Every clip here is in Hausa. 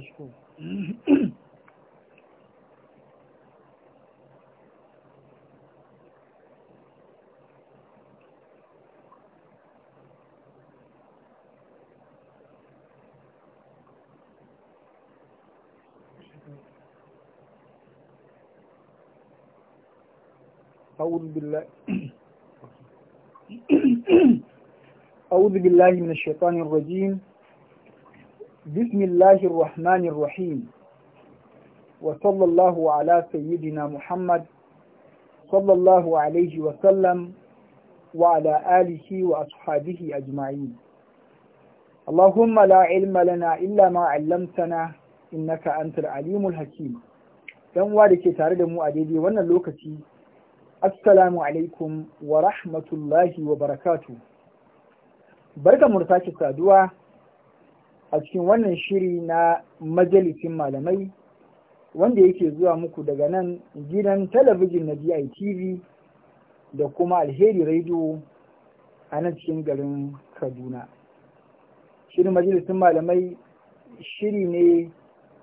مشكور أعوذ بالله أعوذ بالله من الشيطان الرجيم بسم الله الرحمن الرحيم وصلى الله على سيدنا محمد صلى الله عليه وسلم وعلى آله وأصحابه أجمعين اللهم لا علم لنا إلا ما علمتنا إنك أنت العليم الحكيم dan wa da ke tare da mu a daidai wannan lokaci assalamu alaikum wa rahmatullahi wa barakatu barka mu sake saduwa a cikin wannan shiri na majalisin malamai wanda yake zuwa muku daga nan gidan talabijin na DITV da kuma alheri radio a nan cikin garin Kaduna. Shirin majalisin malamai shiri ne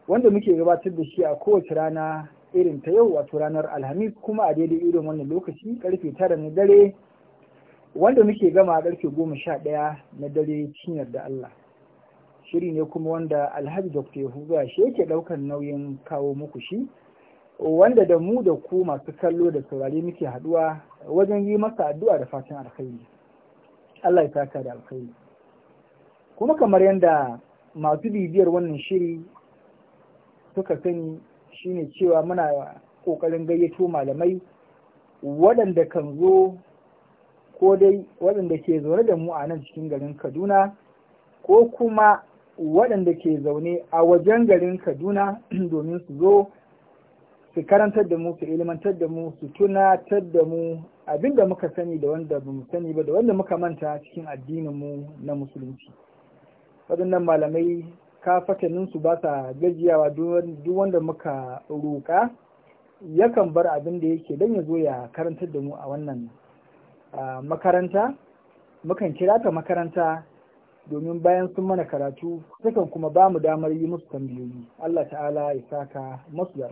wanda muke gabatar da shi a kowace rana irin ta yau wato ranar alhamis kuma a daidai irin wannan lokaci karfe tara na dare wanda muke gama karfe goma sha ɗaya na dare cinyar da Allah. shiri ne kuma wanda alhaji dr yahuza shi yake ɗaukar nauyin kawo muku shi wanda da mu da ku masu kallo da saurare muke haduwa wajen yi masa addu'a da fatan alkhairi Allah ya saka da alkhairi kuma kamar yadda masu bibiyar wannan shiri suka sani shine cewa muna kokarin gayyato malamai waɗanda kan zo ko dai waɗanda ke zaune da mu a nan cikin garin Kaduna ko kuma waɗanda ke zaune a wajen garin Kaduna domin su zo su karantar da mu su ilmantar da mu su tunatar da mu abin da muka sani da wanda ba mu sani ba da wanda muka manta cikin addinin mu na musulunci waɗannan malamai kafatanin su ba sa gajiyawa duk wanda muka roƙa yakan bar abin da yake don ya zo ya karantar da mu a wannan makaranta mukan kira ta makaranta domin bayan sun mana karatu sukan kuma ba mu damar yi musu tambayoyi Allah ta'ala ya saka masu da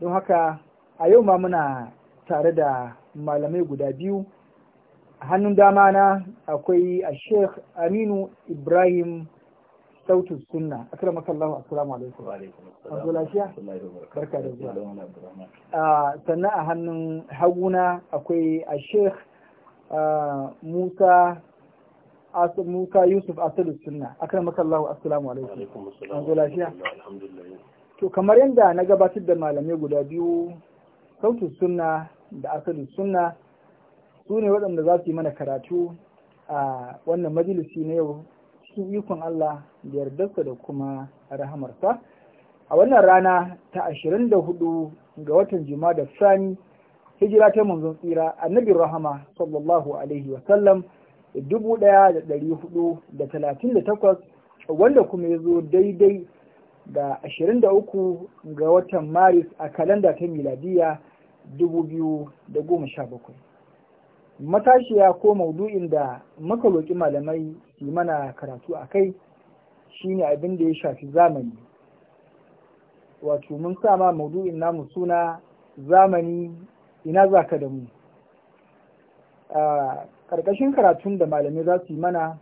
don haka a yau ma muna tare da malamai guda biyu a hannun dama na akwai a sheikh aminu ibrahim sautu sunna A kira assalamu alaikum wa alaikum assalam lafiya barka da zuwa sannan a hannun haguna akwai a sheikh Musa muka yusuf asadu sunna akan makallahu assalamu alaikum an zo to kamar yadda na gabatar da malamai guda biyu sautu suna da asadu sunna su ne waɗanda za su yi mana karatu a wannan majalisi na yau cikin ikon Allah da yardarsa da kuma rahamarsa a wannan rana ta ashirin da hudu ga watan juma'a da sani hijira ta manzon tsira annabi rahama sallallahu alaihi wa sallam dubu ɗaya da ɗari huɗu da talatin da takwas wanda kuma ya zo daidai da ashirin uku ga watan maris a kalanda ta miladiya dubu biyu da goma sha bakwai matashiya ko maudu'in da maka roƙi malamai su mana karatu a kai shine abin da ya shafi zamani wato mun sa maudu'in namu suna zamani ina za ka da mu ah, Ƙarƙashin karatun da malamai za su yi mana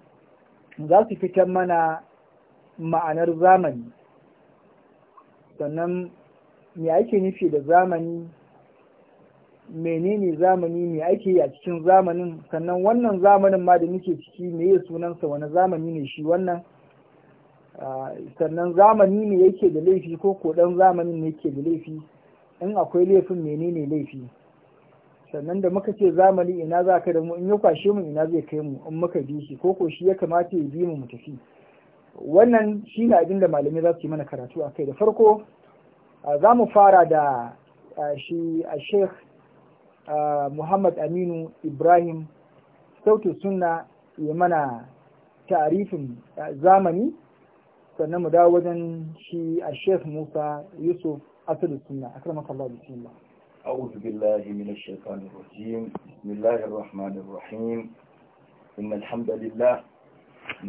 za su fitar mana ma'anar zamani sannan me ake nufi da zamani menene zamani me ake yi a cikin zamanin sannan wannan zamanin ma da muke ciki me ya sunansa wani zamani ne shi wannan ah, sannan zamani ne yake da laifi ko kodan zamani zamanin ne yake da laifi in akwai laifin menene laifi sannan da muka ce zamani ina za ka da mu in ya kwashe mu ina zai kai mu in muka bi shi ko ko shi ya kamata ya bi mu mu tafi wannan shi ne abin da malamai za su yi mana karatu a kai da farko za mu fara da shi a sheikh muhammad aminu ibrahim sautu sunna ya mana tarifin zamani sannan mu dawo wajen shi a sheikh musa yusuf asadu sunna akramakallah bismillah أعوذ بالله من الشيطان الرجيم بسم الله الرحمن الرحيم إن الحمد لله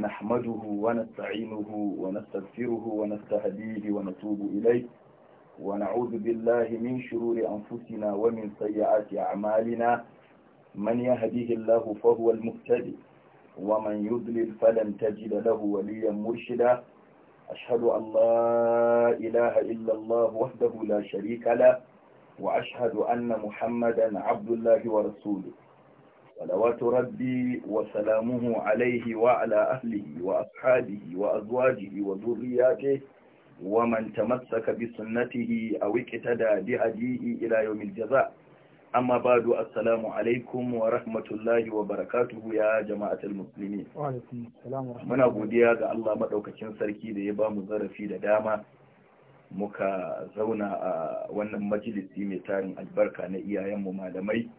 نحمده ونستعينه ونستغفره ونستهديه ونتوب إليه ونعوذ بالله من شرور أنفسنا ومن سيئات أعمالنا من يهديه الله فهو المهتدي ومن يضلل فلن تجد له وليا مرشدا أشهد أن لا إله إلا الله وحده لا شريك له وأشهد أن محمدا عبد الله ورسوله صلوات ربي وسلامه عليه وعلى أهله وأصحابه وأزواجه وذرياته ومن تمسك بسنته أو اقتدى بهديه إلى يوم الجزاء أما بعد السلام عليكم ورحمة الله وبركاته يا جماعة المسلمين وعليكم السلام ورحمة الله من أبو دياغ الله مدعوك كنسركي ديبا مزرفي دداما muka zauna a wannan majalisi mai tarin albarka na iyayenmu malamai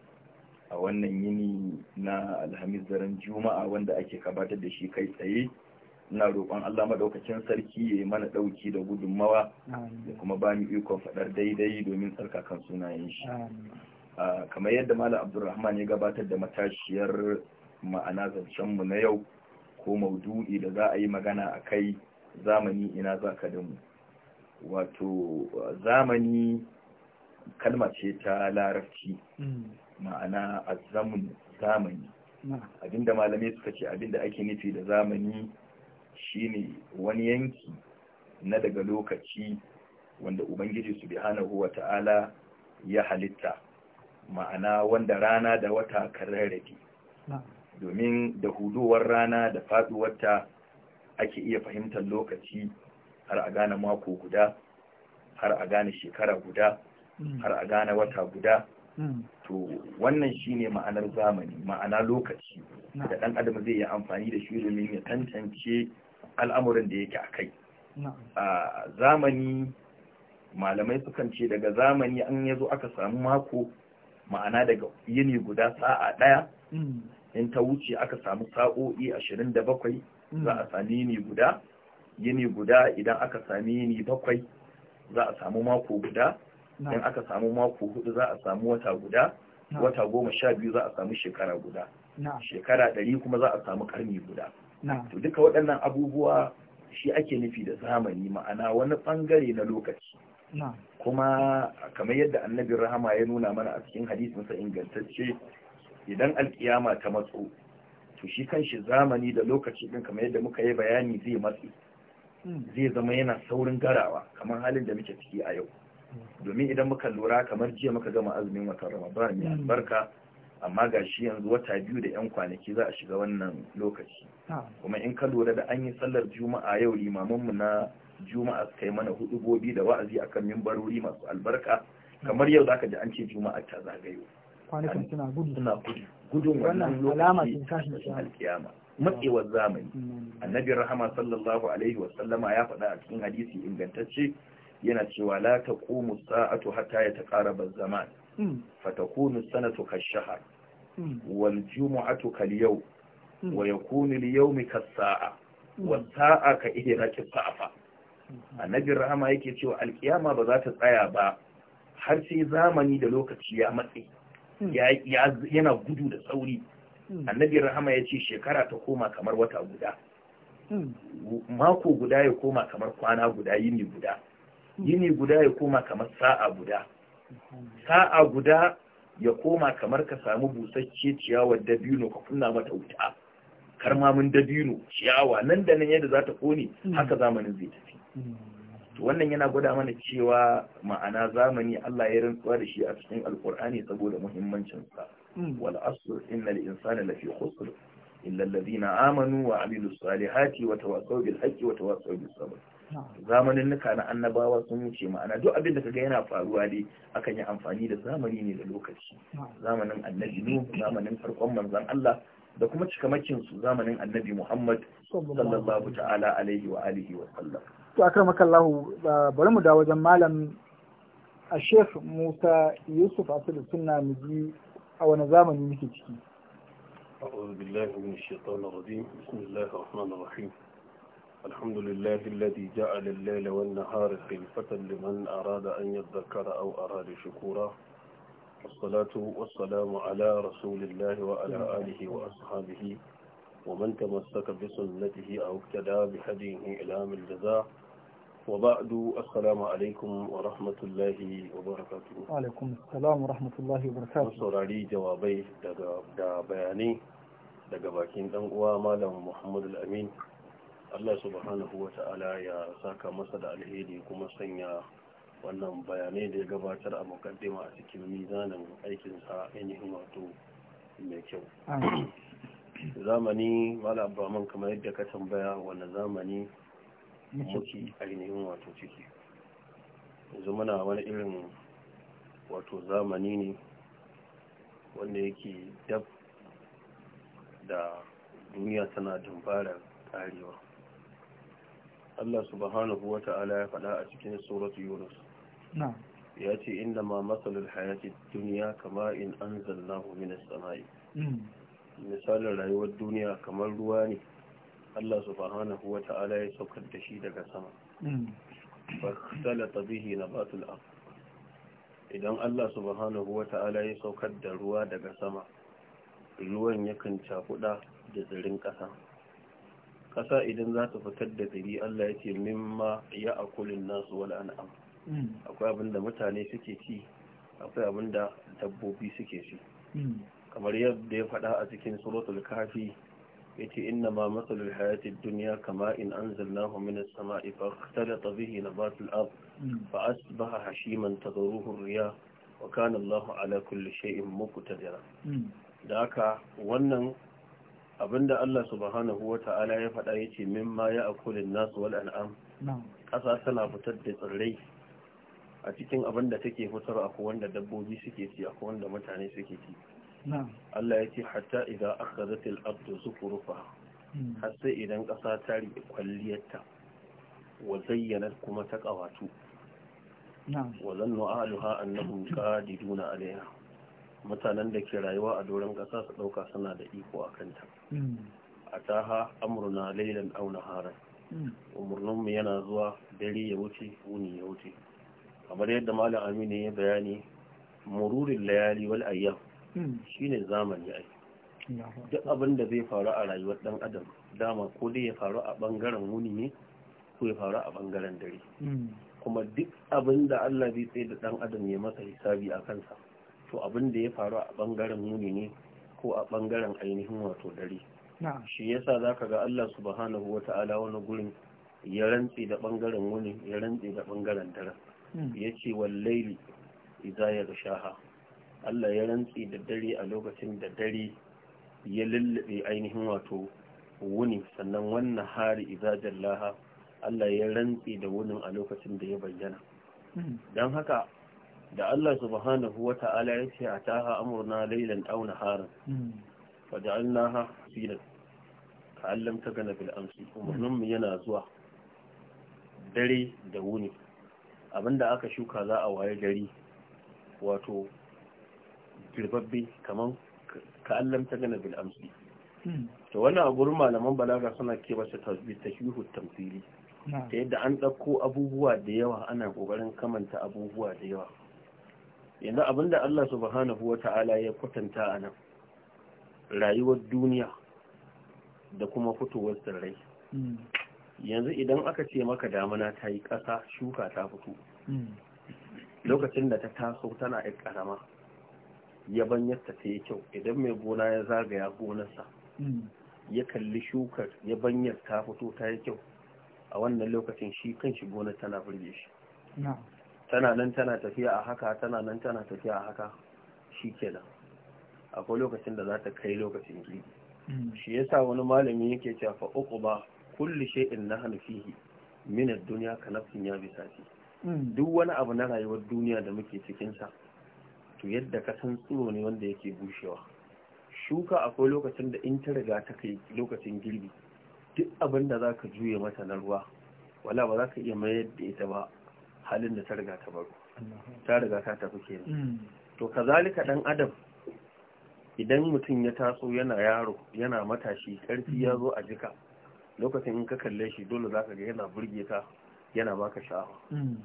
a wannan yini na alhamis daren juma'a wanda ake kabatar da shi kai tsaye na roƙon Allah maɗaukacin sarki ya yi mana ɗauki da gudunmawa da kuma ba ni ikon faɗar daidai domin tsarkakan sunayen shi kamar yadda malam abdurrahman ya gabatar da matashiyar ma'ana zancenmu na yau ko maudu'i da za a yi magana a kai zamani ina za ka da mu wato zamani kalma ce ta larabci hmm. ma'ana azamun zamani abinda malamai suka ce abinda ake nufi da zamani shine wani yanki na daga lokaci wanda ubangiji su huwa ta'ala ya halitta ma'ana wanda rana da wata kararrake domin da huduwar rana da faduwarta ake iya fahimtar lokaci har a gane mako guda har a gane shekara guda mm. har a gane wata guda mm. to wannan shine ma'anar zamani ma'ana lokaci da dan adam zai yi amfani da shi domin ya tantance al'amuran da yake a kai a zamani malamai sukan ce daga zamani an yazo aka samu mako ma'ana daga yini guda sa'a ɗaya mm. in ta wuce aka samu sa'o'i ashirin da bakwai za a sami yini guda Gini guda idan aka sami yini bakwai za a samu mako guda idan aka samu mako hudu za a samu wata guda wata goma sha biyu za a samu shekara guda shekara ɗari kuma za a samu karni guda to duka waɗannan abubuwa shi ake nufi da zamani ma'ana wani ɓangare na lokaci kuma kamar yadda annabin rahama ya nuna mana a cikin hadisinsa ingantacce idan alkiyama ta matso to shi kan shi zamani da lokaci ɗin kamar yadda muka yi bayani zai matsi zai zama yana saurin garawa kamar halin da muke ciki a yau domin idan muka lura kamar jiya muka gama azumin watan ramadan mai hmm. albarka amma ga shi yanzu wata biyu da 'yan kwanaki za a shiga wannan lokaci kuma in ka lura da an yi sallar juma'a yau mu na juma'a suka yi mana hudu gobi da wa'azi a kan mimbarori masu albarka kamar yau zaka ji an ce juma'a ta zagayo kwanakin suna gudu gudun wannan lokaci tashin alkiyama matsewar zamani annabi rahama sallallahu alaihi wasallama ya faɗa a cikin hadisi ingantacce yana cewa la taqumu sa'atu hatta yataqaraba az-zaman fatakunu sanatu kash-shahr wal jumu'atu kal-yawm wa yakunu li yawmu kas-sa'a saa ka ihi as sa'afa annabi rahama yake cewa alkiyama ba za ta tsaya ba har sai zamani da lokaci ya matse yana gudu da sauri Hmm. annabi rahama ya ce shekara ta koma kamar wata guda hmm. mako guda ya koma kamar kwana guda yini guda hmm. yini guda ya koma kamar sa'a guda sa'a guda ya koma kamar ka samu busasshe ciyawar dabino ka kunna mata wuta karmamin dabino ciyawa nan da nan yadda za ta kone haka zamanin zai tafi to wannan yana gwada mana cewa ma'ana zamani Allah ya rantsuwa da shi a cikin alkur'ani saboda muhimmancinsa wal asr innal insana lafi khusr illa alladhina amanu wa amilus salihati wa tawassaw bil haqqi wa tawassaw bis sabr zamanin nuka na annabawa sun wuce ma'ana duk abin da kaga yana faruwa dai akan yi amfani da zamani ne da lokaci zamanin annabi nu zamanin farkon manzon Allah da kuma cikamakin su zamanin annabi Muhammad sallallahu ta'ala alaihi wa alihi wa sallam to akramaka Allah bari mu da wajen malam a Sheikh Musa Yusuf Asadu sunna mu ji أو wani zamani أعوذ بالله من الشيطان الرجيم بسم الله الرحمن الرحيم الحمد لله الذي جعل الليل والنهار خلفة لمن أراد أن يذكر أو أراد شكورا والصلاة والسلام على رسول الله وعلى آله وأصحابه ومن تمسك بسنته أو اقتدى بهديه إلى من الجزاء وبعد السلام عليكم ورحمة الله وبركاته وعليكم السلام ورحمة الله وبركاته saurari jawabai da bayanai daga bakin ɗan uwa malam Muhammadu al-Amin Allah subhanahu wa ta'ala ya saka masa da alheri kuma sanya wannan bayanai da ya gabatar a mukaddima a cikin mizanin aikinsa ainihin wato mai kyau zamani malam Abdulrahman kamar yadda ka tambaya wannan zamani muke ainihin wato ciki yanzu muna wani irin wato zamani ne wanda yake dab da duniya tana dumbara karewa Allah subhanahu wa ta'ala ya faɗa a cikin suratu Yunus ya ce inda ma matsalar hayati duniya kama in an zanna hominis sama'i mm. misalin rayuwar duniya kamar ruwa ne Allah subhanahu wa ta'ala ya saukar da shi daga sama hmm. fa salata bihi nabatul ardh idan Allah subhanahu wa ta'ala ya saukar da ruwa daga sama ruwan yakan cakuda da tsirin ƙasa ƙasa idan za ta fitar da tsiri Allah ya ce mimma ya a akulin nasu wal an'am hmm. akwai abin da mutane suke ci akwai abin da dabbobi suke ci hmm. kamar yadda ya faɗa a cikin suratul kafi yace inna ma matsalar hayatun duniya kama in an zanna hominin sama'i ba hmm. hmm. da tsabihi na battle up ba a ba a hashiman ta zaro hurriya wa kan Allah ala kulle shai'in muku ta jira da aka wannan abin da Allah subhanahu wa ta'ala ya faɗa yace min ma a akulin nasu wal al'am ƙasa tana fitar da tsirrai a cikin abinda take fitar akwai wanda dabbobi suke ci akwai wanda mutane suke ci Allah ya ce hatta idan aka zata al'abdu zukurufa hmm. har sai idan ƙasa ta riƙe kwalliyarta wa zayyana kuma ta ƙawatu wa zannu ahluha annahum a daya. mutanen da ke rayuwa a doron ƙasa su ɗauka suna da iko a kanta A hmm. ataha na laylan auna haran. Hmm. umurnunmu yana zuwa dare ya wuce wuni ya wuce kamar yadda malam aminu ya bayani mururin layali wal ayyam Hmm. shine zamani ai duk abin da zai faru a rayuwar dan adam dama ko dai ya faru a bangaren wuni ne ko ya faru a bangaren dare hmm. kuma duk abin da Allah zai tsaye da dan adam ya masa hisabi a kansa to abin da ya faru a bangaren wuni ne ko a bangaren ainihin wato dare shi yasa zaka ga Allah subhanahu wata'ala wani gurin ya rantse da bangaren wuni ya rantse da bangaren dare yace hmm. ya idza shaha. Allah ya rantsi da dare a lokacin da dare ya lullube ainihin wato wuni sannan wannan hari izajen laha Allah ya rantsi da wunin a lokacin da ya bayyana hmm. Don haka da Allah subhanahu wata'ala ya ce a amurna lailan ataha amruna laylan na naharan hmm. faja'alnaha ka allam ta gana amsi umarnin yana zuwa dare da wuni abinda aka shuka za a waye gari wato girbabbe kamar ka'allam ta gana bil amsi hmm. to wannan a malaman balaga suna ke ba su tasbihu tamthili ta yadda an ɗauko abubuwa da yawa ana ƙoƙarin kamanta abubuwa da yawa yanzu abinda Allah subhanahu wa ta'ala ya kwatanta a nan rayuwar duniya da kuma fitowar tsirrai hmm. yanzu idan aka ce maka damana ta yi ƙasa shuka ta fito hmm. lokacin da ta taso tana ƙarama yabanyarta ta yi kyau idan mai gona ya zagaya gonarsa hmm. ya kalli shukar yabanyar ta fito ta yi kyau a wannan lokacin shi kan shi gonar tana burge shi tana nan tana tafiya a haka tana nan tana tafiya a haka shi kenan akwai lokacin da za ta kai lokacin girbi hmm. shi yasa wani malami yake cewa fa uku ba kulli shay'in na fihi min ad-dunya ka nafsin ya bisati hmm. duk wani abu na rayuwar duniya da muke cikin to yadda ka san tsiro ne wanda yake bushewa shuka akwai lokacin da in ta riga ta kai lokacin girbi duk abin da za ka juye mata na ruwa wala ba za ka iya mayar da ita ba halin da ta riga ta baro ta riga ta tafi kenan mm. to kazalika dan adam idan mutum ya taso yana yaro yana matashi karfi ya zo a jika lokacin in ka kalle shi dole za ka ga yana burge ka yana baka sha'awa mm.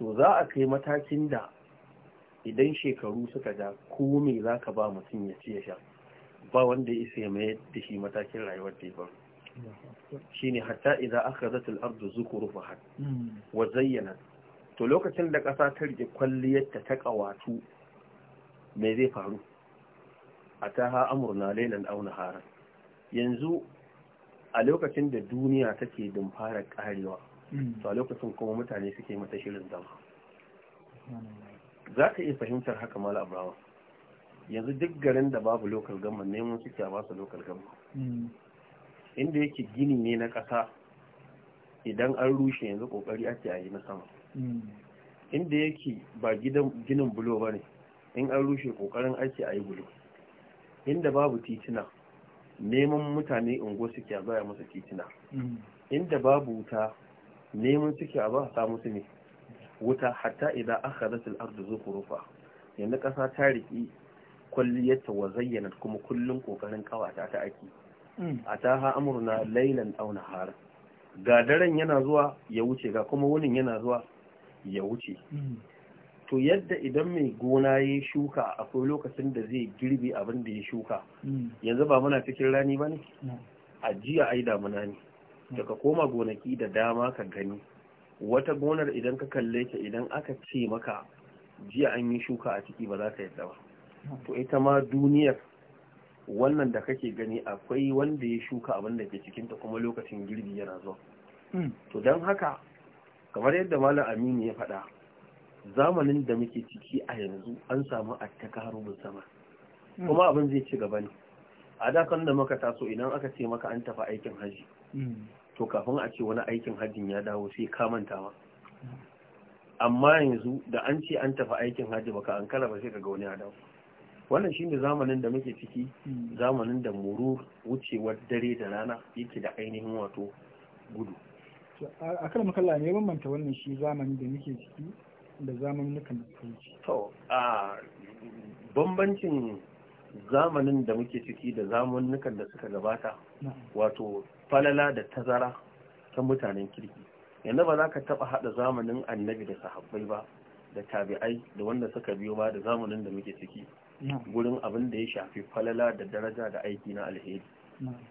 to za a kai matakin da idan shekaru suka ja ko me za ka ba mutum ya ci ya sha ba wanda ya isa mai da shi matakin rayuwar da ba shi ne hatta idan aka zatul zuku zukuru fahad wa zayyana to lokacin da ƙasa ta rike kwalliyarta ta ƙawatu me zai faru a ta ha amurna lailan auna haran yanzu a lokacin da duniya take fara karewa to a lokacin kuma mutane suke mata shirin zama za ka iya fahimtar haka mala abrawa yanzu duk garin da babu local government neman suke a basu local government hmm. inda yake gini ne na ƙasa idan an rushe yanzu ƙoƙari ake a yi na sama hmm. inda yake ba ginin bulo ba ne in an rushe ƙoƙarin ake a yi bulo inda babu titina neman mutane ungo suke a baya masa titina hmm. inda babu wuta neman suke a ba a sa musu ne wuta hatta idan aka akhadat al-ardu zukhrufa yanzu kasa ta riƙi kwalliyar wa zayyana kuma kullum ƙoƙarin ƙawata ta A aki hmm. ataha na lailan ɗauna har ga daren yana zuwa ya wuce ga kuma wunin yana zuwa ya wuce hmm. to yadda idan mai gona ya shuka akwai lokacin da zai girbe abin da ya shuka hmm. yanzu ba muna cikin rani ba ne a jiya ai damuna ne daga koma gonaki da dama ka gani wata gonar idan ka kalle ta idan aka ce maka jiya an yi shuka a ciki ba za ka yadda ba to ita ma duniyar wannan da kake gani akwai wanda ya shuka abin da ke cikinta kuma lokacin girbi yana zuwa hmm. to don haka kamar yadda malam aminu ya faɗa zamanin da muke ciki a yanzu an samu attakarubin sama hmm. kuma abin zai ci gaba ne a dakan da maka taso idan aka ce maka an tafi aikin haji hmm. to kafin a ce wani aikin hajjin ya dawo sai ka manta ma amma yanzu da an ce an tafi aikin hajji baka an kala ba sai ka ga wani ya dawo wannan shine zamanin da muke ciki zamanin da murur wucewar dare da rana yake da ainihin wato gudu a kan makalla ne bambanta wannan shi zamanin da muke ciki da zamanin da kan to a bambancin zamanin da muke ciki da zamanin da suka gabata wato falala da tazara ta mutanen kirki yanzu ba za ka taɓa haɗa zamanin annabi da sahabbai ba da tabi'ai da wanda suka biyo ba da zamanin da muke ciki gurin abin da ya shafi falala da daraja da aiki na alheri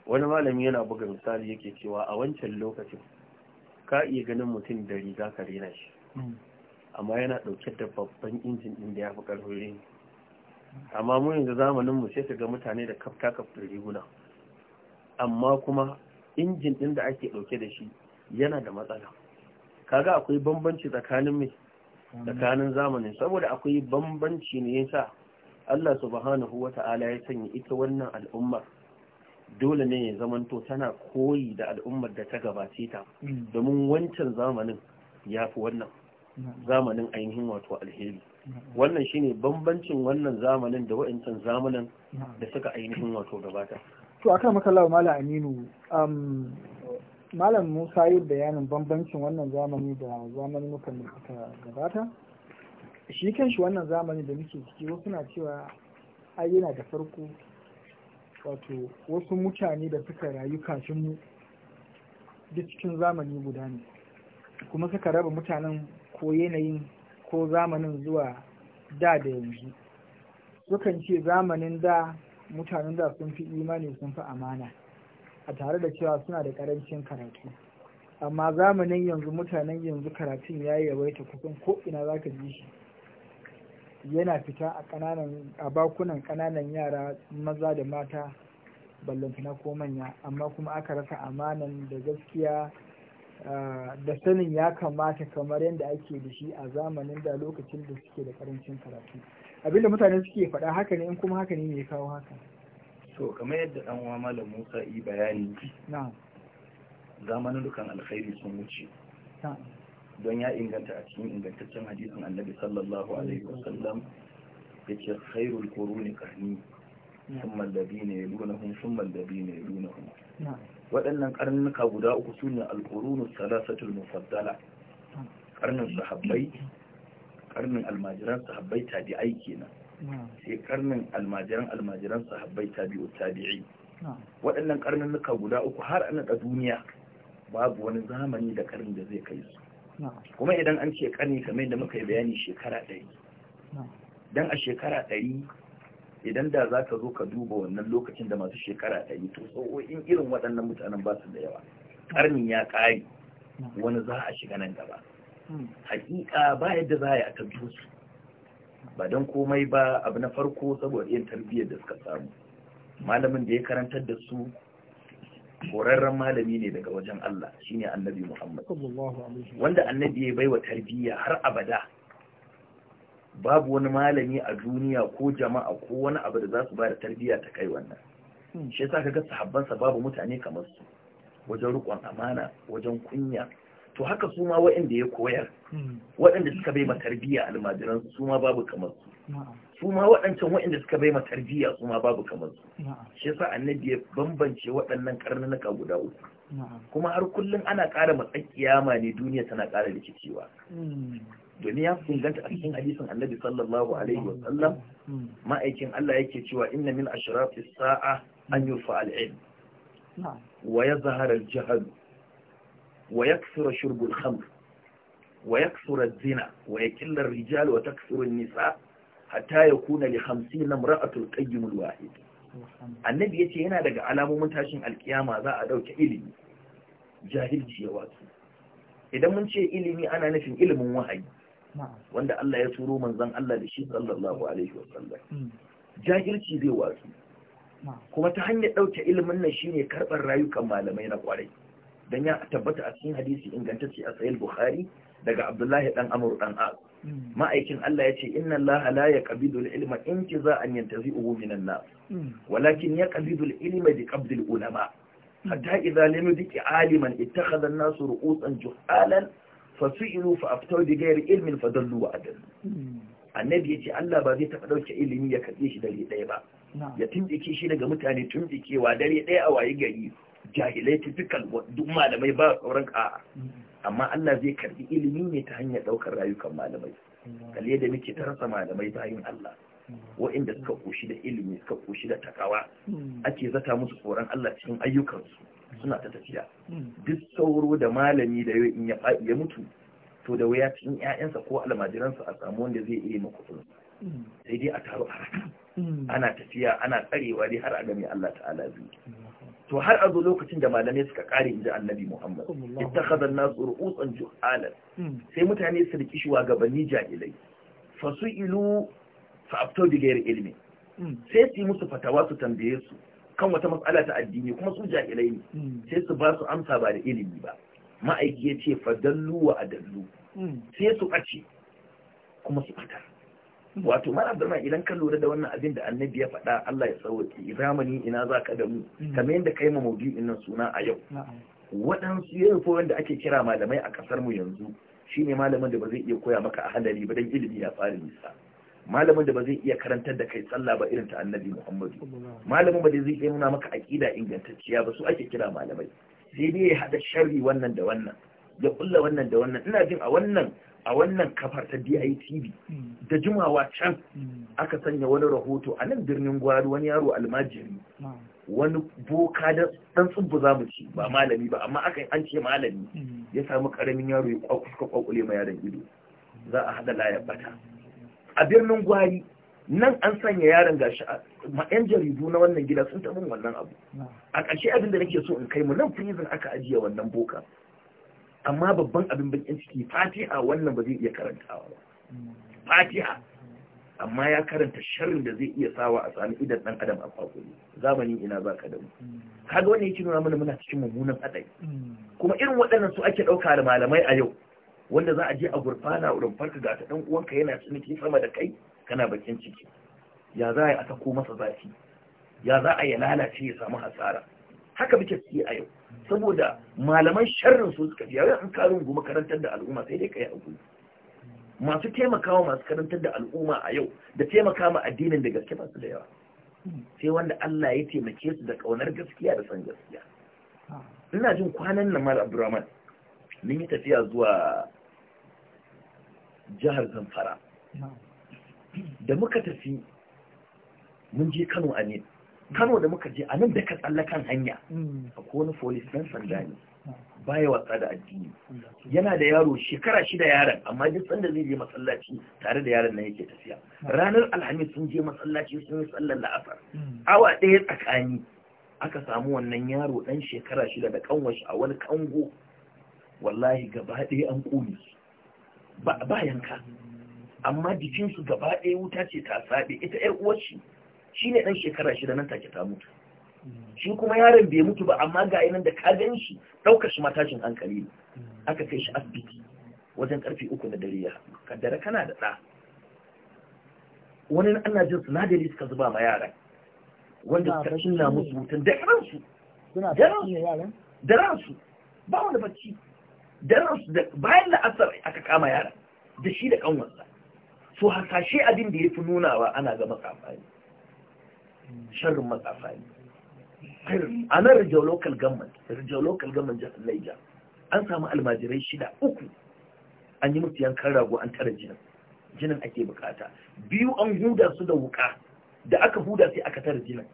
wani malami yana buga misali yake cewa a wancan lokacin ka iya ganin mutum da riga ka rena shi amma yana ɗauke da babban injin ɗin da ya fi ƙarfi amma mu yanzu zamanin mu sai ka ga mutane da kafta kafta riguna amma kuma injin ɗin da ake ɗauke da shi yana da matsala kaga akwai bambanci tsakanin mai tsakanin zamanin saboda akwai bambanci ne yasa Allah subhanahu wata'ala ya sanya ita wannan al'ummar dole ne ya zamanto tana koyi da al'ummar da ta gabace ta hmm. domin wancan zamanin ya fi wannan hmm. zamanin ainihin wato alheri hmm. wannan shine bambancin wannan zamanin da waɗancan zamanin da suka ainihin wato gabata to akan makallawa mala aminu um, malam musa yi bayanin bambancin wannan zamani da zamanin muka suka gabata shi kanshi wannan zamani da muke ciki wasu na cewa ai yana da farko wato wasu mutane da suka rayu kafin mu duk cikin zamani guda ne kuma suka raba mutanen ko yanayin ko zamanin zuwa da da yanzu sukan ce zamanin da mutanen da sun fi imani sun fi amana a tare da cewa suna da karancin karatu amma zamanin yanzu mutanen yanzu karatun ya yawaita kusan ko ina za ka ji shi yana fita a kananan a bakunan kananan yara maza da mata ballantana ko manya amma kuma aka rasa amanan da gaskiya ah, da sanin ya kamata kamar yadda ake da shi a zamanin da lokacin da suke da karancin karatu abinda mutane suke faɗa haka ne in kuma haka ne mai kawo haka to kamar yadda dan uwa malam Musa yi bayani na'am zamanin dukan alkhairi sun wuce don ya inganta a cikin ingantaccen hadisin annabi sallallahu alaihi wasallam yace khairul quruni qarni thumma alladhina yalunahum thumma alladhina yalunahum waɗannan karnuka guda uku sune al-qurunus salasatul mufaddala karnin karnin almajiran sahabbai tabi'ai kenan sai karnin almajiran almajiran sahabbai tabi'u tabi'i waɗannan karnin nuka guda uku har a da duniya babu wani zamani da karni da zai kai su kuma idan an ce karni kamar yadda muka yi bayani shekara ɗari don a shekara ɗari idan da za ka zo ka duba wannan lokacin da masu shekara ɗari to sa'o'in irin waɗannan mutanen ba su da yawa Karnin ya ƙari wani za a shiga nan gaba Haƙiƙa ba yadda za a yi a su ba don komai ba abu na farko saboda yin tarbiyyar da suka samu malamin da ya karantar da su horarren malami ne daga wajen Allah shine annabi Muhammad wanda annabi ya baiwa tarbiyya har abada babu wani malami a duniya ko jama'a ko wani abu da za su bada tarbiyya ta kai wannan hmm. shi yasa kaga sa babu mutane kamar su wajen rukon amana wajen kunya to haka su ma waɗanda ya koyar waɗanda suka bai matarbiya almajiran su ma babu kamar su su ma waɗancan waɗanda suka bai matarbiya su ma babu kamar su shi yasa annabi ya bambance waɗannan karnuka guda uku kuma har kullum ana ƙara matsayin kiyama ne duniya tana ƙara rikicewa hmm. domin ya inganta a cikin hadisin annabi sallallahu alaihi wa hmm. sallam hmm. ma'aikin Allah yake cewa inna min ashrafis sa'a an yurfa al-ilm wa yazhara al-jahl wa yaksura shurbul khamr wa yaksura zina wa killar rijal wa taksura nisa hatta yakuna li 50 imra'atul qayyimul wahid annabi ya ce yana daga alamomin tashin alkiyama za a dauke ilimi jahilci ya wasu. idan mun ce ilimi ana nufin ilimin wahayi wanda Allah ya turo manzon Allah da shi sallallahu alaihi wa sallam, jahilci zai wasu. kuma ta hanyar ɗauke ilimin nan shine karɓar rayukan malamai na kwarai dan ya tabbata a cikin hadisi ingantacce a sayar bukhari daga abdullahi dan Amur, dan as hmm. ma'aikin Allah ya ce inna Allah la yaqbidu al-ilma intiza'an yantazi'uhu min an-nas hmm. walakin ya al-ilma bi qabdi ulama hmm. hatta idza lam yudiki aliman ittakhadha an-nas ru'usan juhalan fasu'ilu fa aftau bi ghairi ilmin fadallu wa adallu annabi yace Allah ba zai taba dauke ilimi ya kace shi dare daya ba ya tumbike shi daga mutane tumbikewa dare daya a waye gari jahilai typical duk malamai ba sauran a'a amma Allah zai karbi ilimi ne ta hanyar ɗaukar rayukan malamai kalle da muke ta rasa malamai bayan Allah wa'inda suka koshi da ilimi suka koshi da takawa ake zata musu tsoron Allah cikin ayyukansu suna ta tafiya duk sauro da malami da in ya ya mutu to da wuya cikin 'ya'yansa ko almajiransa a samu wanda zai iya kuɗin sai dai a taro a raka. Hmm. ana tafiya ana tsarewa dai har a gami Allah ta'ala bi to har a zo lokacin da malamai suka kare inji annabi Muhammad ittakhadha an-nas ru'usan juhalan hmm. sai mutane su riki gabanni jahilai fasu'ilu fa'abtau bi ghairi ilmi hmm. sai su yi musu fatawa su tambaye su kan wata matsala ta addini kuma su jahilai ne sai su ba su amsa ba da ilimi ba ma'aiki yace ce fadallu wa adallu sai su ɓace kuma su ɓatar wato mara abdurrahman idan ka lura da wannan abin da annabi ya faɗa Allah ya sauke zamani ina za ka da mu mm. kamar yadda kai ma maudu'in nan suna a yau waɗansu yanzu da ake kira malamai a ƙasar mu yanzu shi ne malamin da ba zai iya koya maka a halari ba dan ilimi ya fara nisa malamin da ba zai iya karantar da kai sallah ba irin ta annabi muhammadu malamin ba zai iya nuna maka aƙida ingantacciya ba su ake kira malamai sai dai ya haɗa sharri wannan da wannan ya kulla wannan da wannan ina jin a wannan a wannan kafar ta DITV mm. da jimawa can mm. aka sanya wani rahoto a nan birnin gwari wani yaro almajiri wani boka da dan tsubbu za mu ci ba malami ba amma aka an ce malami mm. ya samu karamin yaro ya kwakwule ma yaron ido za a hada layar bata a birnin gwari nan an sanya yaron gashi a yan jaridu na wannan gida sun taɓa wannan abu a ƙarshe abin da nake so in kai mu nan prison aka ajiye wannan boka amma babban abin bakin ciki fatiha wannan ba zai iya karantawa ba fatiha amma ya karanta sharrin da zai iya sawa a sami idan dan adam a kwakuri Zamani ina ba ka da mu kaga wannan yake nuna mana muna cikin mummunan hadari kuma irin waɗannan su ake ɗauka da malamai a yau wanda za a je a gurfana wurin farka ga ta dan uwanka yana ciniki sama da kai kana bakin ciki ya za a yi sako masa zafi ya za a ya lalace ya samu hasara haka muke ciki a yau saboda malaman sharrin su suka biya an ka rungu makarantar da al'umma sai dai ka yi abu masu taimakawa masu karantar da al'umma a yau da taimaka ma addinin da gaske masu da yawa sai wanda Allah ya taimake su da kaunar gaskiya da san gaskiya ina jin kwanan nan mal Abdurrahman mun yi tafiya zuwa jihar Zamfara da muka tafi mun je Kano a ne kano da muka je a nan da ka tsallakan hanya a kowane folis dan sanda ne hmm. baya watsa da addini hmm. yana da yaro shekara shida yaron amma duk sanda zai je masallaci tare da yaron na yake tafiya hmm. ranar alhamis sun je masallaci sun yi sallar la'asar awa ɗaya tsakani aka samu wannan yaro ɗan shekara shida da kanwashi a wani kango wallahi gaba ɗaya an ƙone ba yanka amma jikinsu gaba ɗaya wuta ce ta saɓe ita 'yar uwar shi shi ne ɗan shekara shida nan take ta mutu shi kuma yaron bai mutu ba amma ga yanar da ka gan shi ɗaukar shi matashin hankali ne aka kai shi asibiti wajen karfe uku na dare ya kaddara kana da ɗa wani ana jin sinadari suka zuba ma yaran wanda suka cinna musu mutum da ransu da ransu ba wani bacci da ransu da bayan la'asar aka kama yaran da shi da kanwansa so hasashe abin da ya fi nunawa ana ga makamani shirin matsafa ne a nan rijiyar local government rijiyar local government jihar naija an samu almajirai shida uku an yi musu yankan rago an tara jinin jinin ake bukata biyu an huda su da wuka da aka huda sai aka tara jinin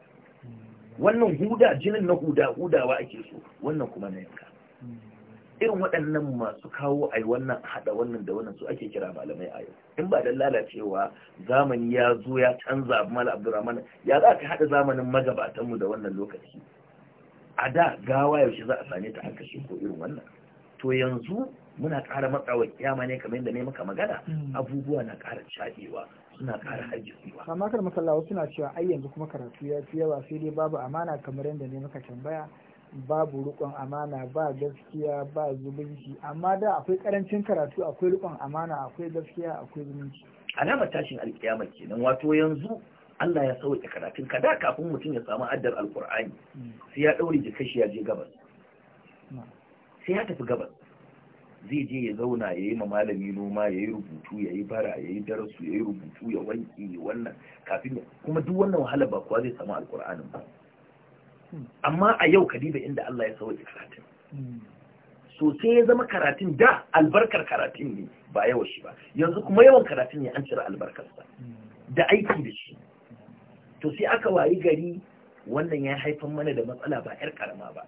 wannan huda jinin na huda hudawa ake so wannan kuma na yanka irin waɗannan masu kawo a wannan haɗa wannan da wannan su ake kira malamai a yau in ba da lalacewa zamani ya zo ya canza mal abdurrahman ya za ka haɗa zamanin magabatanmu da wannan lokaci a da gawa yaushe za a same ta haka shi ko irin wannan to yanzu muna ƙara matsawa kyama ne kamar yadda ne maka magana mm. abubuwa na ƙara caɗewa suna ƙara hargitsewa amma kar masallawa suna cewa ai yanzu kuma karatu ya fi yawa sai dai babu amana kamar yadda ne maka tambaya babu rikon amana ba gaskiya ba zumunci amma da akwai karancin karatu akwai rikon amana akwai gaskiya akwai zumunci alamar tashin alkiyama kenan wato yanzu Allah ya sauke karatun ka da kafin mutum ya samu addar alkur'ani sai ya daure jikar shi ya je gabas sai ya tafi gabas zai je ya zauna ya yi malami noma ya yi rubutu ya yi bara ya yi darasu ya yi rubutu ya wanki wannan kafin kuma duk wannan wahala ba kuwa zai samu alkur'anin ba amma a yau kadida inda Allah ya sauke karatun so sai ya zama karatun da albarkar karatun ne ba yawa shi ba yanzu kuma yawan karatun ne an cire albarkarsa da aiki da shi to sai aka wayi gari wannan ya haifar mana da matsala ba 'yar karama ba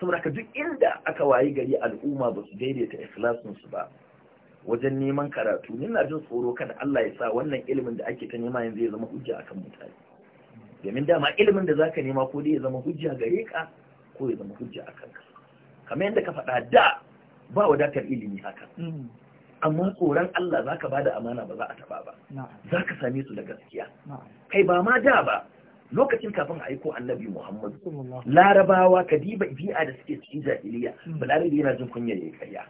saboda ka duk inda aka wayi gari al'umma ba su daidaita ikhlasinsu ba wajen neman karatu yana jin tsoro kada Allah ya sa wannan ilimin da ake ta nema yanzu ya zama hujja akan mutane domin dama ilimin da zaka nema ko dai ya zama hujja gare ka ko ya zama hujja a kanka kamar yadda ka faɗa da ba wadatar ilimi haka mm. amma tsoron Allah zaka da amana ba za a taba ba zaka same su da gaskiya kai ba ma da ba lokacin kafin a aiko annabi Muhammadu, larabawa kadiba bi'a da suke cikin jahiliya mm. balarabi yana jin kunya ya karya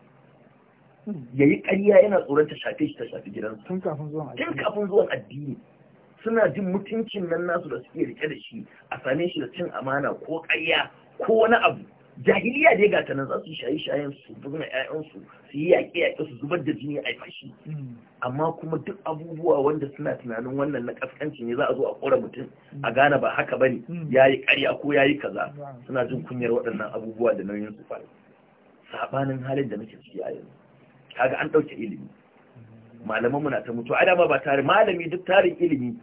yayi karya mm. yana tsoron ta shafe shi ta shafi gidansa tun kafin zuwan addini suna jin mutuncin nan nasu da suke rike da shi a same shi da cin amana ko ƙarya ko wani abu jahiliya dai gata nan za su shayi shayen su bugna ƴaƴansu su yi yaƙe yaƙe su zubar da jini a fashi amma kuma duk abubuwa wanda suna tunanin wannan na kaskanci ne za a zo a kora mutum a gane ba haka bane yi ƙarya ko ya yi kaza suna jin kunyar waɗannan abubuwa da nauyin su faru sabanin halin da muke ciki a yanzu kaga an ɗauke ilimi malaman mu na ta mutu adama ba tare malami duk tarin ilimi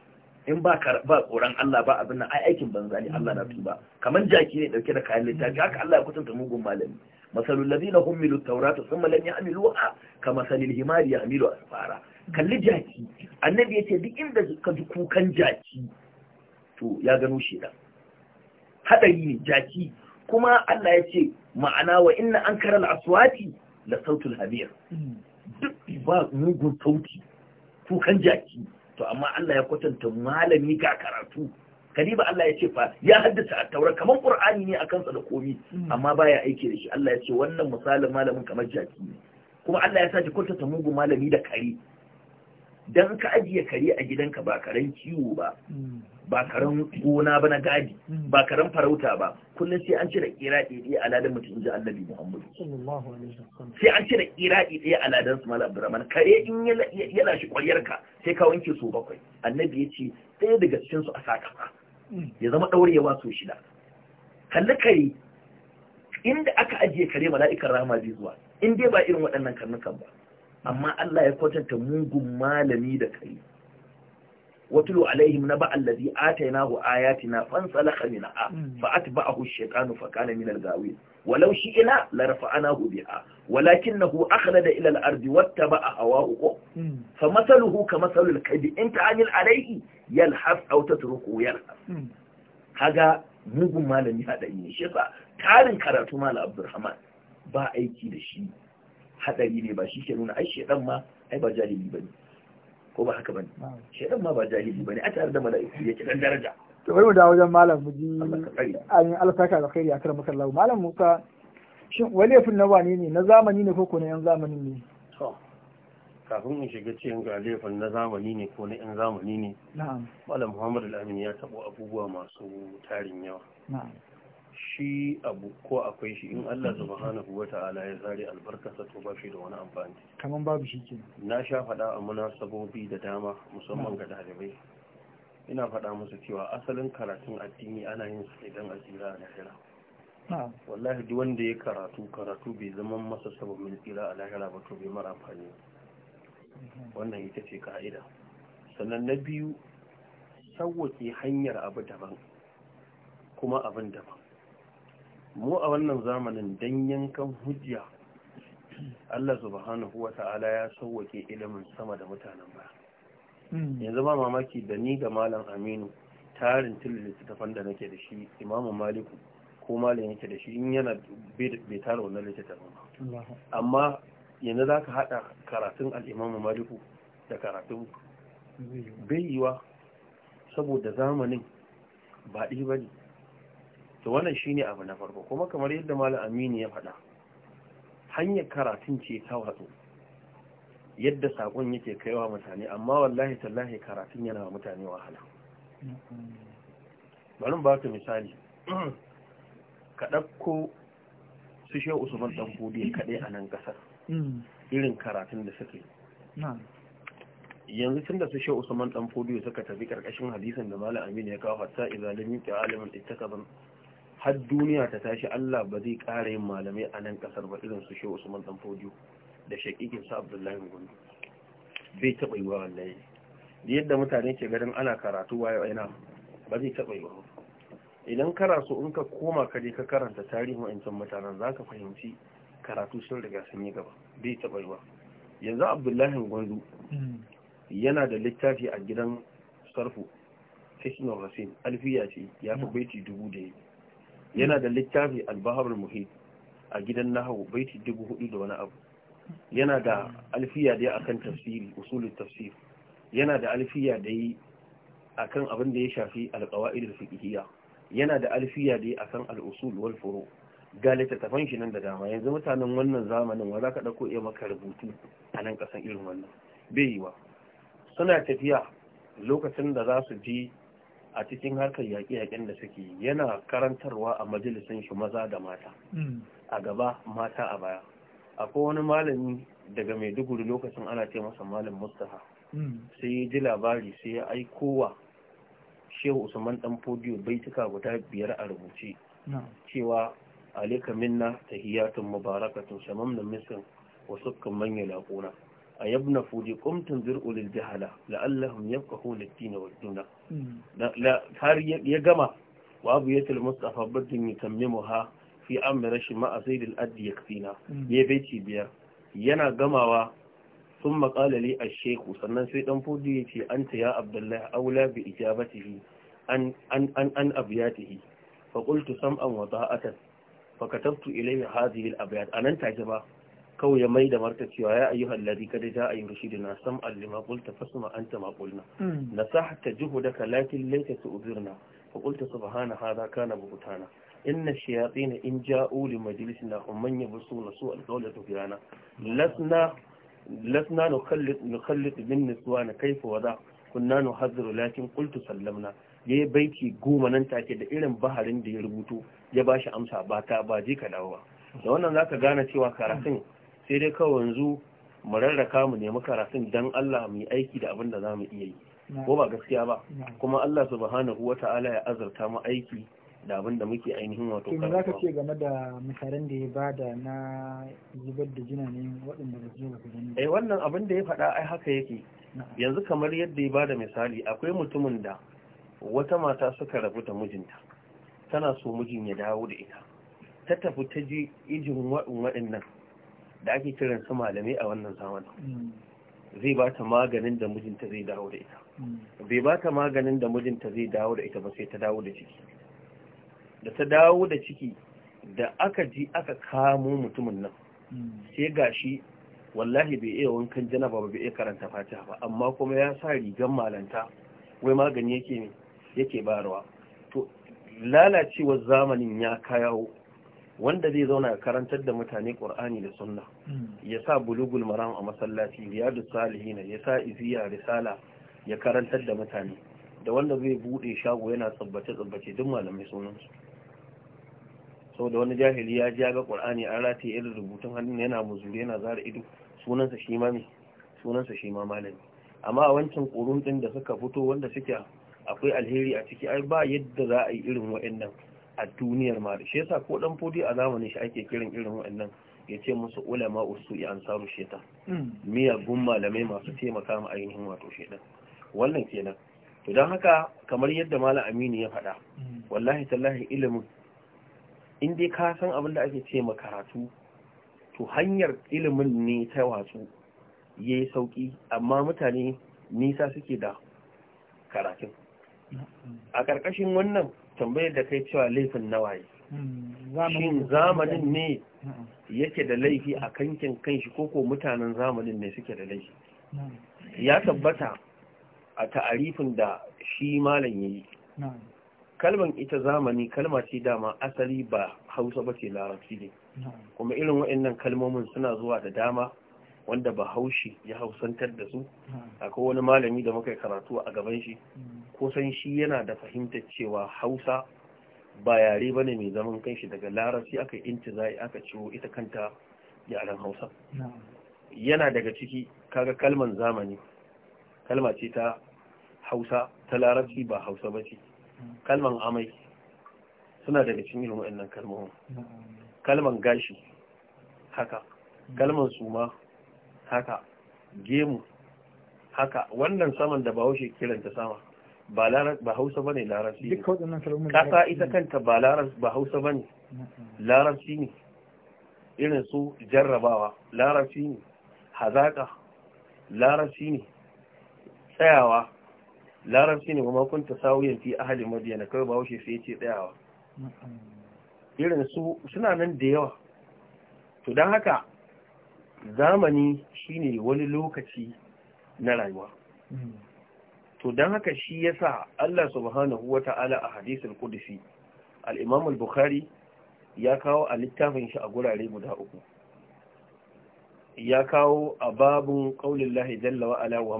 in ba ba tsoron Allah ba abin nan ai aikin banza ne Allah na tuba Kamar jaki ne dauke da kayan littafi haka Allah ya kutunta mugun malami masalul ladina humilu tawrata thumma lam ya'miluha kama salil himari ya'milu asfara kalli jaki annabi yace duk inda ka ji kukan jaki to ya gano shi da hadari ne jaki kuma Allah ya ce ma'ana wa inna ankara al-aswati la sautul hamir hmm. duk ba mugun sauti kukan jaki to amma Allah ya kwatanta malami ga karatu kaliba Allah ya ce fa ya haddasa a taura kamar qur'ani ne akan sa da komi hmm. amma baya aiki da shi Allah ya ce wannan misalin malamin kamar jaki ne kuma Allah ya sake kwatanta mugun malami da kare dan ka ajiye kare a gidanka ba karen kiwo ba ba karen gona ba na gadi ba karen farauta ba kullum sai an cire kira ɗaya a ladan mutum inji annabi Muhammadu. sai an cire kira ɗaya a ladan su malam abdurrahman kare in yana lashe kwaryar ka sai ka wanke so bakwai annabi ya ce ɗaya daga cikin su a saka ya zama ɗaurewa so shida kalli kare inda aka ajiye kare mala'ikan rahama zai zuwa in dai ba irin waɗannan karnukan ba amma Allah ya kwatanta mugun malami da kai watulu alaihim naba allazi atainahu ayatina a minha hmm. fa atba'ahu ash-shaytanu fa kana min al-ghawin walau shi'na a rafa'nahu biha ilal arzi ila al-ardi wattaba'a uku. Hmm. fa mathaluhu ka al-kaydi in ta'amil alayhi yalhaf aw tatruku yalhaf Haga hmm. mugun malami hadari ne shi tarin karatu malam Abdulrahman ba aiki da shi hadari ne ba shi ke nuna ai shedan ma ai ba jahili bane ko ba haka bane shedan ma ba jahili bane a tare da mala'iku yake dan daraja to bari mu dawo wajen malam mu ji an alfaka da khairi akram Allah malam mu ka. shin walefin na wane ne na zamani ne ko ko na yan zamanin ne kafin in shiga cikin galefan na zamani ne ko na 'yan zamani ne malam muhammad al-Amin ya tabo abubuwa masu tarin yawa shi abu ko akwai shi in Allah subhanahu wa ta'ala ya zare albarkasa to ba shi da wani amfani kaman babu shi ke na sha faɗa a munasabobi da dama musamman ga ɗalibai ina faɗa musu cewa asalin karatun addini ana yin su idan asira a lahira wallahi duk wanda ya karatu karatu bai zama masa sababin tsira a lahira ba to bai mara amfani wannan ita ce ka'ida sannan na biyu sauwake hanyar abu daban kuma abin daban mu a wannan zamanin don yankan hujja Allah subhanahu wa ta'ala ya sauwake ilimin sama da mutanen ba hmm. yanzu ba mamaki da ni ga malam aminu tarin littattafan da nake da shi imamu maliku ko malam yake da shi in yana bai tara wannan littattafan ba amma yanzu za ka haɗa karatun al'imamu maliku da karatun bai yiwa saboda zamanin ba ɗi ba ne to wannan shine abu na farko kuma kamar yadda malam aminu ya faɗa hanyar karatun ce ta watsu yadda sakon yake kaiwa mutane amma wallahi tallahi karatun yana wa mutane wahala barin ba ka misali ka ɗakko su shehu usman dan bude kaɗai a nan ƙasar irin karatun da suke yanzu tun da su shehu usman dan bude suka tafi ƙarƙashin hadisan da malam aminu ya kawo hatta izalimin ta alimin ittakaban har duniya ta tashi Allah ba zai ƙara yin malamai a nan ƙasar ba irin su shehu Usman dan Fodio da shaƙiƙin sa Abdullahi Gondo bai taɓa yi wa wallahi da yadda mutane ke garin ana karatu wayo ina ba zai taɓa yi ba idan karatu in ka koma ka je ka karanta tarihin wa'ancan mutanen za ka fahimci karatu sun riga sun yi gaba bai taɓa yi ba yanzu Abdullahi Gondo yana da littafi a gidan sarfu Hisnul Rasim alfiya ce ya fi mm. baiti dubu da yi yana da littafi albahar muhit a gidan nahawu baiti dubu hudu da wani abu yana da alfiya da akan tafsiri usulul tafsir yana da alfiya da a akan abin da ya shafi alqawaid fiqhiyya yana da alfiya da a akan al-usul wal furu ga littattafan shi nan da dama yanzu mutanen wannan zamanin wa ka dauko iya maka rubutu a nan kasan irin wannan bai yi ba suna tafiya lokacin da za su ji a cikin harkar yaƙi yaƙen da suke yana karantarwa a majalisun shi maza da mata hmm. a gaba mata a baya akwai wani malami daga maiduguri lokacin ana ce masa malam mustafa hmm. sai ya ji labari sai ya aikowa shehu usman dan fodiyo baituka guda biyar a rubuce cewa alaika minna tahiyatun mubarakatun shamamna misin wasu kan manya laƙuna a yabna fudi kumtun zir'ulil jahala la'allahum yafqahu littina wa duna la har ya gama wa abu yatil mustafa badin yutammimuha fi amrashi ma asidil addi yakfina ya baiti biyar yana gamawa sun maƙala li sheku sannan sai ɗan fudu ya ce an ya abdullahi aula bi ijabatihi an an abiyatihi fa qultu sam'an wa ta'atan fa katabtu ilayhi hadhihi al-abyat anan take ba kawai ya mai da marta cewa ya ayyuhan ladhi kad ja'a yurshiduna da lima qulta fasma anta ma qulna hmm. nasahta juhdaka lakin laysa tu'zirna fa qulta subhana hadha kana buhtana inna shayatin in ja'u li majlisina hum na yabsuna su'al qawla tufirana lasna lasna nukhallit nukhallit min niswana kayfa wada kunna nuhadhiru lakin na sallamna yayi baiki goma nan take da irin baharin da ya rubuto ya bashi amsa ba ta ba je ka dawo ba da wannan zaka gane cewa karatun sai dai kawai yanzu mu rarraka mu nemi karatun dan Allah mu yi aiki da abin da za mu iya yi ko ba gaskiya ba kuma Allah subhanahu wata'ala ya azurta mu aiki da abin da muke ainihin wato karatu. za ka ce game da misalan da ya bada na zubar da jina ne waɗanda da zuwa ga gani. Eh wannan abin da ya faɗa ai haka yake. Yanzu kamar yadda ya bada misali akwai mutumin da wata mata suka rabu da mijinta tana so mijin ya dawo da ita ta tafi ta je ijin waɗannan da ake kiran su malamai a wannan zamanin hmm. zai ba ta maganin da mijinta zai dawo da ita hmm. bai ba ta maganin da mijinta zai dawo da ita ba sai ta dawo da ciki da ta dawo da ciki da aka ji aka kamo mutumin nan hmm. sai gashi wallahi bai iya wankan jana ba bai iya karanta fatiha ba amma kuma ya sa rigan malanta wai magani yake yake rawa. to lalacewar zamanin ya kayawo wanda zai zauna ya karantar da mutane ƙur'ani da sunna hmm. ya sa bulugul maram a masallaci riyadu salihina ya sa iziya risala ya karantar da mutane da wanda zai bude shago yana tsabbace tsabbace duk malamai sunansu sau da wani jahili ya ji ga ƙur'ani an rataye irin rubutun hannun yana muzuri yana zara ido sunansa shi ma sunansa shi ma malami amma a wancan ƙurun ɗin da suka fito wanda suke akwai alheri a ciki ai ba yadda za a yi irin waɗannan a duniyar ma shi yasa ko dan fodi a zamanin shi ake kiran irin wa'annan ya ce musu ulama usu ya ansaru hmm. miya gun malamai masu taimaka ma ainihin wato sheta wannan kenan to don haka kamar yadda malam aminu ya faɗa hmm. wallahi tallahi ilimin in dai ka san abin da ake ce karatu to hanyar ilimin ne ta watsu ya yi sauƙi amma mutane nisa suke da karatun hmm. a ƙarƙashin wannan tambayar da kai cewa laifin nawaye hmm, shin zamanin ne hmm, hmm. yake da laifi a kankin kanshi koko mutanen zamanin ne suke da laifi ya tabbata a ta'arifin da shi malam yi kalman ita zamani kalma ce dama asali ba hausa ba ce larabci ne kuma irin waɗannan kalmomin suna zuwa da dama wanda ba haushi ya hausantar da su hmm. akwai wani malami da muka karatu a gaban shi hmm. san shi yana da fahimtar cewa hausa ba yare bane mai zaman kanshi daga larabci aka yi zai aka ciwo ita kanta yaren hausa hmm. yana daga ciki kaga kalman zamani kalma ce ta hausa ta larabci ba hausa ba ce kalman amai suna daga cikin irin nan kalmomin kalman gashi haka kalman suma haka gemu haka wannan saman da bahaushe kiranta sama ba hausa ba ne larabci ne kasa ita kanta ba ba hausa ba ne larabci ne irin su jarrabawa larabci ne hazaƙa larabci ne tsayawa larabci ne kuma kunta tasawuyan fi ahalin madiyana kai bahaushe sai ce tsayawa irin su suna nan da yawa to don haka zamani shine wani lokaci na rayuwa to don haka shi yasa Allah subhanahu wata'ala a hadisul qudsi al-Imam al-Bukhari ya kawo a littafin shi a gurare guda uku ya kawo a babun qaulin lahi jalla wa ala wa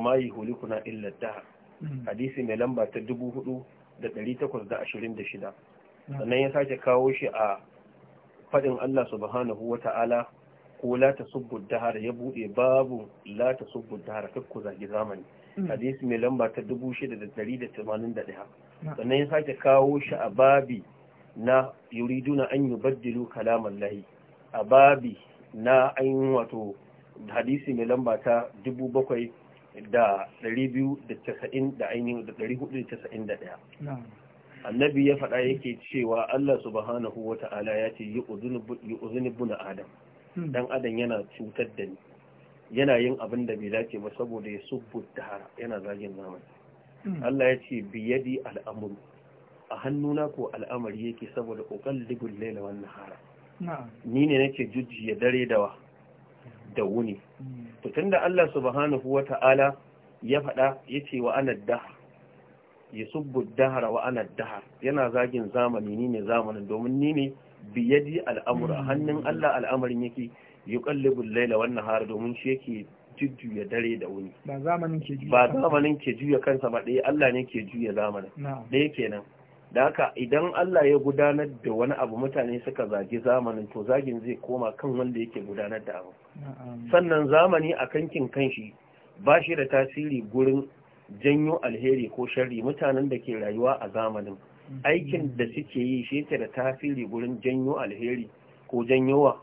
ma yuhlikuna illa dahr hmm. hadisi mai lamba ta shida, hmm. sannan ya sake kawo shi a faɗin Allah subhanahu wata'ala ko la tasubbu dahar ya bude babu la tasubbu dahar kakku zagi zamani mm. hadisi mai lamba ta 6181 sannan ya sake kawo shi a babi na na an baddilu kalaman lahi a babi na ainihin wato hadisi mai lamba ta 7,000 da da da annabi ya faɗa yake cewa Allah subhanahu wa ta'ala ya ce yi na adam Hmm. dan adam yana cutar da ni yana yin abin da bai dace ba saboda ya subbu dahara yana zagin zamani hmm. Allah ya ce biyadi al'amuru a hannuna ko al'amari yake saboda uqallibul laila wan nahara ni ne nake jujjiya dare dawa da wuni hmm. to tunda Allah subhanahu wata'ala ya faɗa yace wa ana dahar yasubbu dahara wa ana dahar yana zagin zamani ni ne zamanin domin ni ne biyadi al'amura hmm. hannun Allah al'amarin yake kallibin laila wannan har domin shi yake jujjuya dare da wuni ba zamanin ke juya kansa ba ɗaya Allah ne ke juya zamanin ɗaya kenan da haka idan Allah ya gudanar da wani abu mutane suka zagi zamanin to zagin zai koma kan wanda yake gudanar da abu sannan zamani a kankin kanshi ba shi da tasiri gurin janyo alheri ko sharri mutanen da ke rayuwa a zamanin aikin da suke yi shi yake da tasiri gurin janyo alheri ko janyo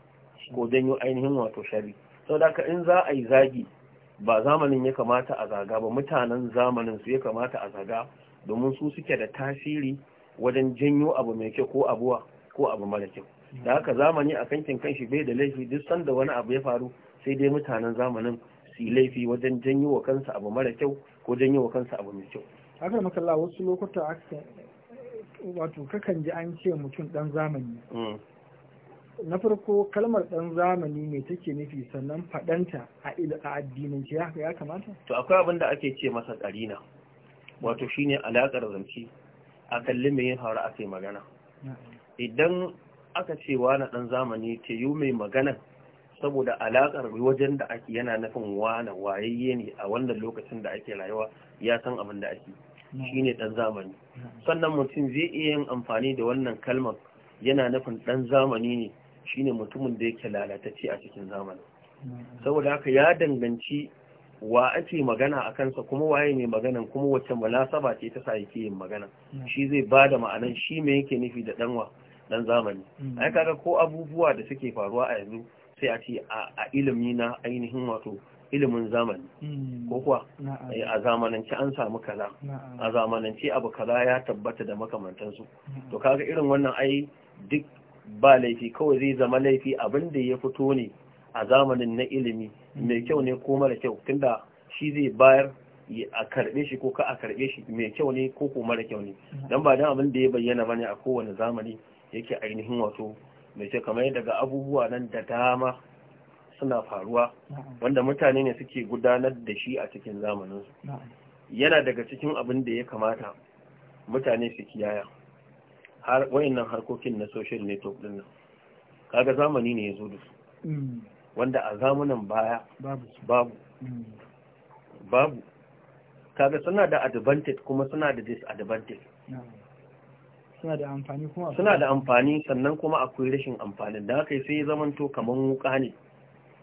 ko janyo ainihin wato shari sau da in za a yi zagi ba zamanin ya kamata a zaga ba mutanen zamanin su ya kamata a zaga domin su suke da tasiri wajen janyo abu mai kyau ko abuwa ko abu mara kyau da haka zamani a kankin shi bai da laifi duk sanda wani abu ya faru sai dai mutanen zamanin su laifi wajen janyo wa kansa abu mara kyau ko janyo wa kansa abu mai kyau haka makalla wasu lokuta wato kakan ji an ce mutum ɗan zamani mm. na farko kalmar ɗan zamani ne take nufi sannan faɗanta a addinin ce ya kamata? to akwai abin da ake ce masa ƙarina wato shine alaƙar zance a kalli mai yin haura a magana idan aka ce wani ɗan zamani ce yi mai magana saboda alaƙar wajen da ake yana nufin wani wayayye ne a wannan lokacin da ake rayuwa ya san abin da ake shine ɗan zamani sannan mutum zai iya yin amfani da wannan kalmar yana nufin ɗan zamani ne shine mutumin da yake lalatacce a cikin zamani saboda haka ya danganci wa ake magana a kansa kuma waye ne maganan kuma wacce munasaba ce ta sa yake yin magana shi zai bada ma'anan shi me yake nufi da danwa dan zamani mm. ai kaga ko abubuwa da suke faruwa a yanzu sai a ce a ilimi na ainihin wato ilimin zamani hmm. ko kuwa eh, a zamanance an samu kaza a zamanance abu kaza ya tabbata da makamantansu to kaga irin wannan ai duk ba laifi kawai zai zama laifi abin da ya fito ne a zamanin na ilimi mai kyau ne ko mara kyau tunda shi zai bayar a karbe shi ko ka a karbe shi mai kyau ne ko ko mara kyau ne dan ba dan abin da ya bayyana bane a kowane zamani yake ainihin wato mai kyau kamar daga abubuwa nan da dama suna faruwa wanda mutane ne suke gudanar da shi a cikin zamaninsu yana daga cikin abin da ya kamata mutane su kiyaya har wayannan harkokin na social network din nan kaga zamani ne ya zo da su mm. wanda a zamanin baya babu mm. babu kaga suna da advantage kuma suna da disadvantage suna da amfani kuma suna da amfani sannan kuma akwai rashin amfani da haka sai zaman to kaman wuka ne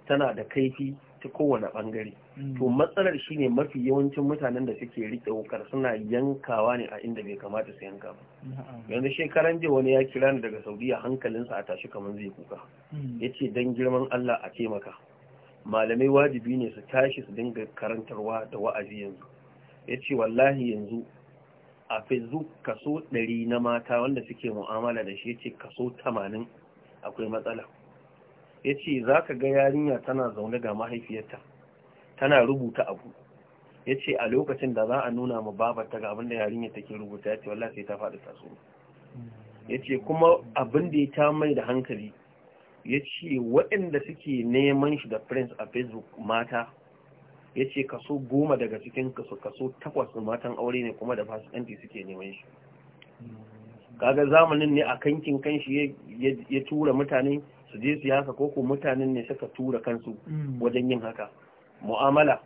tana da kaifi ta kowane bangare to mm. matsalar shine mafi yawancin mutanen da suke rike wukar suna yankawa ne a inda bai kamata su yanka ba yanzu shekaran jiya wani ya kira ni daga saudiya hankalinsa a tashi kamar zai kuka mm. ya ce don girman allah a taimaka malamai wajibi ne su tashi su dinga karantarwa da wa'azi yanzu ya ce wallahi yanzu a facebook kaso ɗari na mata wanda suke mu'amala da shi ya ce kaso tamanin akwai matsala ya ce za ka ga yarinya tana zaune ga mahaifiyarta tana rubuta abu ya ce a lokacin da za a nuna ma babata ga abin da yarinya take rubuta ya ce wallah sai ta faɗi taso ya ce kuma abin da ya ta mai da hankali ya ce waɗanda suke neman shi da prince a facebook mata ya ce kaso goma daga cikin kaso kaso takwas matan aure ne kuma da fasikanci suke neman shi kaga zamanin ne a kankin kanshi ya tura mutane su je su haka ko ko mutanen ne suka tura kansu mm. wajen yin haka mu'amala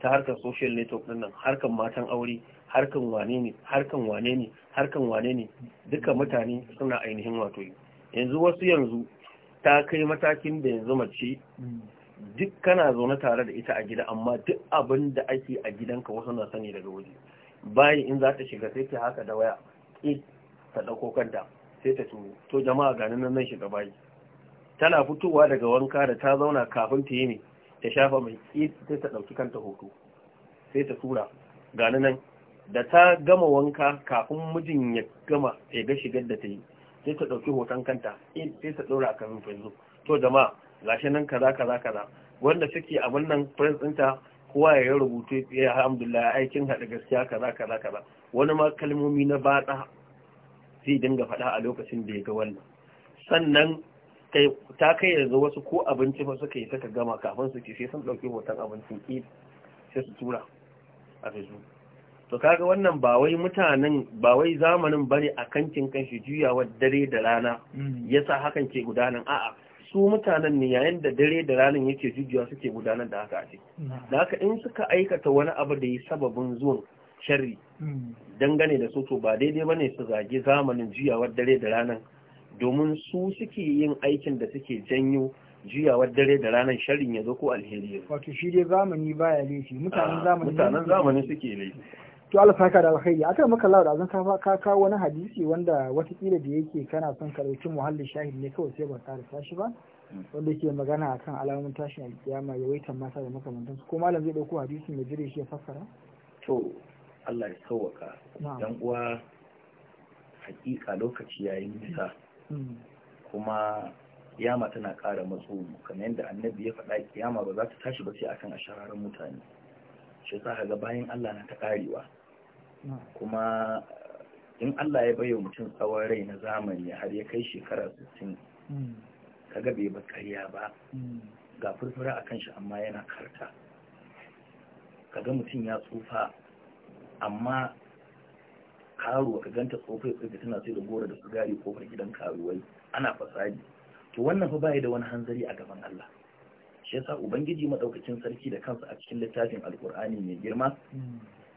ta harkar social network din nan harkar matan aure harkan wane ne harkan wane ne harkan wane ne duka mutane suna ainihin wato yanzu wasu yanzu ta kai matakin da yanzu mace mm. duk kana zaune tare da ita a gida amma duk abin da ake a gidanka wasu na sani daga waje bayan in za ta shiga sai ta haka da waya ta ɗauko kanta sai ta turo to jama'a ganin nan nan shiga bayi tana fitowa daga wanka da ta zauna kafin ta yi ne ta shafa mai sai ta ɗauki kanta hoto sai ta tura gani nan da ta gama wanka kafin mijin ya gama ya ga shigar da ta yi sai ta ɗauki hoton kanta sai ta ɗora a kafin facebook to jama'a gashi nan kaza kaza kaza wanda suke a wannan prince ɗinta kowa ya rubutu ya alhamdulillah aikin haɗa gaskiya kaza kaza kaza wani ma kalmomi na baɗa zai dinga faɗa a lokacin da ya ga wannan sannan kai ta kai yanzu wasu ko abinci ba suka yi saka gama kafin su ce sai sun ɗauki hoton abincin eid sai su tura a facebook to kaga wannan ba wai mutanen ba wai zamanin bane a kankin kanshi juyawar dare da rana mm. yasa hakan ke gudanar a'a su mutanen ne yayin da dare da ranar yake jujjuwa suke gudanar da haka a mm. da haka in suka aikata wani abu da ya sababin zuwan sharri mm. dangane da su to ba daidai ne su zage zamanin juyawar dare da ranar domin su suke yin aikin da suke janyo juyawar dare da ranar sharin ya zo ko alheri ya wato shi dai zamani baya laifi mutanen ah, zamani mutanen zamani suke laifi to Allah saka da alkhairi aka maka Allah azan ka ka kawo wani hadisi wanda watakila da yake kana son ka muhalli shahid ne kawai sai ba ka rasa shi ba wanda yake magana akan alamun tashin alkiyama yawaitan mata da makamantansu ko malam zai dauko hadisi mai jire shi ya fassara to Allah ya sauwaka dan uwa hakika lokaci yayin nisa kuma ƙiyama tana ƙara matso kamar yadda annabi ya faɗa kiyama ba za ta tashi ba sai akan ashararren mutane shi sa ga bayan Allah na ta ƙarewa kuma in Allah ya bayo mutum tsawon rai na zamani har ya kai shekara 60 kaga bai ba karya ba ga furfura a kan shi amma yana karta kaga mutum ya tsufa amma karuwa ka ganta tsofai tsofi tana sai da gora da sigari kofar gidan karuwai ana fasadi to wannan fa bai da wani hanzari a gaban Allah shi yasa ubangiji madaukakin sarki da kansa a cikin littafin alkur'ani mai girma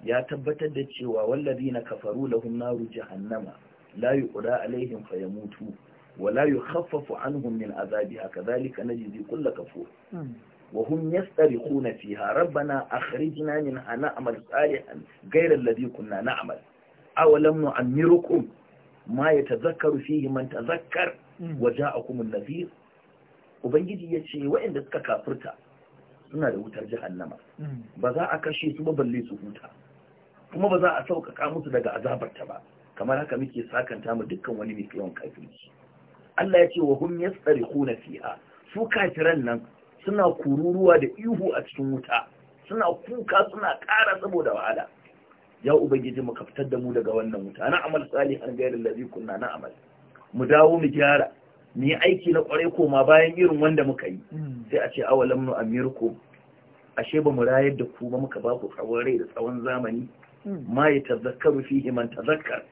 ya tabbatar da cewa wallazina kafaru lahum naru jahannama la yuqda alaihim fayamutu wa la yukhaffafu anhum min azabiha kadhalika najzi kull kafur hmm. wa hum yastarikuna fiha rabbana akhrijna min na'mal salihan ghayra alladhi kunna na'mal awalan nu'ammirukum ma yatazakkaru fihi man tazakkar wa ja'akum an-nadhir ubangiji yace waɗanda suka kafirta suna da wutar jahannama hmm. ba za a kashe su ba balle su huta kuma ba za a sauƙaƙa musu daga azabarta ba kamar haka muke sakanta mu dukkan wani mai yawan kafirci Allah ya ce wa hum yastarihuna fiha su kafiran nan suna kururuwa da ihu a cikin wuta suna kuka suna ƙara saboda wahala ya ubangiji mu fitar da mu daga wannan wuta na amal salihan gairu allazi kunna na amal mu dawo mu gyara mu yi aiki na kwarai koma bayan irin wanda muka yi hmm. sai a ce awalam nu amirku ashe ba mu rayar da ku ba muka ba ku tsawon rai da tsawon zamani hmm. ma ya tazakkaru fihi man tazakkar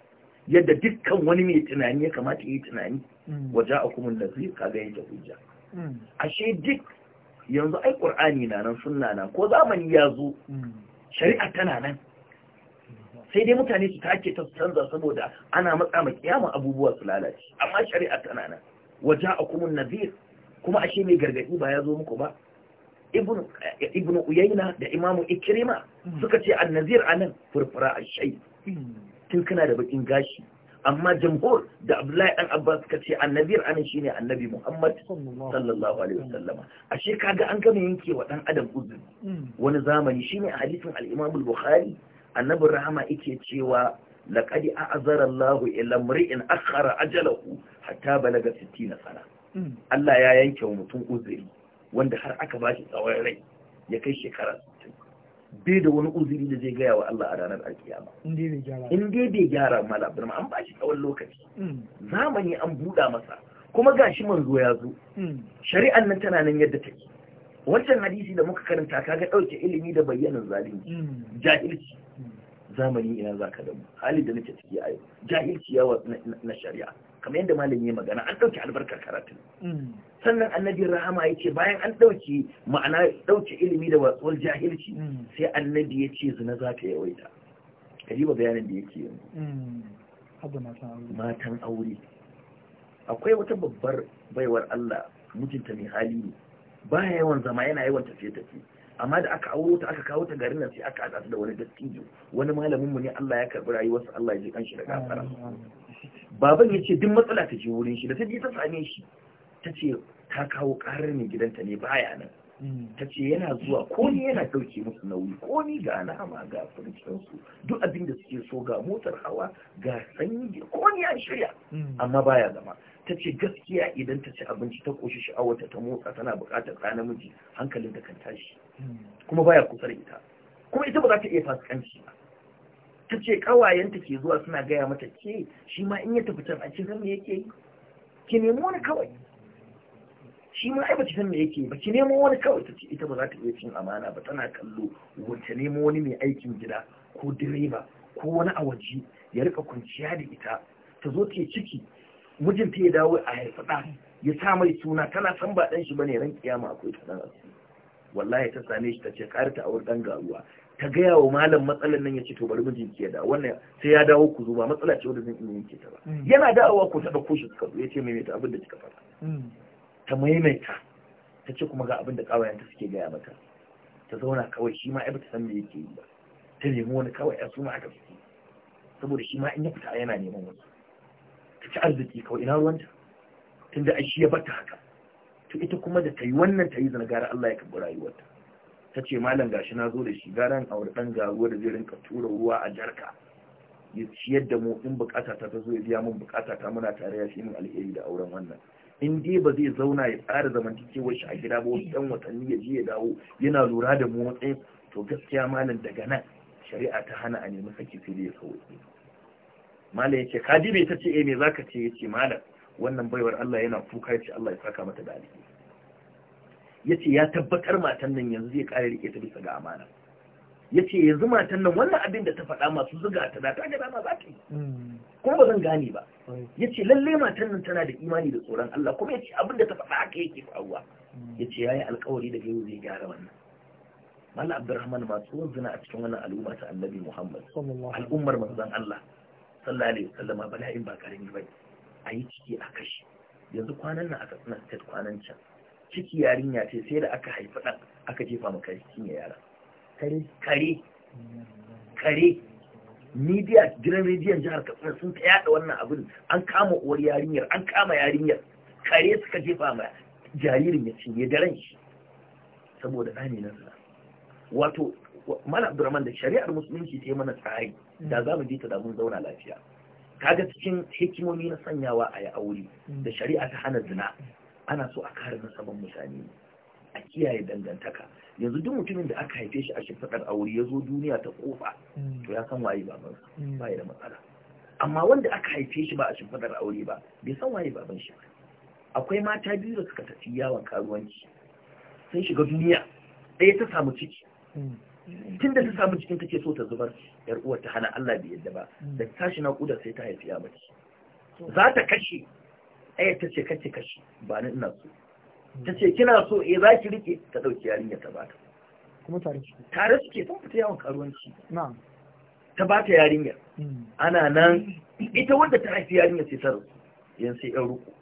yadda dukkan wani mai tunani ya kamata yi tunani hmm. waje a kuma nazi kaga yadda hujja ashe duk yanzu ai qur'ani na nan sunna na ko zamani ya zo shari'a tana nan sai dai mutane su take ta canza saboda ana matsa ma kiyama abubuwa su lalace amma shari'a tana nan waja'akumun nadhir kuma ashe mai gargadi ba ya zo muku ba ibnu Uyaina da imamu ikrima suka ce annazir anan furfura ashai tun kana da bakin gashi amma jamhur da abdullahi dan abbas suka ce annazir anan shine annabi muhammad sallallahu alaihi wasallama ashe kaga an gama yanke wa dan adam uzuri hmm. wani zamani shine a hadisin al-imam al-bukhari annabin rahama yake cewa laqad a'zara Allahu ila mri'in akhara ajalahu hatta balaga 60 sana hmm. Allah ya yanke wa mutum uzuri wanda har aka bashi tsawon rai ya kai shekara 60 bai da wani uzuri da zai gaya wa Allah a ranar alkiyama in dai bai gyara mala bin an bashi tsawon lokaci hmm. zamani an buɗa masa kuma gashi manzo ya zo hmm. shari'an nan tana nan yadda take wancan hadisi da muka karanta kaga ɗauke ilimi da bayyanin zalimi hmm. jahilci hmm. zamani ina za ka damu hali da nake ciki a yau jahilci yawa na shari'a kamar yadda malami ya magana an ɗauke albarkar karatun hmm. sannan annabi rahama ya ce bayan an ɗauke ma'ana ɗauke ilimi da watsuwar jahilci sai annabi ya ce zina za ta yawaita ba bayanin da yake yanzu matan aure akwai wata babbar baiwar Allah Mutunta mai hali ne baya yawan zama yana yawan tafiye-tafiye amma da aka auro ta aka kawo ta garin nan sai aka haɗa da wani dattijo wani malamin mu ne Allah ya karbi rayuwarsa Allah ya ji kanshi da gafara baban yace duk matsala ta je wurin shi da ta ta same shi tace ta kawo karar ne gidanta ne baya nan tace yana zuwa ko ni yana dauke musu nauyi ko ni ga alama ga furcin su duk abin da suke so ga motar hawa ga sanyi ko ni an shirya hmm. amma baya zama ta ce gaskiya idan ta ci abinci ta koshi sha'awarta ta motsa tana bukatar ɗa namiji hankalin da kan tashi kuma baya kusa da ita kuma ita ba za ta iya fasikanci ba ta ce kawayenta ke zuwa suna gaya mata ke shi ma in ya tafi can a cikin me yake ki nemo wani kawai shi ma ai ba san me yake ba ki nemo wani kawai ta ce ita ba za ta iya cin amana ba tana kallo wata nemo wani mai aikin gida ko direba ko wani a waje ya rika kwanciya da ita ta zo ta ciki mijinta ya dawo a haifada ya sa mai suna tana san ba ɗan shi ne ran kiyama akwai ta ɗan asiri wallahi ta same shi ta ce ƙari ta aure ɗan garuwa ta gaya wa malam matsalar nan ya ce to bari mijin ki ya dawo wannan sai ya dawo ku zo ba matsala ce wanda zan iya yanke ta ba mm. yana dawowa ko ta ɗauko shi suka zo ya ce maimaita abin da kika faɗa mm. ta maimaita ta ce kuma ga abin da ƙawayenta suke gaya mata ta zauna kawai shi ma ai bata san me yake yi ba ta nemi wani kawai ya suma aka saboda shi ma in ya fita yana neman wasu ta ci arziki kawai ina ruwanta tunda ai shi ya bata haka to ita kuma da ta yi wannan ta yi zana gara Allah ya karɓi rayuwarta ta ce malam gashi na zo da shi garan auri ɗan garuwa da zai rinka tura ruwa a jarka ya ciyar da mu in bukata ta ta zo ya biya mun bukata ta muna tare ya fi min alheri da auren wannan in dai ba zai zauna ya tsara zamantakewar shi a gida ba wasu ɗan watanni ya je ya dawo yana lura da mu matsayin to gaskiya malam daga nan shari'a ta hana a nemi saki sai ya kawo malam yace khadija ta ce eh me zaka ce yace malam wannan baiwar Allah yana kuka yace Allah ya saka mata dali yace ya tabbatar matan nan yanzu zai kare rike ta bisa ga amana yace yanzu matan nan wannan abin da ta faɗa masu zuga ta da ta ga dama za ta yi hmm. kuma ba zan gane ba yace lalle matan nan tana da imani da tsoron Allah kuma yace abin da ta faɗa haka yake faruwa hmm. yace yayi alƙawari da yau zai gyara wannan malam Abdurrahman masu zina a cikin wannan al'umma ta Annabi Muhammad al'ummar manzon Allah sallallahu alaihi wasallama bala'in ba karami ba a yi ciki a kashi yanzu kwanan nan a katsina state kwanan can ciki yarinya ce sai da aka haifi ɗan aka jefa maka cikin yara kare kare kare media gidan rediyon jihar katsina sun ta yada wannan abin an kama uwar yarinyar an kama yarinyar kare suka jefa ma jaririn ya cinye da ran shi saboda ɗani na wato mana abdurrahman da shari'ar musulunci ta yi mana tsari da za mu ji ta da mun zauna lafiya kaga cikin hikimomi na sanyawa a yi aure da shari'a ta hana zina ana so a kare nasaban mutane a kiyaye dangantaka yanzu duk mutumin da aka haife shi a shimfiɗar aure ya zo duniya ta kofa to ya san waye babansa mm. ba da matsala amma wanda aka haife shi ba a shimfiɗar aure ba bai san waye baban shi ba akwai mata biyu da suka tafi yawon karuwanci sun shiga duniya ɗaya ta samu ciki mm. tun da su samu cikin take so ta zubar yar uwar ta hana Allah bai yadda ba da tashi na kuda sai ta haifi ya mace za ta kashe ayar ta ce kace kashe ba ni ina so ta ce kina so eh za ki rike ta dauki yarinya ta bata kuma tare suke tare suke sun fita yawan karuwanci na'am ta bata yarinya hmm. ana nan ita wanda ta haifi yarinya sai ta rufu yan sai yan ruku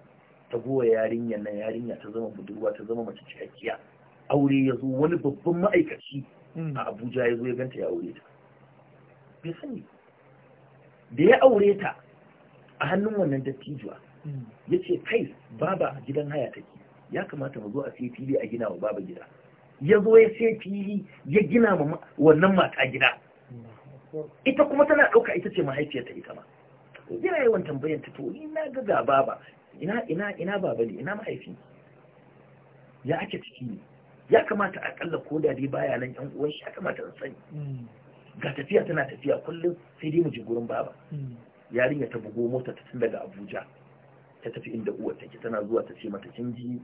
ta goya yarinyar nan yarinya ta zama budurwa ta zama mace cikakkiya aure ya zo wani babban ma'aikaci a mm. abuja ya zo ya ganta ya aure ta bai sani da ya aure ta a hannun wannan dattijuwa mm. ya ce kai baba a gidan haya take ya kamata mu zo a sai fili a gina wa baba gida ya zo ya sai fili ya gina ma wannan mata gida ita kuma tana ɗauka ita ce mahaifiyarta ita ma yana yawan tambayar ta to ina ga ga baba ina ina ina baba ne ina mahaifi ya ake ciki ne ya kamata a kalla ko da dai baya nan yan uwan shi ya kamata in sani hmm. ga tafiya tana tafiya kullum sai dai mu je gurin baba hmm. yarinya ta bugo mota ta tun daga Abuja ta tafi inda uwar take tana zuwa ta ce mata kin ji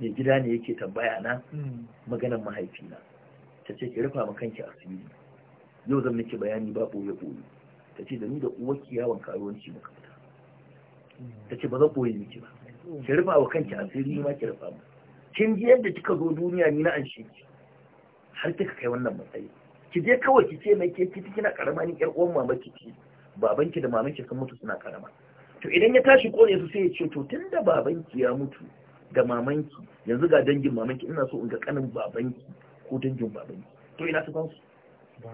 Me gida ne yake tambaya na hmm. maganar mahaifina ta ce ki rufa maka kanki asiri yau zan miki bayani ba ya boye ta ce da ni da uwar ki yawon karuwanci muka fita ta ce ba zan boye miki ba ki rufa wa kanki asiri ma ki rufa mu kin ji yadda kika zo duniya ni na an shi har kika kai wannan matsayi ki je kawai ki ce mai ke ki kina karama ni yar uwan mama ki ci babanki da ki sun mutu suna karama to idan ya tashi kone su sai ya ce to tunda babanki ya mutu da ki yanzu ga dangin ki ina so in ga kanin babanki ko dangin babanki to ina tafan su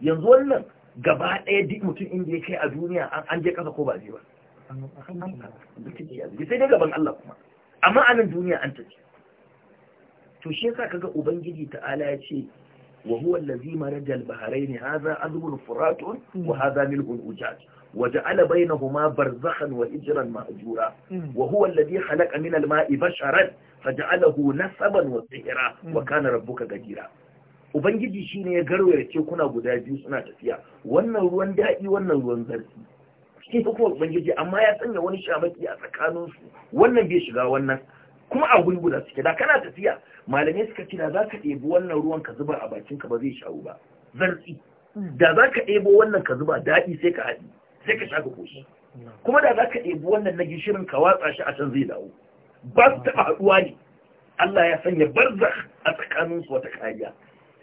yanzu wannan gaba ɗaya duk mutum inda ya kai a duniya an je kasa ko ba zai ba sai dai gaban Allah kuma a nan duniya an tafi to shi yasa kaga ubangiji ta'ala yace. ce wa huwa allazi maraja al-baharayn hadha azbun furatun wa hadha milhun ujaj wa ja'ala bainahuma barzakhan wa ijran ma'jura hmm. wa huwa allazi khalaqa min al-ma'i basharan faja'alahu nasaban wa sihra wa hmm. kana rabbuka gadira ubangiji shine ya garwaye ce kuna guda biyu suna tafiya wannan ruwan dadi wannan ruwan zarfi cikin hukumar ubangiji amma ya sanya wani shamaki a tsakaninsu wannan bai shiga wannan kuma a guri guda suke da kana tafiya malamai suka ce da za ka ɗebi wannan ruwan ka zuba a bakinka ba zai shawo ba zartsi da za ka ɗebo wannan ka zuba daɗi sai ka haɗi sai ka sha ka koshi kuma da za ka ɗebi wannan na gishirin ka watsa shi a can zai dawo ba su taɓa haɗuwa ne Allah ya sanya barza a tsakaninsu wata kariya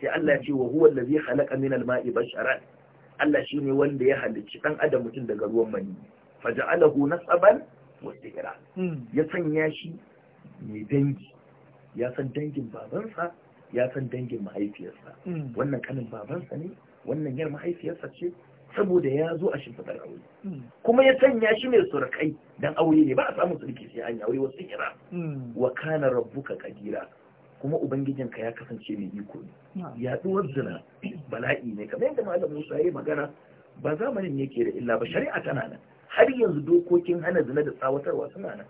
sai Allah ya ce wa huwa allazi khalaqa min al-ma'i basharan Allah shi ne wanda ya halicci ɗan adam mutum daga ruwan mani alahu nasaban mustahira hmm. ya sanya shi mai dangi ya san dangin babansa ya san dangin mahaifiyarsa hmm. wannan kanin babansa ne wannan yar mahaifiyarsa ce saboda ya zo a shimfiɗar aure hmm. kuma ya sanya shi mai surukai dan aure ne ba a samun sulki sai an yi aure wasu kira wa kana rabbuka kadira kuma ubangijinka ya kasance mai iko ne Yaɗuwar zina bala'i ne kamar yadda malam Musa ya yi magana ba zamanin yake da illa ba shari'a tana nan har yanzu dokokin hana zina da tsawatarwa suna nan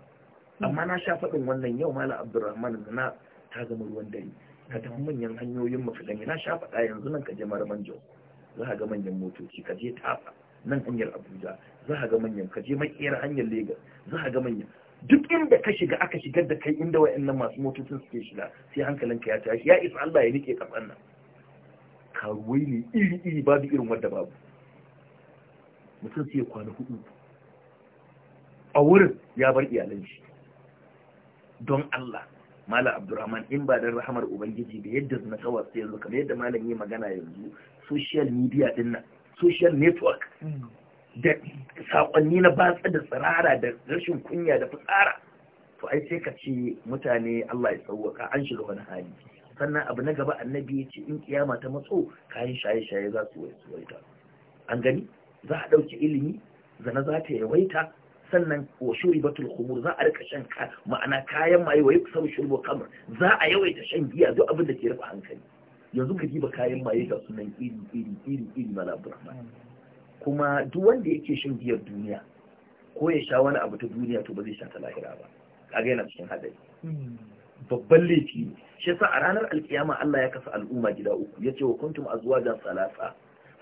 amma na sha faɗin wannan yau malam Abdulrahman zina ta zama ruwan dare ka tafi manyan hanyoyin mafitan na sha faɗa yanzu nan ka je maraman jau za ka ga manyan motoci ka je tafa nan hanyar Abuja za ka ga manyan ka je makera hanyar Lagos za ka ga manyan duk inda ka shiga aka shigar da kai inda wayannan masu motocin suke shiga sai hankalinka ya tashi ya isa Allah ya nike kasan nan karuwai ne iri iri babu irin wanda babu mutum sai ya kwana hudu a wurin ya bar iyalan shi don Allah Mala Abdurrahman in ba da rahamar Ubangiji da yadda na tsawar sai yanzu kamar yadda malam yi magana yanzu social media din nan social network hmm. da saƙonni na batsa da tsirara da rashin kunya da fitsara to ai sai ka ce mutane Allah ya tsawaka an shiga wani hali sannan abu na gaba annabi ya ce in kiyama ta matso kayan shaye-shaye za su yawaita an gani za a ɗauki ilimi zana za ta yawaita sannan wa shuribatul khumur za a rika shan ka ma'ana kayan maye wa yuksaru shurbu kamar za a yawaita shan giya duk abin da ke rufe hankali yanzu ka diba kayan maye ga sunan iri iri iri iri malabur kuma duk wanda yake shan giyar duniya ko ya sha wani abu ta duniya to ba zai sha ta lahira ba kaga yana cikin hadari babban laifi shi yasa a ranar alkiyama Allah ya kasa al'umma gida uku yace wa kuntum azwajan salasa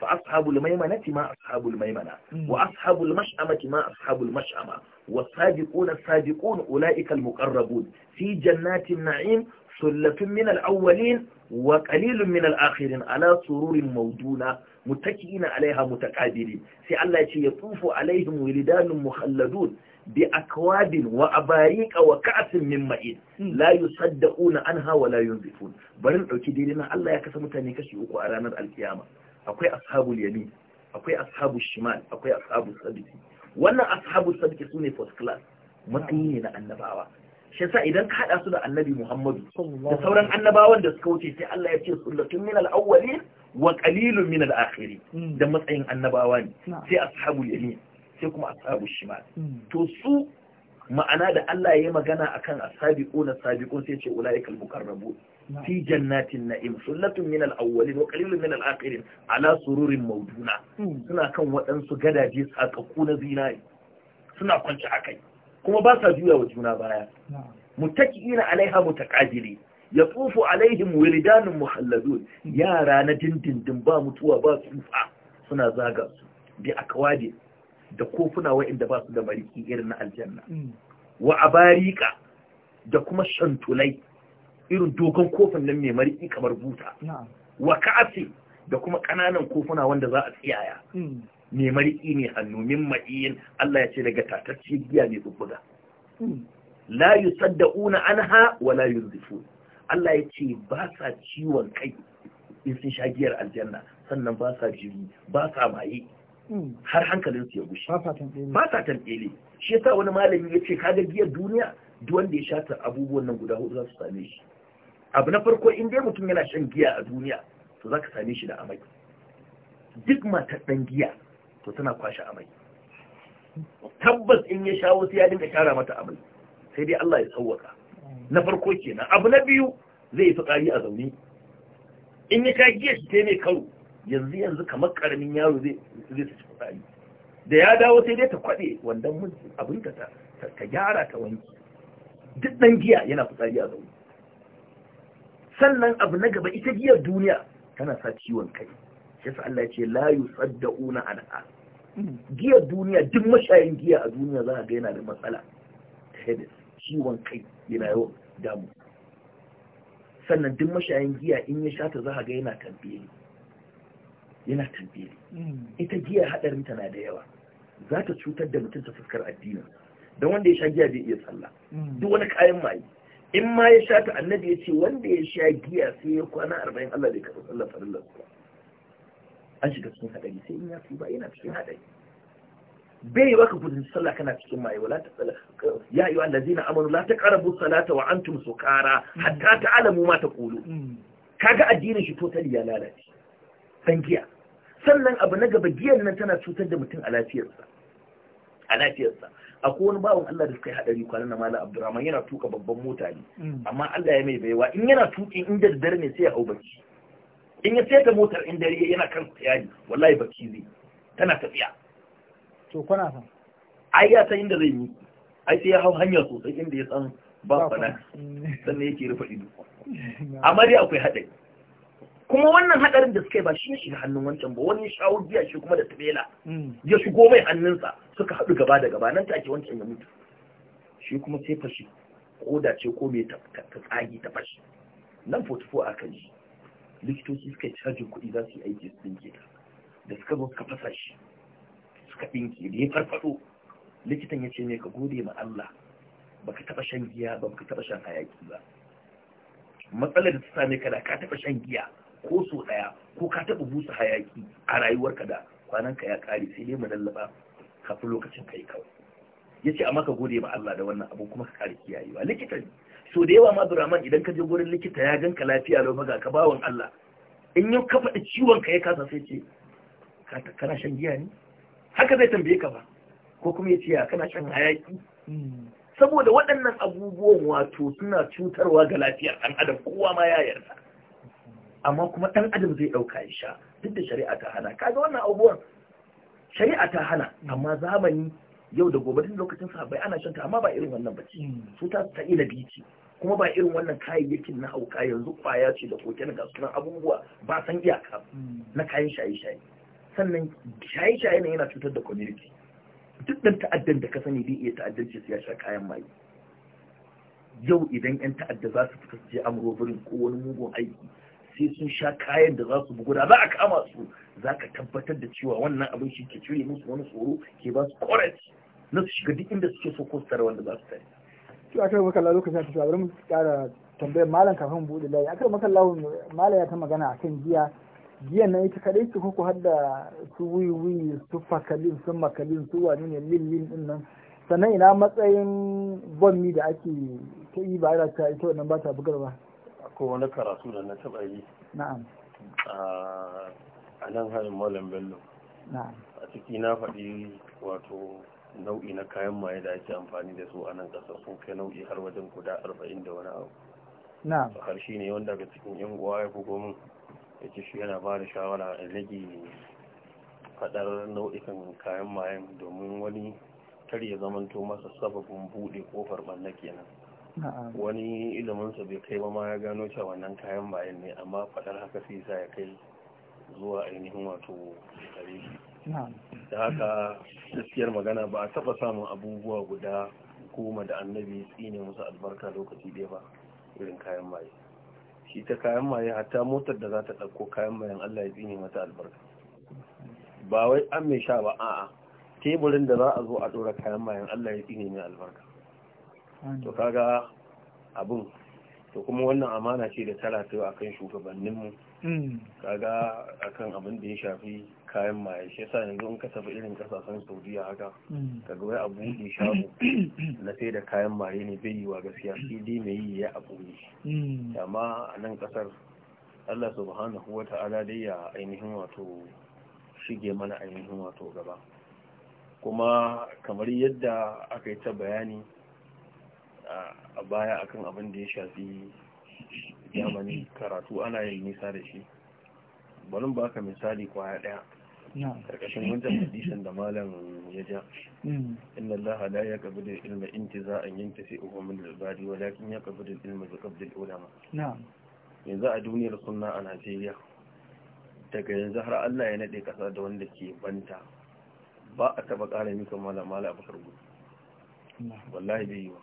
fa ashabul maimanati ma ashabul maimana wa ashabul mash'amati ma ashabul mash'ama والسابقون السابقون Si المقربون في جنات النعيم awwalin wa الأولين وقليل من الآخرين على sururin موجودة Mutaki mutaki'ina alaiha mutaqabili sai Allah ya ce ya tufu alaihim wildanun mukhalladun bi akwadin wa abariqa wa ka'sin min ma'in hmm. la yusaddaquna anha wa la yunzifun bari mu dauki dai Allah ya kasa mutane kashi uku a ranar alkiyama akwai ashabul yamin akwai ashabul shimal akwai ashabul sabit wannan ashabul sabit sune first class mutane ne na annabawa shi yasa idan ka haɗa su da annabi Muhammadu da sauran annabawan da suka wuce sai Allah ya ce sulatun min al-awwalin wa qalilun min al hmm. da matsayin annabawa ne sai ashabul yamin sai kuma ashabul shimal hmm. to su ma'ana da Allah ya yi magana akan as na sabiqun sai ce ulaikal mukarrabu fi jannatin na'im sullatun min al-awwalin wa qalilun min al-akhirin ala sururin mawduna hmm. suna kan waɗansu gadaje sakakku na zinari suna kwanci akai kuma ba sa juya wa juna baya mutakiina alaiha mutaqabili ya tsufu alaihim wilidanun muhalladun yara na dindindin ba mutuwa ba tsufa suna zaga su bi akwade da kofuna wa'inda ba su da bariki irin na aljanna hmm. wa abarika da kuma shantulai irin dogon kofin nan mai mariki kamar buta wa da kuma kananan kofuna wanda za a tsiyaya hmm. mai mariki ne hannu min ma'iyin Allah ya ce daga tatacce giya mai bubbuga hmm. la yusaddauna anha wa yuzifun Allah ya ce ba sa ciwon kai in sun sha giyar aljanna sannan ba sa jiri ba sa maye hmm. har hankalin su ya gushe ba sa tantele shi yasa wani malami ya ce kaga giyar duniya duk wanda ya shata abubuwan nan guda hudu za su same shi abu na farko in dai mutum yana shan giya a duniya to za ka same shi da amai duk matar ɗan giya to tana kwashe amai tabbas in ya sha wasu ya dinga kyara mata amai sai dai Allah ya sauwaka na farko kenan abu na biyu zai yi fitsari a zaune in ya ka giya shi sai mai karo yanzu yanzu kamar karamin yaro zai zai ci fitsari da ya dawo sai dai ta kwaɗe wandan mun abin ta ta gyara ta wani. duk dan giya yana fitsari a zaune sannan abu na gaba ita giyar duniya tana sa ciwon kai shi yasa Allah ya ce la yusaddauna anha giyar duniya duk mashayin giya a duniya za a ga yana da matsala ta ciwon kai yana yawan damu sannan duk mashayin giya in ya sha ta za ga yana tambeli yana tambeli hmm. ita giya hadarin tana da yawa za ta cutar da mutum ta fuskar addinin don wanda ya sha giya zai iya tsalla. Hmm. duk wani kayan maye in ma ya sha ta annabi ya ce wanda ya sha giya sai ya kwana arba'in Allah bai karɓi farin lafiya an shiga cikin haɗari sai in ya ba yana cikin hadari bai yi baka salla sallah kana cikin maye wala ta sallah ya ayyuhal ladina amanu la taqrabu salata wa antum sukara hatta ta'lamu ma taqulu kaga addinin shi totali ya lalace san giya sannan abu na gaba giyan nan tana cutar da mutum a lafiyarsa a lafiyarsa akwai wani bawon Allah da suka yi hadari kwanan na Malam Abdurrahman yana tuka babban mota ne mm. amma Allah ya mai baiwa in yana tuki in da dare ne sai ya hau baki in ya saita motar in dare yana kan tsayani wallahi baki zai tana tafiya to kuna san ai ya san inda zai yi ai sai ya hau hanya sosai inda ya san ba fana ne yake rufe ido amma dai akwai haɗari kuma wannan haɗarin da suka yi ba shi ne shiga hannun wancan ba wani shawo giya shi kuma da tabela hmm. ya shigo mai hannunsa suka haɗu gaba da gaba nan take wancan ya mutu shi kuma sai fashi ko da ce ko mai ta tsagi ta fashi nan 44 kan shi likitoci suka yi cajin kuɗi za su yi aiki su dinke ta da suka zo suka fasa shi suka ɗinki da ya farfaɗo likitan ya ce ne ka gode ma Allah baka taɓa shan giya ba baka taɓa shan hayaki ba matsalar da ta same ka da ka taɓa shan giya ko so ɗaya ko ka taɓa busa hayaki a rayuwarka da kwananka ya ƙare sai dai mu lallaba kafin lokacin kai kawai ya ce amma ka gode ma Allah da wannan abu kuma ka ƙare kiyayewa likita ne so da yawa ma duraman idan ka je wurin likita ya ganka lafiya lau maga ka bawan Allah in yau ka faɗi ciwon ka ya kasa sai ce kana shan giya ne haka zai tambaye ka ba ko kuma ya ce ya kana shan hayaki saboda waɗannan abubuwan wato suna cutarwa ga lafiyar ɗan adam kowa ma ya yarda amma kuma ɗan adam zai ɗauka ya sha duk da shari'a ta hana kaga wannan abubuwan shari'a ta hana amma zamani yau da gobe tun lokacin bai ana shanta amma ba irin wannan ba ce su ta ta ila bici kuma ba irin wannan kayayyakin na hauka yanzu kwaya ce da kokin ga sunan abubuwa ba san iyaka na kayan shaye-shaye sannan shaye-shaye ne yana cutar da community duk ɗan ta'addan da ka sani bai iya ta'addanci su ya sha kayan maye yau idan 'yan ta'adda za su fita je amuro birin ko wani mugun aiki sai sun sha kayan da za su bugu da za a kama su za ka tabbatar da cewa wannan abin shi ke cire musu wani tsoro ke ba su korafi na su shiga duk inda suke so ko su tare wanda za su tare. shi a kai makalla lokacin da ta bari mu kara tambayar malam kafin buɗe layi a kai makalla malam ya ta magana a kan jiya giyan nan ita kadai su kuku har da su wiwi su fakalin su makalin su wani ne lillin din nan sannan ina matsayin bommi da ake ta yi ba da ta ita wannan ba ta bugar ba ko wani karatu da na taba yi na'am a nan harin malam bello na'am a ciki na faɗi wato nau'i na kayan maye da ake amfani da su a nan ƙasar sun kai nau'i har wajen guda arba'in da wani abu na'am har shi ne wanda ga cikin yan uwa ya bugo min ya shi yana ba da shawara a rage fadar nau'ikan kayan mayan domin wani kar ya zamanto masa sababin buɗe kofar ɓanna kenan wani iliminsa bai kai ba ma ya gano cewa wannan kayan mayan ne amma fadar haka sai sa ya kai zuwa ainihin wato kare da haka gaskiyar magana ba a taɓa samun abubuwa guda goma da annabi tsine musu albarka lokaci ɗaya ba irin kayan maye shi ta kayan maye hatta motar da za ta ɗauko kayan mayan Allah ya tsine mata albarka ba wai an mai sha ba a'a teburin da za a zo a ɗora kayan mayan Allah ya tsine mai albarka to kaga abin to kuma wannan amana ce da tara ta akan shugabanninmu mm. kaga akan abin da ya shafi kayan maye shi yasa yanzu in ka tafi irin kasashen saudiya haka mm. ka ga wai a buɗe shago na sai da kayan maye ne bai yi wa gaskiya shi dai mai yi ya abu ne. Mm. amma a nan kasar Allah subhanahu wa ta'ala dai ya ainihin wato shige mana ainihin wato gaba kuma kamar yadda aka yi ta bayani a baya akan abin da ya shafi jamani karatu ana yin nisa da shi bari ba ka misali kwaya daya karkashin wancan hadisin da malam ya ja hmm. inna Allah la yaqbalu ilma sai uku min al-ibadi ya yaqbalu ilma ga qabdi al-ulama yanzu a duniyar sunna a Najeriya daga yanzu har Allah ya naɗe kasa da wanda ke banta ba a taɓa ƙara mika malam bakar gudu wallahi bai yi wa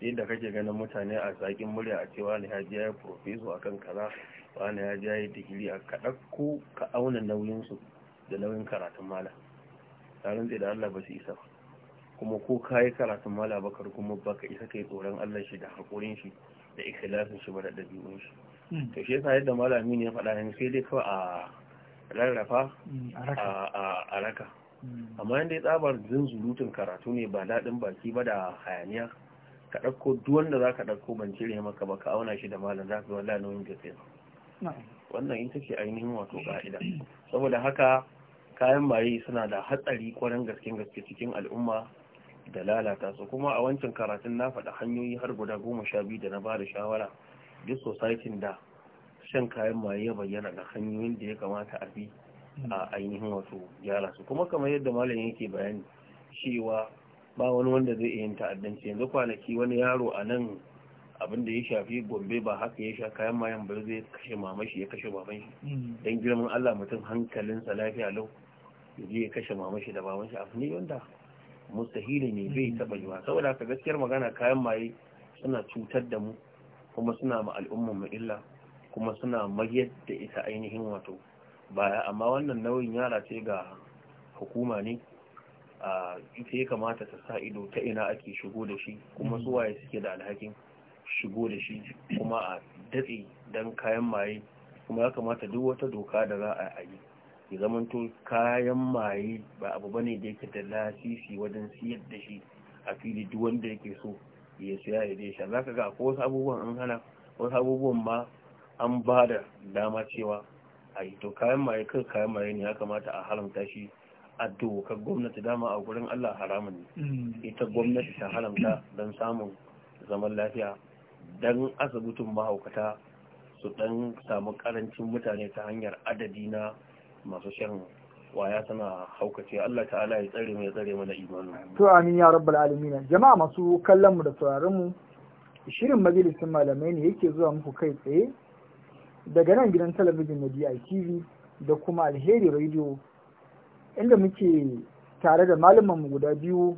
yadda kake ganin mutane a zaƙin murya a cewa ne hajiya ya profeso akan kaza wani ya ja yi digiri a ka ko ka auna nauyinsu da nauyin karatun malam tarin tsaye da Allah ba su isa kuma ko ka yi karatun malam baka kuma ba ka isa kai tsoron Allah shi da haƙorin shi da ikhlasin shi ba da ɗabi'un shi hmm. to shi yasa yadda malami ya faɗa ne sai dai kawai a rarrafa hmm, a raka hmm. amma yadda ya tsabar zunzulutun karatu ne ba daɗin baki ba da hayaniya ka ɗauko duwanda za ka ɗauko ban cire maka ba ka auna shi da malam za ka yi wallah nauyin gaskiya wannan ita ce ainihin wato ka'ida saboda haka kayan maye suna da hatsari kwarin gasken gaske cikin al'umma da lalata su kuma a wancan karatun na faɗa hanyoyi har guda goma sha biyu da na ba da shawara duk sosaitin da shan kayan maye ya bayyana da hanyoyin da ya kamata a bi a ainihin wato gyara su kuma kamar yadda malam yake bayani cewa ba wani wanda zai iya yin ta'addanci yanzu kwanaki wani yaro a nan abinda ya shafi gombe ba haka ya sha kayan mayan ba zai kashe mamashi ya kashe baban shi hmm. dan girman Allah mutum hankalinsa lafiya lau ya je ya kashe mamashi da baban shi abu ne wanda mustahili ne bai hmm. taba yiwa saboda ka gaskiyar magana kayan maye suna cutar da mu kuma suna ma al'umman mu illa kuma suna mayar da ita ainihin wato baya amma wannan nauyin yara ce ga hukuma ne a ita ya kamata ta sa ido ta ina ake shigo da shi kuma suwaye hmm. suke da alhakin shigo da shi kuma a datse don kayan maye kuma ya kamata duk wata doka da za a yi ya zamanto kayan maye ba abu bane da yake da lasisi wajen siyar da shi a fili duk wanda yake so ya siya ya dai sha ka ga ko wasu abubuwan an hana wasu abubuwan ma an ba da dama cewa a yi to kayan maye kan kayan maye ne ya kamata a haramta shi a dokar gwamnati dama a gurin Allah haramun ne mm. ita gwamnati ta haramta don samun zaman lafiya dan asibitin mahaukata su dan samu karancin mutane ta hanyar adadi na masu shan waya suna haukace Allah ta'ala ya tsare mu ya tsare mana imanu. to amin ya rabbal alamin jama'a masu kallon mu da sauraron mu shirin majalisin malamai ne yake zuwa muku kai tsaye daga nan gidan talabijin na DITV da kuma Alheri Radio inda muke tare da malaman mu guda biyu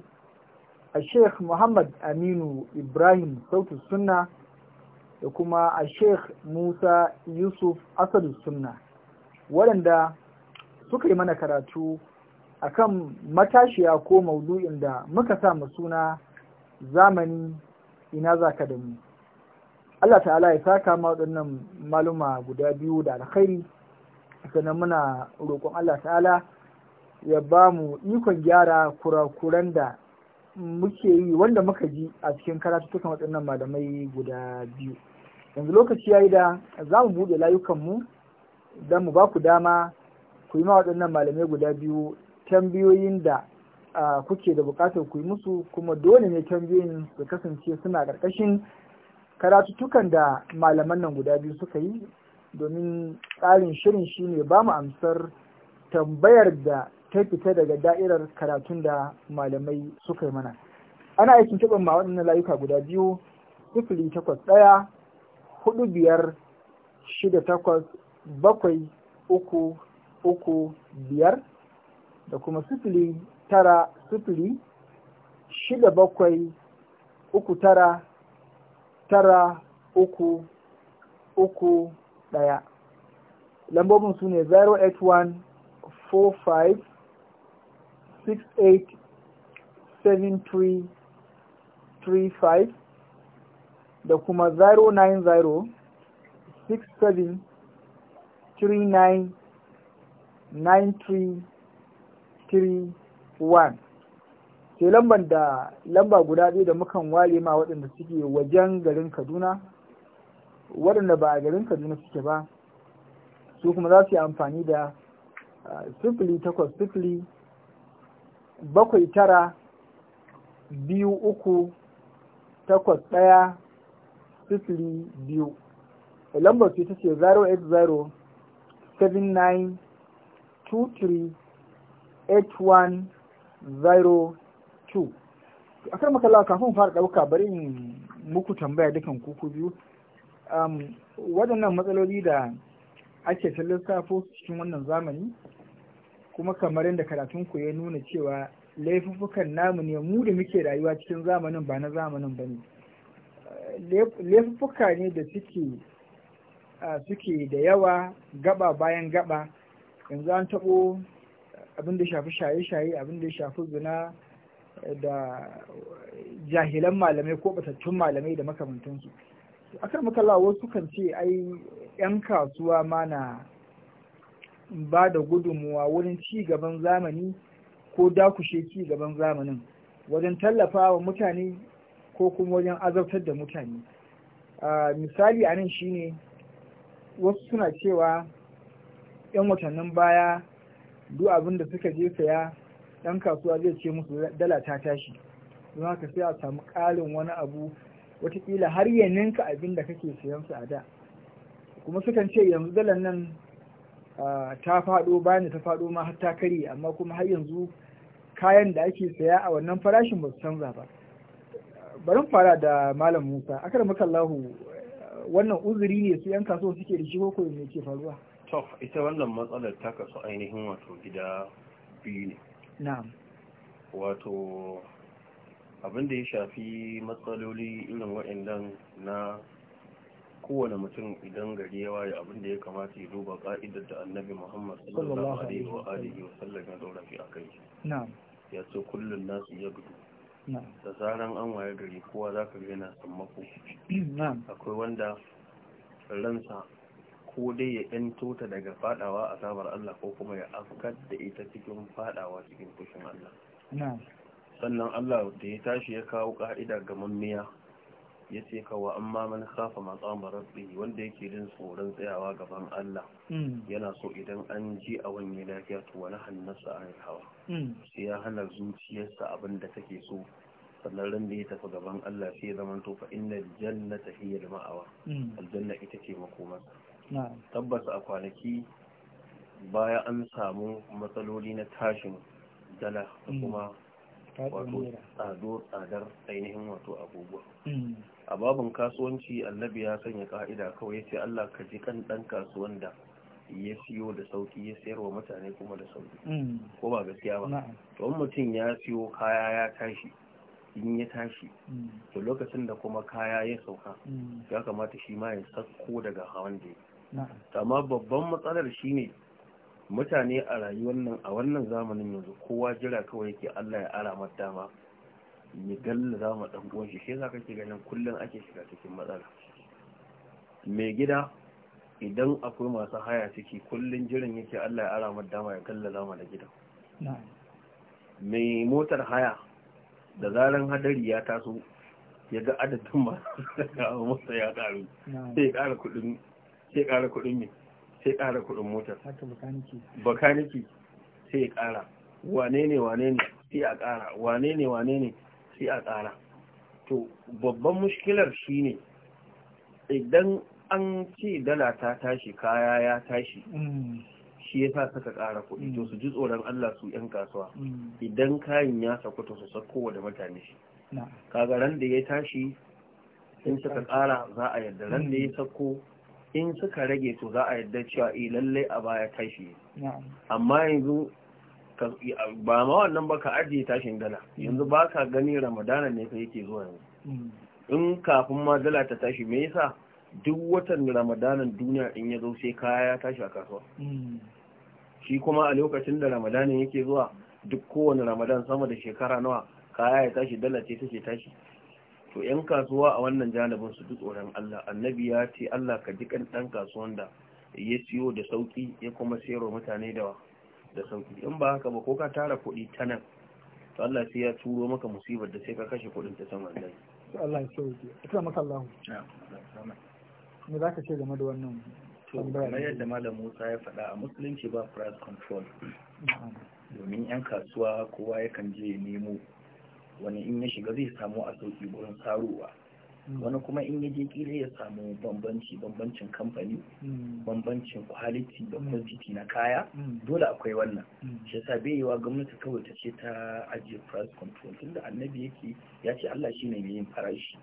a sheikh muhammad aminu ibrahim sautu sunna da kuma a sheikh musa yusuf asadu sunna waɗanda suka yi mana karatu a kan matashiya ko maudu'in da muka sa mu suna zamani ina za ka da mu Allah ta'ala ya saka ma waɗannan maluma guda biyu da alkhairi sannan muna roƙon Allah ta'ala ya ba mu ikon gyara kurakuran da muke yi wanda muka ji a cikin karatuttukan waɗannan malamai guda biyu yanzu lokaci ya yi da za mu buɗe layukanmu don mu ba ku dama ku yi ma waɗannan malamai guda biyu tambayoyin da kuke da buƙatar ku yi musu kuma dole ne tambayoyin su kasance suna ƙarƙashin karatuttukan da malaman nan guda biyu suka yi domin tsarin shirin shine ba mu amsar tambayar da ta fita daga da'irar karatun da malamai suka yi mana ana aikin taɓa ma waɗannan layuka guda biyu sifili takwas ɗaya hudu biyar shida takwas bakwai uku uku biyar da kuma sifili tara sifili shida bakwai uku tara tara uku uku ɗaya lambobin su ne 081 45 687335 da kuma nine three three one ke lambar da lamba guda ɗaya da mukan ware ma waɗanda suke wajen garin kaduna waɗanda ba a garin kaduna suke ba su kuma za su yi amfani da ah, sifili takwas sifili bakwai tara biyu uku takwas ɗaya sifili biyu lambar ce ta ce eight one two. a kan makalla kafin fara ɗauka bari in muku tambaya dukan kuku biyu um, waɗannan matsaloli da ake ta lissafo cikin wannan zamani kuma kamar yadda ku ya nuna cewa laifukan namu ne mu da muke rayuwa cikin zamanin ba na zamanin ba ne laifuffuka ne da suke suke da yawa gaba bayan gaba yanzu an taɓo abin da shafi shaye-shaye abin da shafi zina da jahilan malamai ko batattun malamai da makamantansu akan makala wasu kan ce ai 'yan kasuwa ma na ba da gudunmuwa wurin ci gaban zamani ko dakushe ci gaban zamanin wajen tallafawa mutane ko kuma wajen azabtar da mutane misali a nan shine wasu suna cewa 'yan watannin baya duk abin da suka je saya ɗan kasuwa zai ce musu dala ta tashi don haka sai a samu ƙarin wani abu wataƙila har yanninka ninka abin da kake sayan a da kuma sukan ce yanzu dalar nan ta faɗo bayan da ta faɗo ma har ta karye amma kuma har yanzu kayan da ake saya a wannan farashin ba su canza ba bari fara da malam musa akar makallahu wannan uzuri ne su yan kaso suke da shi ko ne ke faruwa to ita wannan matsalar ta kasu ainihin wato gida biyu ne na'am wato abin da ya shafi matsaloli irin waɗannan na kowane mutum idan gari ya waye abin da ya kamata ya duba ka'idar da annabi muhammad sallallahu alaihi wa alihi wa sallam ya daura fi akai ya ce kullum nasu ya gudu da zaran an waye gari kowa za ka yana sammako akwai wanda ransa ko dai ya yanto ta daga fadawa a sabar Allah ko kuma ya afkar da ita cikin fadawa cikin kushin Allah sannan Allah da ya tashi ya kawo ka'ida ga mammiya ya ce kawa amma man kafa matsama rabbi wanda yake jin tsoron tsayawa gaban Allah hmm. yana so idan an ji a wani lafiya to wani hannasa a hawa hmm. sai ya hana zuciyarsa abin da take so sannan ran da ya tafi gaban Allah sai ya zama to fa inna jannata hiya maawa hmm. aljanna ita ce makomarsa tabbas a kwanaki baya an samu matsaloli na tashin dala kuma wato tsadar ainihin wato abubuwa a babin kasuwanci annabi ya sanya ka'ida kawai sai Allah ka ji kan dan kasuwan da ya siyo da sauki ya sayar wa mutane kuma da sauki mm. ko ba gaskiya ba to mutum ya siyo kaya ya tashi in ya tashi mm. to lokacin da kuma kaya ya sauka mm. ya kamata shi ma ya sakko daga hawan da amma babban matsalar shine mutane a rayuwar nan a wannan zamanin yanzu kowa jira kawai yake Allah ya ara dama ya za mu ɗan uwan shi sai ka ke ganin kullum ake shiga cikin matsala mai gida idan akwai masu haya ciki kullum jiran yake Allah ya ara mu dama ya za mu da gida. mai motar haya da zaran hadari ya taso ya ga adadin masu mota ya ƙaru sai ƙara kudin sai kara kuɗin mai sai kara kudin motar bakaniki sai ya kara wane ne wane ne sai a kara wane ne wane ne sai a tsara to babban mushkilar shine idan an ce dala ta tashi kaya ya tashi mm. shi yasa suka ƙara kuɗi to su ji tsoron Allah su yan kasuwa mm. idan kayan ya saku to su sako da mutane shi kaga da ya tashi in suka tsara za a yarda ran da ya mm. sako in suka rage to za a yarda cewa eh lallai a baya tashi amma yanzu ba ma wannan ba ka ajiye tashin dala yanzu ba ka gani ramadana ne ka yake zuwa yanzu mm. in kafin ma dala ta tashi me yasa duk watan ramadanan duniya in ya zo sai kaya ya tashi a kasuwa mm. shi kuma a lokacin da ramadanin yake zuwa duk kowane ramadan sama da shekara nawa kaya ya tashi dala ce take tashi to yan kasuwa a wannan janibin su duk tsoron Allah annabi ya ce Allah ka ji kan dan kasuwan da ya siyo da sauki ya kuma sayarwa mutane da da sauki in ba haka ba ko ka tara kuɗi ta nan to Allah sai ya turo maka musibar da sai ka kashe kuɗin ta saman dai to Allah ya sauke ita maka Allah me zaka ce game da wannan to kamar yadda malam Musa ya faɗa a musulunci ba price control domin yan kasuwa kowa yakan je nemo wani in ya shiga zai samu a sauki gurin saruwa wani kuma in yaje kila ya samu bambanci bambancin kamfani hmm. bambancin kwaliti. da hmm. quantity na kaya hmm. dole akwai wannan shi yasa bai yiwa gwamnati kawai ta ce ta ajiye price control tunda annabi yake ya ce Allah shine ne yin farashi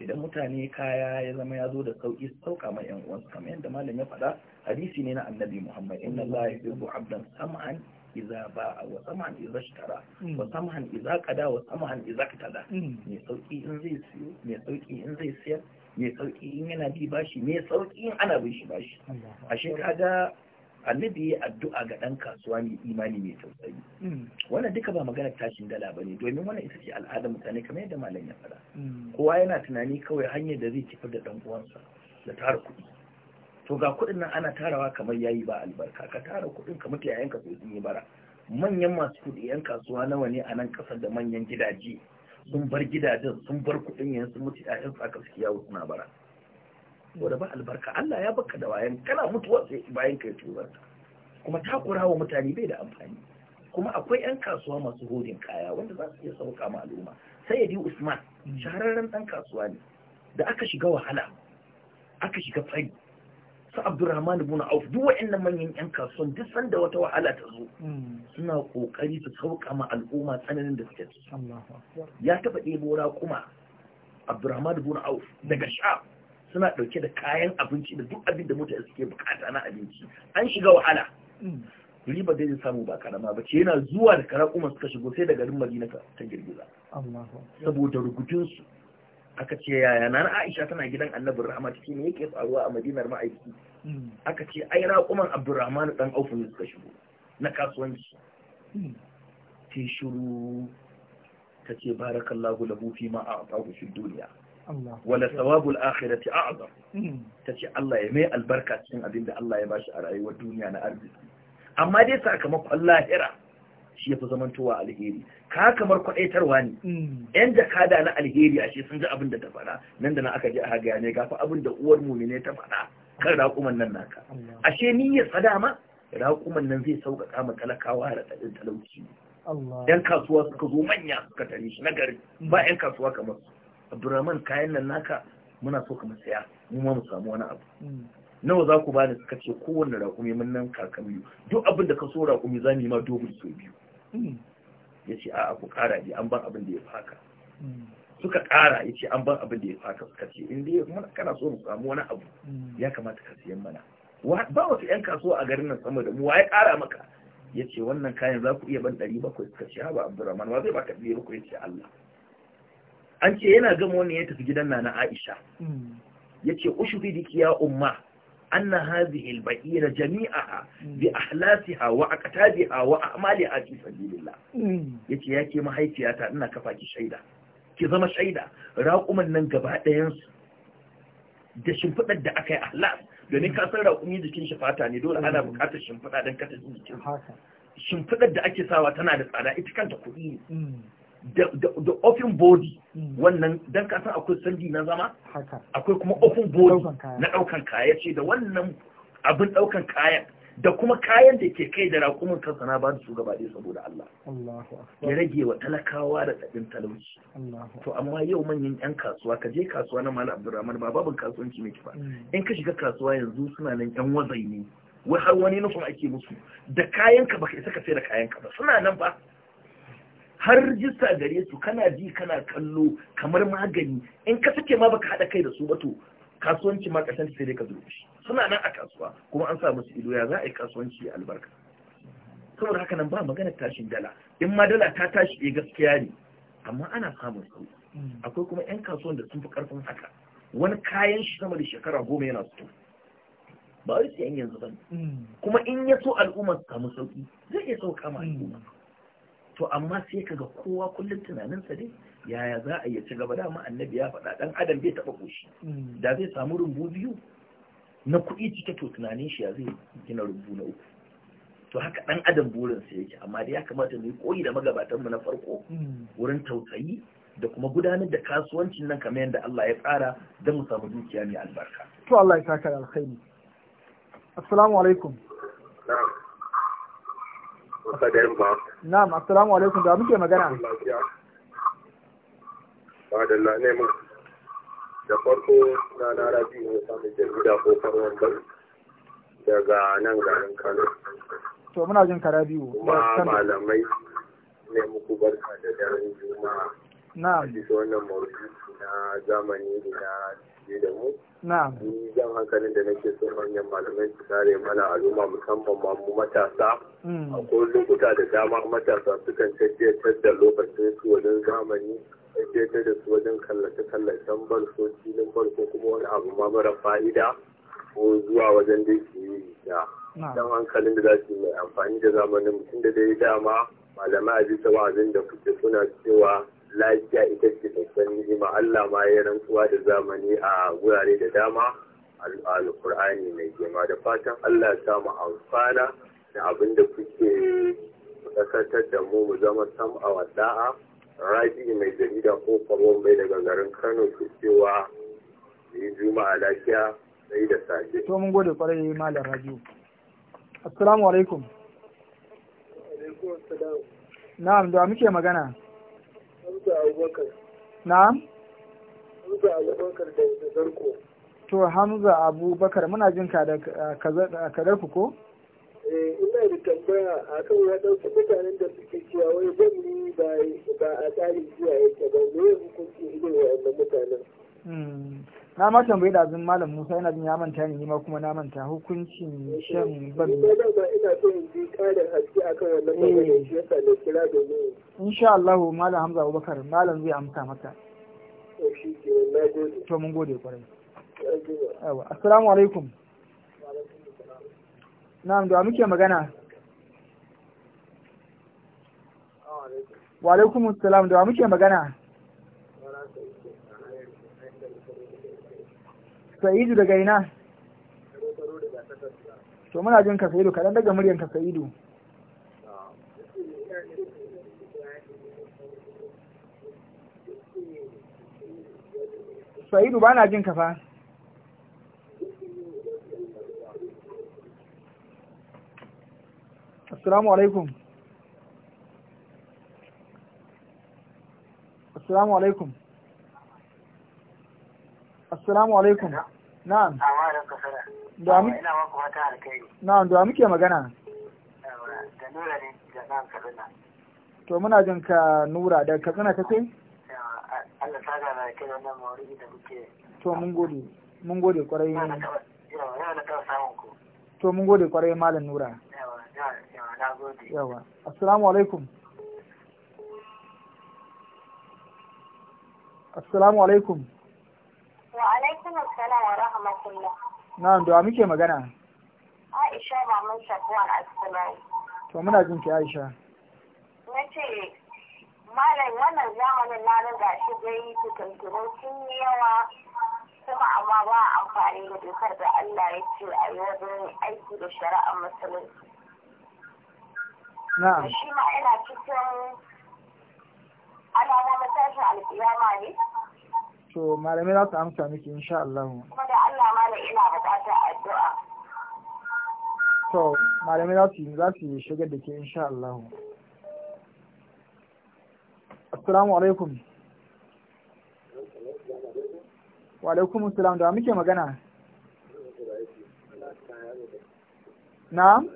idan mutane kaya ya zama ya zo da sauki sauka ma yan uwansu kamar yadda malam ya faɗa hadisi ne na annabi Muhammad inna Allah yuhibbu abdan sam'an iza ba wa saman iza shitara wa samahan iza kada wa samahan iza mai sauki in zai siyo mai sauki in zai siyar mai sauki in yana bi bashi mai sauki in ana bin shi bashi ashe kaga annabi ya addu'a ga ɗan kasuwa mai imani mai tausayi wannan duka ba magana tashin dala ba domin wannan ita ce al'adar mutane kamar yadda malam ya faɗa kowa yana tunani kawai hanyar da zai kifar da ɗan uwansa da tara kuɗi to ga kuɗin nan ana tarawa kamar yayi ba albarka ka tara kuɗin ta yayin ka so sun yi bara manyan masu kuɗi yan kasuwa nawa ne a nan ƙasar da manyan gidaje sun bar gidajen sun bar kuɗin yan sun mutu yayan 'yansu aka suke yawo suna bara saboda ba albarka Allah ya baka da wayan kana mutuwa sai bayan ya turar kuma takura wa mutane bai da amfani kuma akwai yan kasuwa masu hodin kaya wanda za su iya sauka ma al'umma ya Usman shahararren ɗan kasuwa ne da aka shiga wahala aka shiga fari su abdurrahman ibn auf duk wa'annan manyan yan kasuwan duk san da wata wahala ta zo hmm. suna kokari su sauka ma al'umma tsananin da suke ya taba ɗebo kuma abdurrahman ibn auf daga sha suna ɗauke da kayan abinci da duk abin da mutane suke bukata na abinci an shiga wahala hmm. riba dai zai samu ba karama ba ce yana zuwa da karakuma suka shigo sai da garin madina ta girgiza saboda su aka ce yaya na Aisha tana gidan Annabi Rahama ta ce yake faruwa a Madinar ma'aiki aka ce ai raƙuman Abdurrahman dan Aufu ne suka shigo na kasuwanci ta shiru ta ce barakallahu lahu fi ma a'tahu fi duniya wala thawabul akhirati a'zam hmm. ta ce Allah ya mai albarka cikin abin da Allah ya bashi a rayuwar duniya na arziki amma dai sakamakon lahira shi ya fi zamantowa alheri ka kamar kwaɗaitarwa ne yan jakada na alheri a shi sun ji abin da ta faɗa nan da na aka ji a ga ne gafi abin da uwar mumine ta faɗa kan raƙuman nan naka ashe faɗa sadama raƙuman nan zai sauƙaƙa ma talakawa da ɗaɗin talauci yan kasuwa suka zo manya suka tare shi nagari ba yan kasuwa kamar abdurrahman kayan nan naka muna so ka saya mu ma mu samu wani abu hmm. nawa za ku bani suka ce kowanne raƙumi mun nan kaka biyu duk abin da ka so raƙumi za mu yi ma domin so biyu Hmm. ya ce a ku kara ji an ban abin da ya faka hmm. suka kara ya ce an ban abin da ya faka suka ce inda ya kuma kana so mu samu wani abu hmm. ya kamata ka siyan mana ba wasu yan kasuwa a garin nan sama da mu waye kara maka ya ce wannan kayan za ku iya ban ɗari bakwai suka ce haba abdurrahman wa zai baka ɗari ku ya ce allah an ce yana gama wani ya tafi gidan nana aisha ya ce ushu fi ya umma أن هذه البعير جميعها بأحلاسها وأكتابها وأعمالها في سبيل الله يتي ياكي ما هيتي ياتا أنا كفاكي شايدة ki zama shaida raƙuman nan gaba ɗayansu da shimfiɗar da aka yi ahlas domin ka san raƙumi jikin shi fata ne dole ana buƙatar shimfiɗa don ka kata jikin shimfiɗar da ake sawa tana da tsada ita kanta kuɗi ne mm. da ofin bodi. Hmm. wannan don kasan akwai sandi na zama akwai kuma ofin bodi na ɗaukan kaya ce da wannan abin ɗaukan kayan da kuma kayan da ke kai da rakumin kansa na ba da su gaba ɗaya saboda Allah ya rage wa talakawa da tsadin talauci to amma yau manyan yan kasuwa ka je kasuwa na Mali Abdulrahman ba babin kasuwanci mai ba hmm. in ka shiga kasuwa yanzu suna nan yan wazai ne wai har wani nufin ake musu da kayan ka baka isa ka sai da kayan ka ba suna nan ba har rijista gare su kana ji kana kallo kamar magani in ka sake ma baka haɗa kai da su ba to kasuwanci ma ƙasan sai dai ka zo shi suna nan a kasuwa kuma an sa musu ido ya za a yi kasuwanci a albarka saboda haka nan ba magana tashin dala in ma dala ta tashi eh gaskiya ne amma ana samun sauki akwai kuma yan kasuwan da sun fi karfin haka wani kayan shi sama da shekara goma yana so ba wai sai yanzu ba mm. kuma in ya so al'umma samu sauki zai iya sauka ma mm. al'umma to amma sai kaga kowa kullum tunaninsa ne yaya za a iya ci gaba dama annabi ya faɗa ɗan adam bai taɓa ƙoshi hmm. da zai samu rumbu biyu na kuɗi cike to tunanin shi ya zai gina rumbu na uku to haka ɗan adam burinsa yake amma da ya kamata mu yi koyi da magabatanmu na farko hmm. wurin tausayi da kuma gudanar da kasuwancin nan kamar yadda Allah ya tsara don mu samu dukiya mai albarka. To Allah ya saka alkhairi. Assalamu alaikum. Na'am, assalamu alaikum da muke magana. Ba da na neman. Da farko na na rabi ne samun jarida ko farwan bai daga nan garin Kano. To muna jin kara biyu. Kuma malamai ne muku barka da daren Juma'a. Na'am. Bisa wannan mawuyi na zamani da fiye da mu ni jan hankalin da nake so manyan malamai su kare mana al'umma musamman ma mu matasa hmm. a lokuta da dama matasa sukan tajjatar da lokacin su wajen zamani tajjatar da su wajen kallace-kallacen barso filin barso kuma wani abu ma mara fa'ida ko zuwa wajen da ke yi da dan hankalin da za su mai amfani da zamanin mutum da dai dama malamai a bisa wa'azin da kuke suna cewa lafiya ita ce babban ni'ima Allah ma ya rantsuwa da zamani a wurare da dama al'kur'ani mai girma da fatan Allah ya samu amfana da abin da kuke kasantar da mu mu zama sam a wada'a raji mai jarida ko kwabon bai daga garin Kano ke cewa yi juma'a lafiya sai da safe. To mun gode kwarai malam Rajiu. Assalamu alaikum. Na'am da muke magana. na'am hamza abubakar da zarko to hamza abubakar muna jin ka da kadarku ko eh, ina da tambaya akan ya waɗansu mutanen da suke cewa zan zamani ba a tsarin jiya yake ba me hukunci irin wa'annan mutanen hmm. na ma tambayi da azin malam musa yana jin ya manta ne ma kuma na manta hukuncin shan ban ina so in ji karin haske akan wannan maganar shi yasa da kira domin insha Allah malam Hamza Abubakar malam zai amsa maka to mun gode kwarai yawa assalamu alaikum na'am da muke magana wa alaikum assalam da muke magana sa'idu daga ina to muna jin ka sa'idu kaɗan daga muryan ka sa'idu sa'idu ba na jin ka fa assalamu alaikum assalamu alaikum assalamu alaikum na'am da mu ina maka fata alkhairi na'am da muke magana da nura ne da nan kaduna to muna jin ka nura da kaduna kake Allah ta ga da kai wannan mawuri da muke to mun gode mun gode kwarai yana na kawo samun ku to mun gode kwarai malam nura na yawa assalamu alaikum assalamu alaikum alaikum assalam wa rahmatullah na'am da muke magana Aisha maman Shafwan Asmai to muna jin ki Aisha Na ce malam wannan zamanin na riga shi dai tukunturu sun yi yawa kuma amma ba amfani da dokar da Allah ya ce a yi wajen aiki da shari'ar musulunci na'am shi ma ina cikin alamomin tashin alƙiyama ne so malamai za su amsa miki insha Allah kuma da Allah malam ina bukata addu'a to malamai za su za su shigar da ke insha Allah assalamu alaikum wa alaikum assalam da muke magana na'am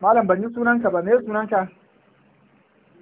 malam ban yi sunanka ba me sunanka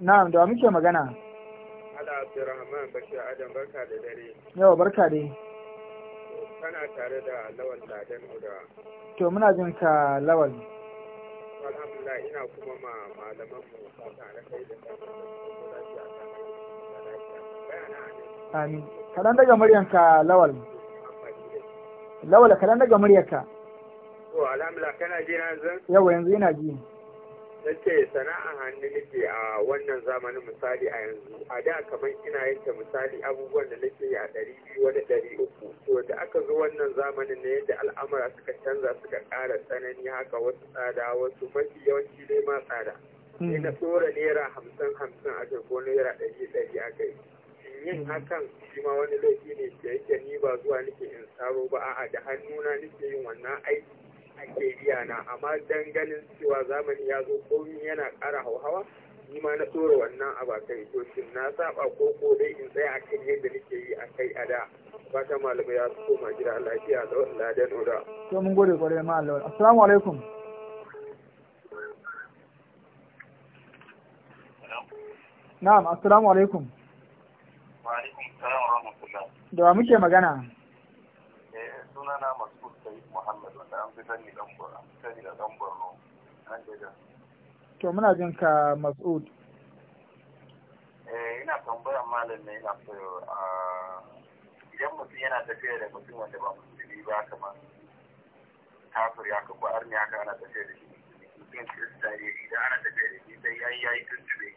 na'am da muke magana ala abdurrahman bashir adam barka da dare yawa barka dai kana tare da lawal dan da to muna jin ka lawal alhamdulillah ina kuma ma malaman mu tare kai da Amin. Kaɗan daga muryanka lawal. Lawal kaɗan daga muryarka. To alhamdulillah kana ji na yanzu? Yawa yanzu ina ji. na ce sana'a hannu nake a wannan zamanin misali a yanzu a da kamar ina yin misali abubuwan da nake yi a ɗari biyu wani ɗari uku to da aka zo wannan zamanin ne yadda al'amura suka canza suka ƙara tsanani haka wasu tsada wasu mafi yawanci dai ma tsada sai na tsora naira hamsin hamsin a ko naira ɗari ɗari a kai yin hakan shi ma wani laifi ne da yake ni ba zuwa nake in sabo ba a'a da hannuna nake yin wannan aiki ake iya na amma dan ganin cewa zamani ya zo komi yana ƙara hauhawa ni ma na tsoro wannan a bakai, to shin na saba ko ko dai in tsaya akan yadda nake yi a kai a da fata malamai ya su koma gida lafiya da wannan ladan oda to mun gode kwarai ma Allah assalamu alaikum na'am assalamu alaikum wa alaikum assalam wa rahmatullah da muke magana eh sunana masu To muna jin ka Mas'ud. Eh ina tambayar malam ne ina so a ah, idan mutum yana tafiya da mutum wanda ba musulmi ba kamar kafir ya ka ba'ar ne haka ana tafiya da shi mutum kirista ne idan ana tafiya da shi sai yayi yayi tuntube.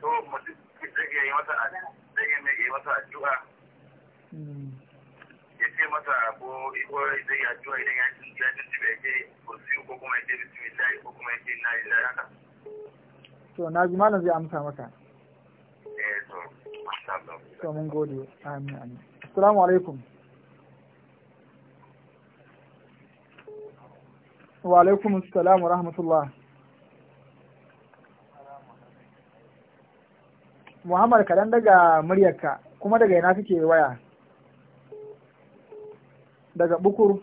To mutum zai yi masa addu'a. Hmm. ko zai addu'a idan ya ya ya ko ko kuma ya ko kuma ya na ilaha to na ji malam zai amsa maka eh to to mun gode amin amin assalamu alaikum wa alaikum assalam wa rahmatullah Muhammad ka dan daga muryarka kuma daga ina kake waya daga bukur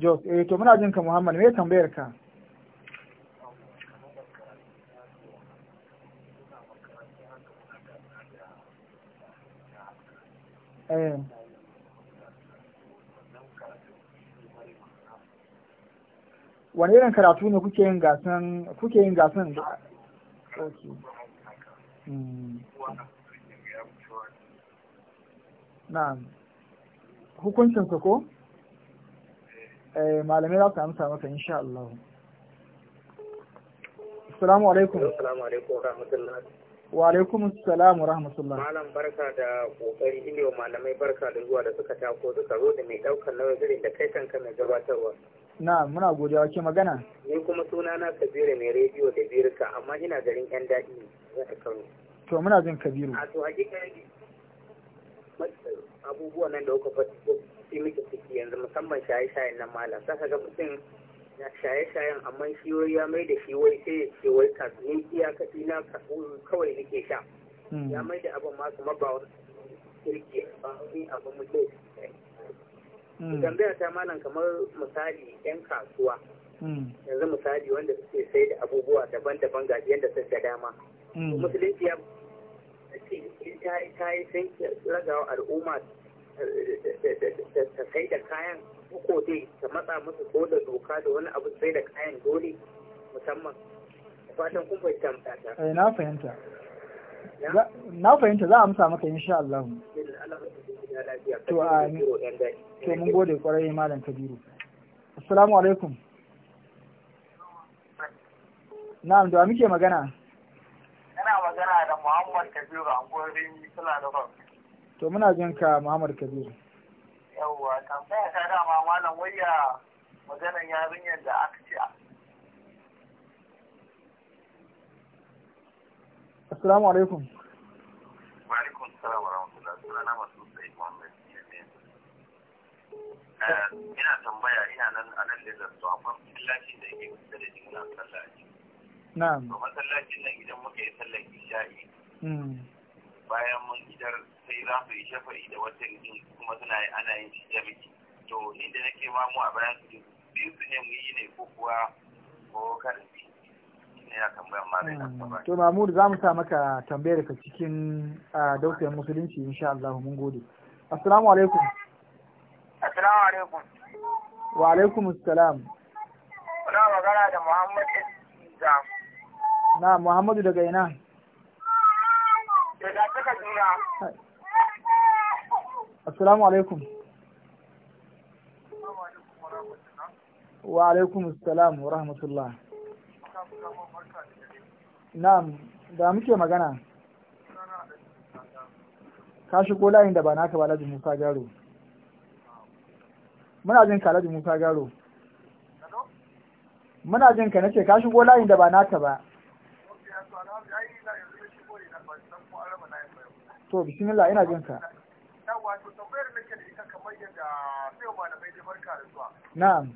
Jos eh to muna jinka Muhammad me tambayar ka eh wani irin karatu ne kuke yin gasan kuke yin gasan hmm, na'am hukuncinsa ko eh, malamai za su amsa maka insha Allah Assalamu alaikum Assalamu alaikum wa rahmatullahi wa alaikum assalam wa rahmatullahi malam barka da kokari ile wa malamai barka da zuwa da suka tako suka zo da mai daukar nawa, zirin da kai kanka mai gabatarwa na muna godiya ke magana ni kuma suna na Kabiru mai rediyo da birka amma ina garin yan daɗi za ta Kano to muna jin Kabiru a to hakika abubuwan nan da ko fi miki ciki yanzu musamman shaye-shayen nan malam saka ga mutum na shaye-shayen amma shi wai ya mai da shi wai sai ya ce wai ka ni iyakaci na kawai nake sha hmm. ya mai da abin ma kuma ba wani kirki ba wani abin mutum hmm. tambaya ta malam kamar misali yan kasuwa hmm. yanzu misali wanda suke sai da abubuwa daban-daban ga yadda suka dama musulunci ya ta yi sai ragawa al'umma ta sai da kayan ko dai ta matsa musu ko da doka da wani abu sai da kayan dole musamman fatan kun fahimta mutata. Eh na fahimta. Na fahimta za a amsa maka insha Allah. To amin. To mun gode kwarai malam Kabiru. Assalamu alaikum. Na'am da muke magana? Ina magana da Muhammad Kabiru a gurin suna da To muna jin ka Muhammad Kabiru. Yawwa tambaya ta dama malam wayya maganan yarinyar da aka ce. Assalamu alaikum. Wa alaikum salam wa rahmatullahi sunana masu sai Muhammad eh, ina tambaya ina nan a nan da zarto a farkon lafiyar da yake kusa da jimuna sallah na'am ga masallacin nan idan muka yi sallar isha'i hmm. bayan mun idar sai za mu yi shafa'i da wata yin kuma suna ana yin shi jami'i to ni da nake mamu a bayan su biyu su ne mu yi ne ko kuwa ko karfi hmm. To Mahmud za mu sa maka tambayar ka cikin daukar musulunci insha Allah mun gode. Assalamu alaikum. Assalamu alaikum. Wa alaikum assalam. Kuna magana da Muhammad na Muhammadu daga ina Assalamu alaikum wa alaikum salam wa rahmatullah na'am da muke magana ka shigo layin da ba naka ba Alhaji Musa Garo muna jin ka Alhaji Musa Garo muna jin ka nace ka shigo layin da ba naka ba to bismillah ina jin ka yawa to tambayar nake da ita kamar yadda sai malamai da barka da zuwa na'am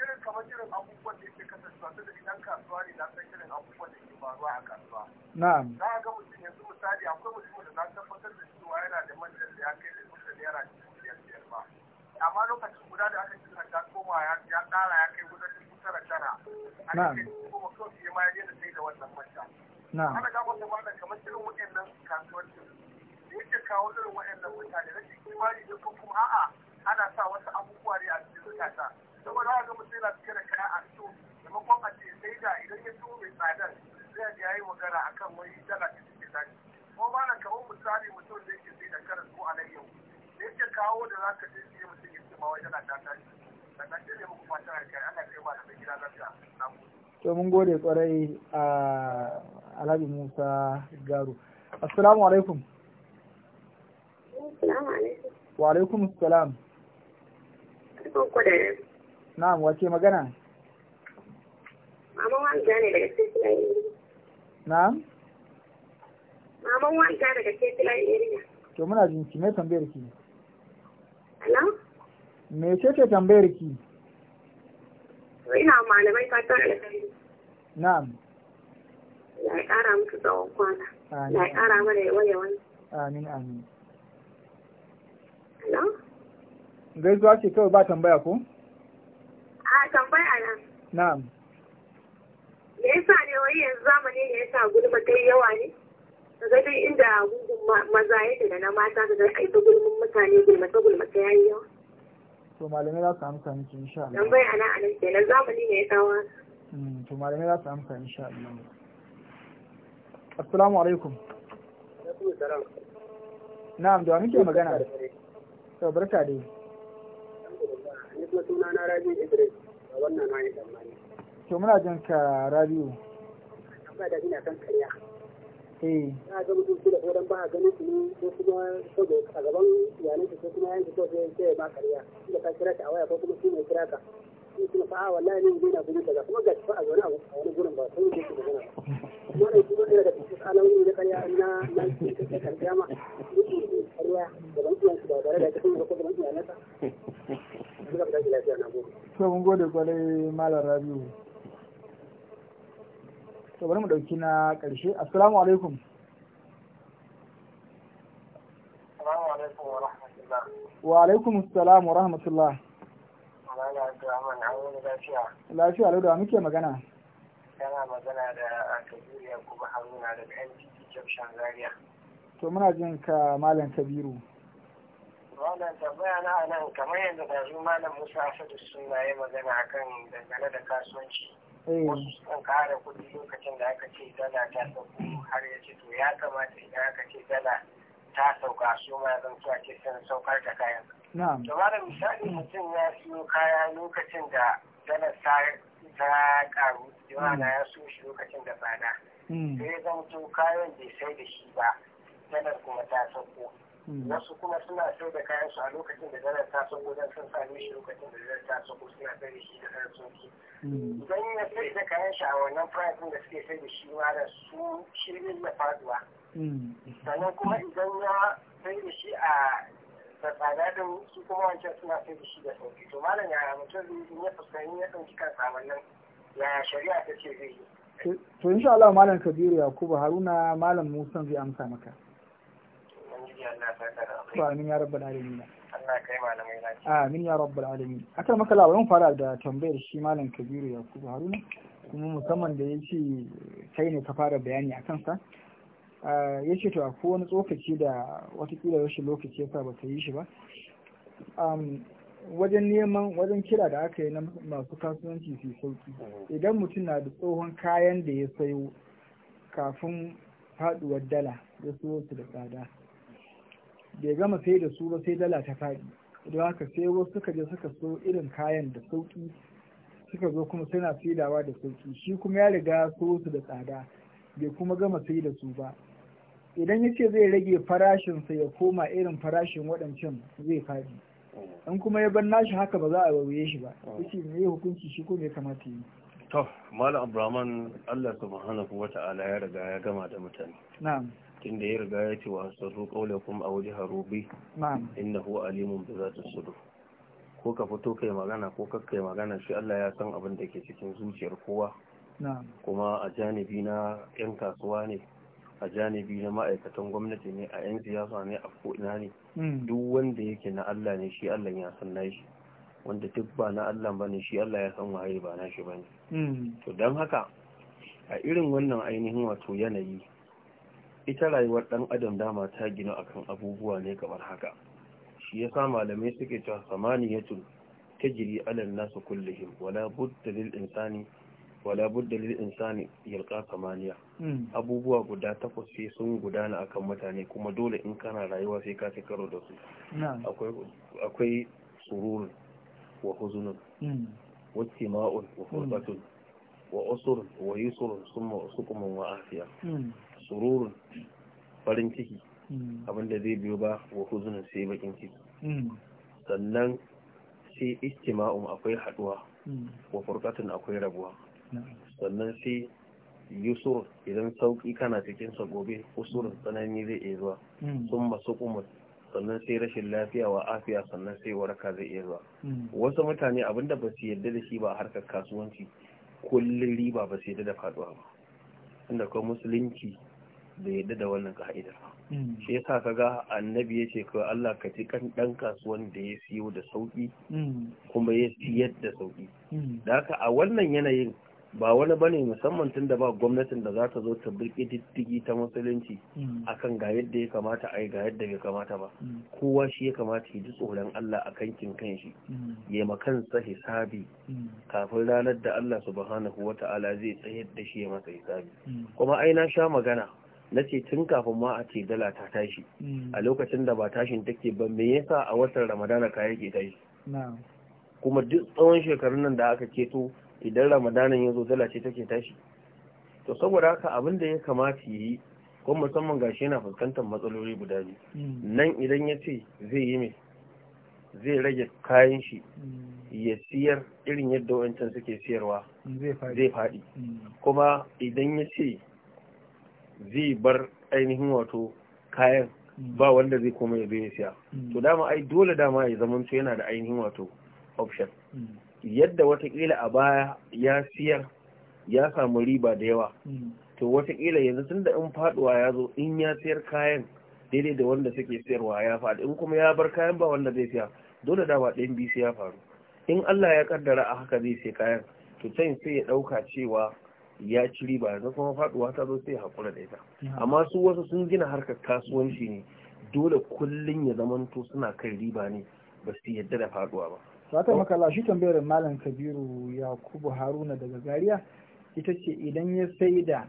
irin kamar irin abubuwan da yake kasancewa tunda idan kasuwa ne na san kirin abubuwan da ke faruwa a kasuwa na'am za ga mutum yanzu misali akwai mutum da na tabbatar da cewa yana da manjan da ya kai da mutum naira dubu biyar biyar ba amma lokacin guda da aka ci ta koma ya tsara ya kai guda dubu tara tara a cikin kuma kawai ya ma ya daina sai da wannan manja. Ana ga wata ma da kamar irin waɗannan kasuwancin kawo irin waɗannan mutane rashin kimani da kuma a'a ana sa wasu abubuwa ne a cikin zukata saboda haka mutum yana cike da kaya a so maimakon a ce sai da idan ya tuwo mai tsadar sai ya yi magana akan wani dala ta cikin zaki ko ma na kawo misali mutum da yake sai da karas ko yau da yake kawo da za ka je sai mutum ya ce ma wai dala ta tashi sannan sai ne muku fata a kai ana kai ba da mai gida lafiya na to mun gode kwarai a ah, alhaji musa garu assalamu alaikum Assalamu alaikum. Wa alaikum assalam. Na'am, wace magana? Maman wanda ne daga Sisilai. Na'am? Maman wanda daga Sisilai area. To muna jin ki me tambayar ki? Hello? Me ce ce tambayar ki? Ina malamai fatan alkhairi. Na'am. Ya ƙara musu tsawon kwana. Ya ƙara mana yawa yawan. Amin amin. Gaisuwa ce kawai ba tambaya ko? A tambaya nan. Na'am. Me yasa ne wai yanzu zamani ne yasa gulma ta yawa ne? Kaga dai inda gungun maza ya da na mata ka ga ai ta gulmin mutane gulma ta gulma ta yayi yawa. To malamai za su amsa miki insha Allah. Tambaya nan a nan kenan zamani ne ya kawo. Hmm, to malamai za su amsa insha Allah. Assalamu alaikum. Na'am da muke magana. to barka dai ni kuma suna na wannan tsammani to muna jin ka rabiu kan karya eh na ga mutum su da kodan ba a ganin su ne ko kuma saboda a gaban iyalan su ko kuma yanzu ko sai ba karya da ka kira ta a waya ko kuma su ne kira ka yake fa na gudu daga kuma a zaune a wani gurin ba sai yake kuma gode Rabiu to mu dauki na ƙarshe assalamu alaikum wa alaikum assalam wa rahmatullah Lafiya lau da muke magana. Yana magana da Kabiru kuma Haruna daga NTT Junction Zaria. To muna jin ka Malam Kabiru. Malam tambaya na nan kamar yadda da zo Malam Musa Asadu suna yi magana akan dangane da kasuwanci. Eh. Wasu sun kara kuɗi lokacin da aka ce dala ta sauku har ya ce to ya kamata idan aka ce dala ta sauka su ma zan ce sun saukar da kayan. Na'am. misali mutum ya siyo kaya lokacin da dala ta karu, jama'a ya so shi lokacin da tsada. Hmm. Sai ya zamto kayan bai sai da shi ba, dalar kuma ta sauko. Hmm. Wasu kuma suna sai da kayan su a lokacin da dalar ta sauko don sun sami shi lokacin da dalar ta sauko suna sai da shi da kayan sauki. Hmm. Idan ya sai da kayan shi a wannan price da suke sai da shi ma da su shirin na faduwa. Sannan kuma idan ya sai da shi a da tsada din su kuma wancan suna sai da shi da sauki to malam yaya mutum zai yi ya fuskani ya ɗauki kansa wannan yaya shari'a ta ce zai yi to insha Allah malam Kabiru Yakubu Haruna malam Musa zai amsa maka amin ya rabbal alamin Allah kai malamai ya rabbal alamin akan maka labarin fara da tambayar shi malam Kabiru Yakubu Haruna kuma musamman da ya ce kai ne ka fara bayani a sa. ya ce to akwai wani tsokaci da watakila rashin lokaci yasa ba ta yi shi ba wajen neman wajen kira da aka yi na masu kasuwanci su sauki idan mutum na da tsohon kayan da ya sayo kafin faduwar dala ya siyo su da tsada bai gama sai da su ba sai dala ta faɗi don haka sai wasu suka je suka so irin kayan da sauki suka zo kuma suna saidawa da sauki shi kuma ya riga so su da tsada bai kuma gama sai da su ba idan ya ce zai rage farashinsa ya koma irin farashin waɗancan zai faɗi in kuma ya bar nashi haka ba za a wuye shi ba oh. yace me ya hukunci shi kuma ya kamata yi to malam abraman Allah subhanahu ta'ala ya riga ya gama da mutane na'am tunda ya riga ya ce wa asarru kuma a jaharu bi na'am innahu alimun bi zati sudur ko ka fito kai magana ko kai magana shi Allah ya san abin da ke cikin zuciyar kowa kuma a janibi na yan kasuwa ne a janibi na ma'aikatan gwamnati ne a 'yan siyasa ne a ko'ina ne hmm. duk wanda yake na Allah ne shi Allah ya san na shi. wanda duk ba na Allah ba ne shi Allah ya san waye ba na shi ba ne hmm. to don haka a irin wannan ainihin wato yanayi ita rayuwar dan adam dama ta gina akan abubuwa ne kamar haka shi yasa malamai suke cewa samaniyatun tajri alal nasu kullihim wala budda lil insani wala budda lil insani yalqa kamaniya hmm. abubuwa guda takwas sai sun gudana akan mutane kuma dole in kana rayuwa sai ka ci karo da su akwai akwai surur wa huzun hmm. wa tima'un wa hmm. furbatun wa usur wa yusur summa sukumun wa afiya surur farin ciki abinda zai biyo ba wa huzunin sai bakin ciki sannan sai istima'un akwai haduwa wa furqatun akwai rabuwa sannan sai yusur idan sauƙi kana cikin sa gobe usurin tsanani zai iya zuwa sun masu kuma sannan sai rashin lafiya wa afiya sannan sai waraka zai iya zuwa hmm. wasu mutane abinda ba su yarda da shi ba a harkar kasuwanci kullum riba ba su yarda da faduwa ba inda kuma musulunci bai yarda da wannan ka'ida hmm. shi yasa ka ga annabi ya ce kawai Allah ka ci kan dan kasuwan da ya siyo da sauki hmm. kuma ya siyar da sauki da haka a wannan yanayin ba wani bane musamman tun da ba gwamnatin da za ta zo ta birki diddigi ta musulunci hmm. a kan ga yadda ya kamata a yi ga yadda bai kamata ba hmm. kowa shi ya kamata ya ji tsoron Allah a kan shi, hmm. ya makansa hisabi kafin ranar da Allah subhanahu Ta'ala zai tsayar da shi ya masa hisabi kuma ai na sha magana na ce tun kafin ma a ce dala ta tashi a lokacin da ba tashin take ba me yasa a watan ramadana kaya ke tashi kuma duk tsawon shekarun nan da aka keto idan ramadanin ya zo dala ce take tashi to saboda haka abin da ya kamata yi ko musamman gashi yana fuskantar matsaloli guda biyu hmm. nan idan ya ce zai yi mai zai rage kayan shi hmm. ya siyar irin yadda wancan suke siyarwa hmm, zai faɗi kuma idan ya ce zai bar ainihin wato kayan ba wanda zai koma ya ya siya to dama ai dole dama ya zamanto yana da ainihin wato option yadda watakila a baya ya siyar ya samu riba da yawa hmm. to watakila yanzu tun da in faduwa ya zo in ya siyar kayan daidai da wanda suke siyarwa ya faɗi in kuma ya bar kayan ba wanda zai siya dole da ba ɗayan biyu ya faru in Allah ya kaddara a haka zai sai kayan to can sai ya ɗauka cewa ya ci riba yanzu kuma faduwa ta zo sai ya haƙura da ita amma su wasu sun gina harkar kasuwanci ne dole kullum ya zamanto suna kan riba ne ba su yadda da faduwa ba Sata oh. makala shi tambayar Malam Kabiru Yakubu Haruna daga Zariya. ita ce idan ya sai da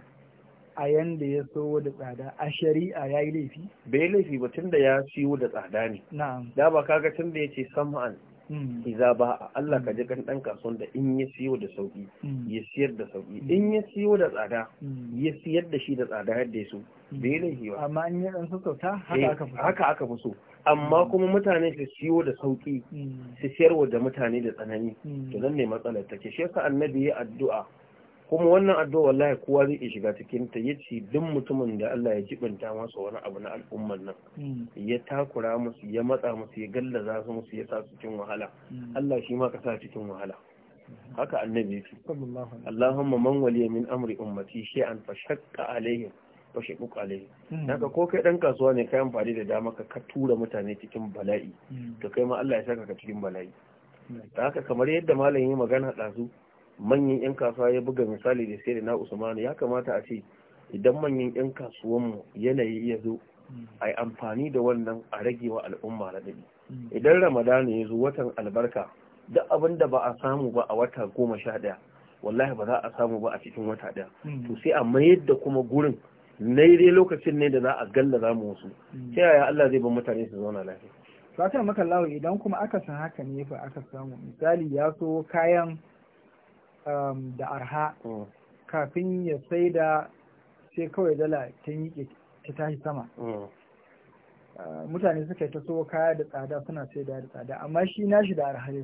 a yanda ya so da tsada a shari'a ya yi laifi? Bai laifi ba tun da ya siyo da tsada ne. Na'am. Da ba kaga tun da ya ce sam'an hmm. iza ba a Allah ka hmm. ji kan ɗan kasuwan da in ya siyo da sauƙi hmm. ya siyar da sauƙi in ya siyo da tsada ya siyar da shi da tsada yadda ya so bai laifi ba. Amma in ya ɗan sassauta haka eh, aka fi so. amma mm. kuma mutane su siyo da sauki mm. su siyarwa da mutane da tsanani mm. to nan ne matsalar take shi yasa annabi ya addu'a kuma wannan addu'a wallahi kowa zai iya shiga cikin ta yace duk mutumin da Allah ya jibinta masa wani abu na al'ummar nan ya takura musu ya matsa musu ya gallaza su musu ya sa su cikin wahala Allah shi ma ka sa cikin wahala haka annabi ya ce Allahumma man waliya min amri ummati shay'an fashaqqa alaihim wa bukale daga ko kai dan kasuwa ne kai amfani da dama ka ka tura mutane cikin bala'i hmm. to kai ma Allah ya saka ka cikin bala'i hmm. da haka kamar yadda malamin magana ɗazu. manyan yan kasuwa ya buga misali da sai na Usman ya kamata a ce idan manyan yan kasuwan kasuwanmu yanayi ya zo hmm. a amfani da wannan a rage wa al'umma radadi. idan ramadana ya zo watan albarka duk abin da ba a samu ba a wata goma sha ɗaya wallahi ba za a samu ba a cikin wata daya. to sai a mayar da kuma gurin na dai lokacin ne da za a galla za mu wasu hmm. ta yaya Allah zai ban mutane su zauna lafiya maka lawa idan kuma aka san haka ne fa aka samu misali ya so kayan um, da arha hmm. kafin ya sai da sai kawai dala ta yi ta tashi sama hmm. uh, mutane suka yi ta so kaya da tsada suna sai da tsada amma shi nashi da arha ya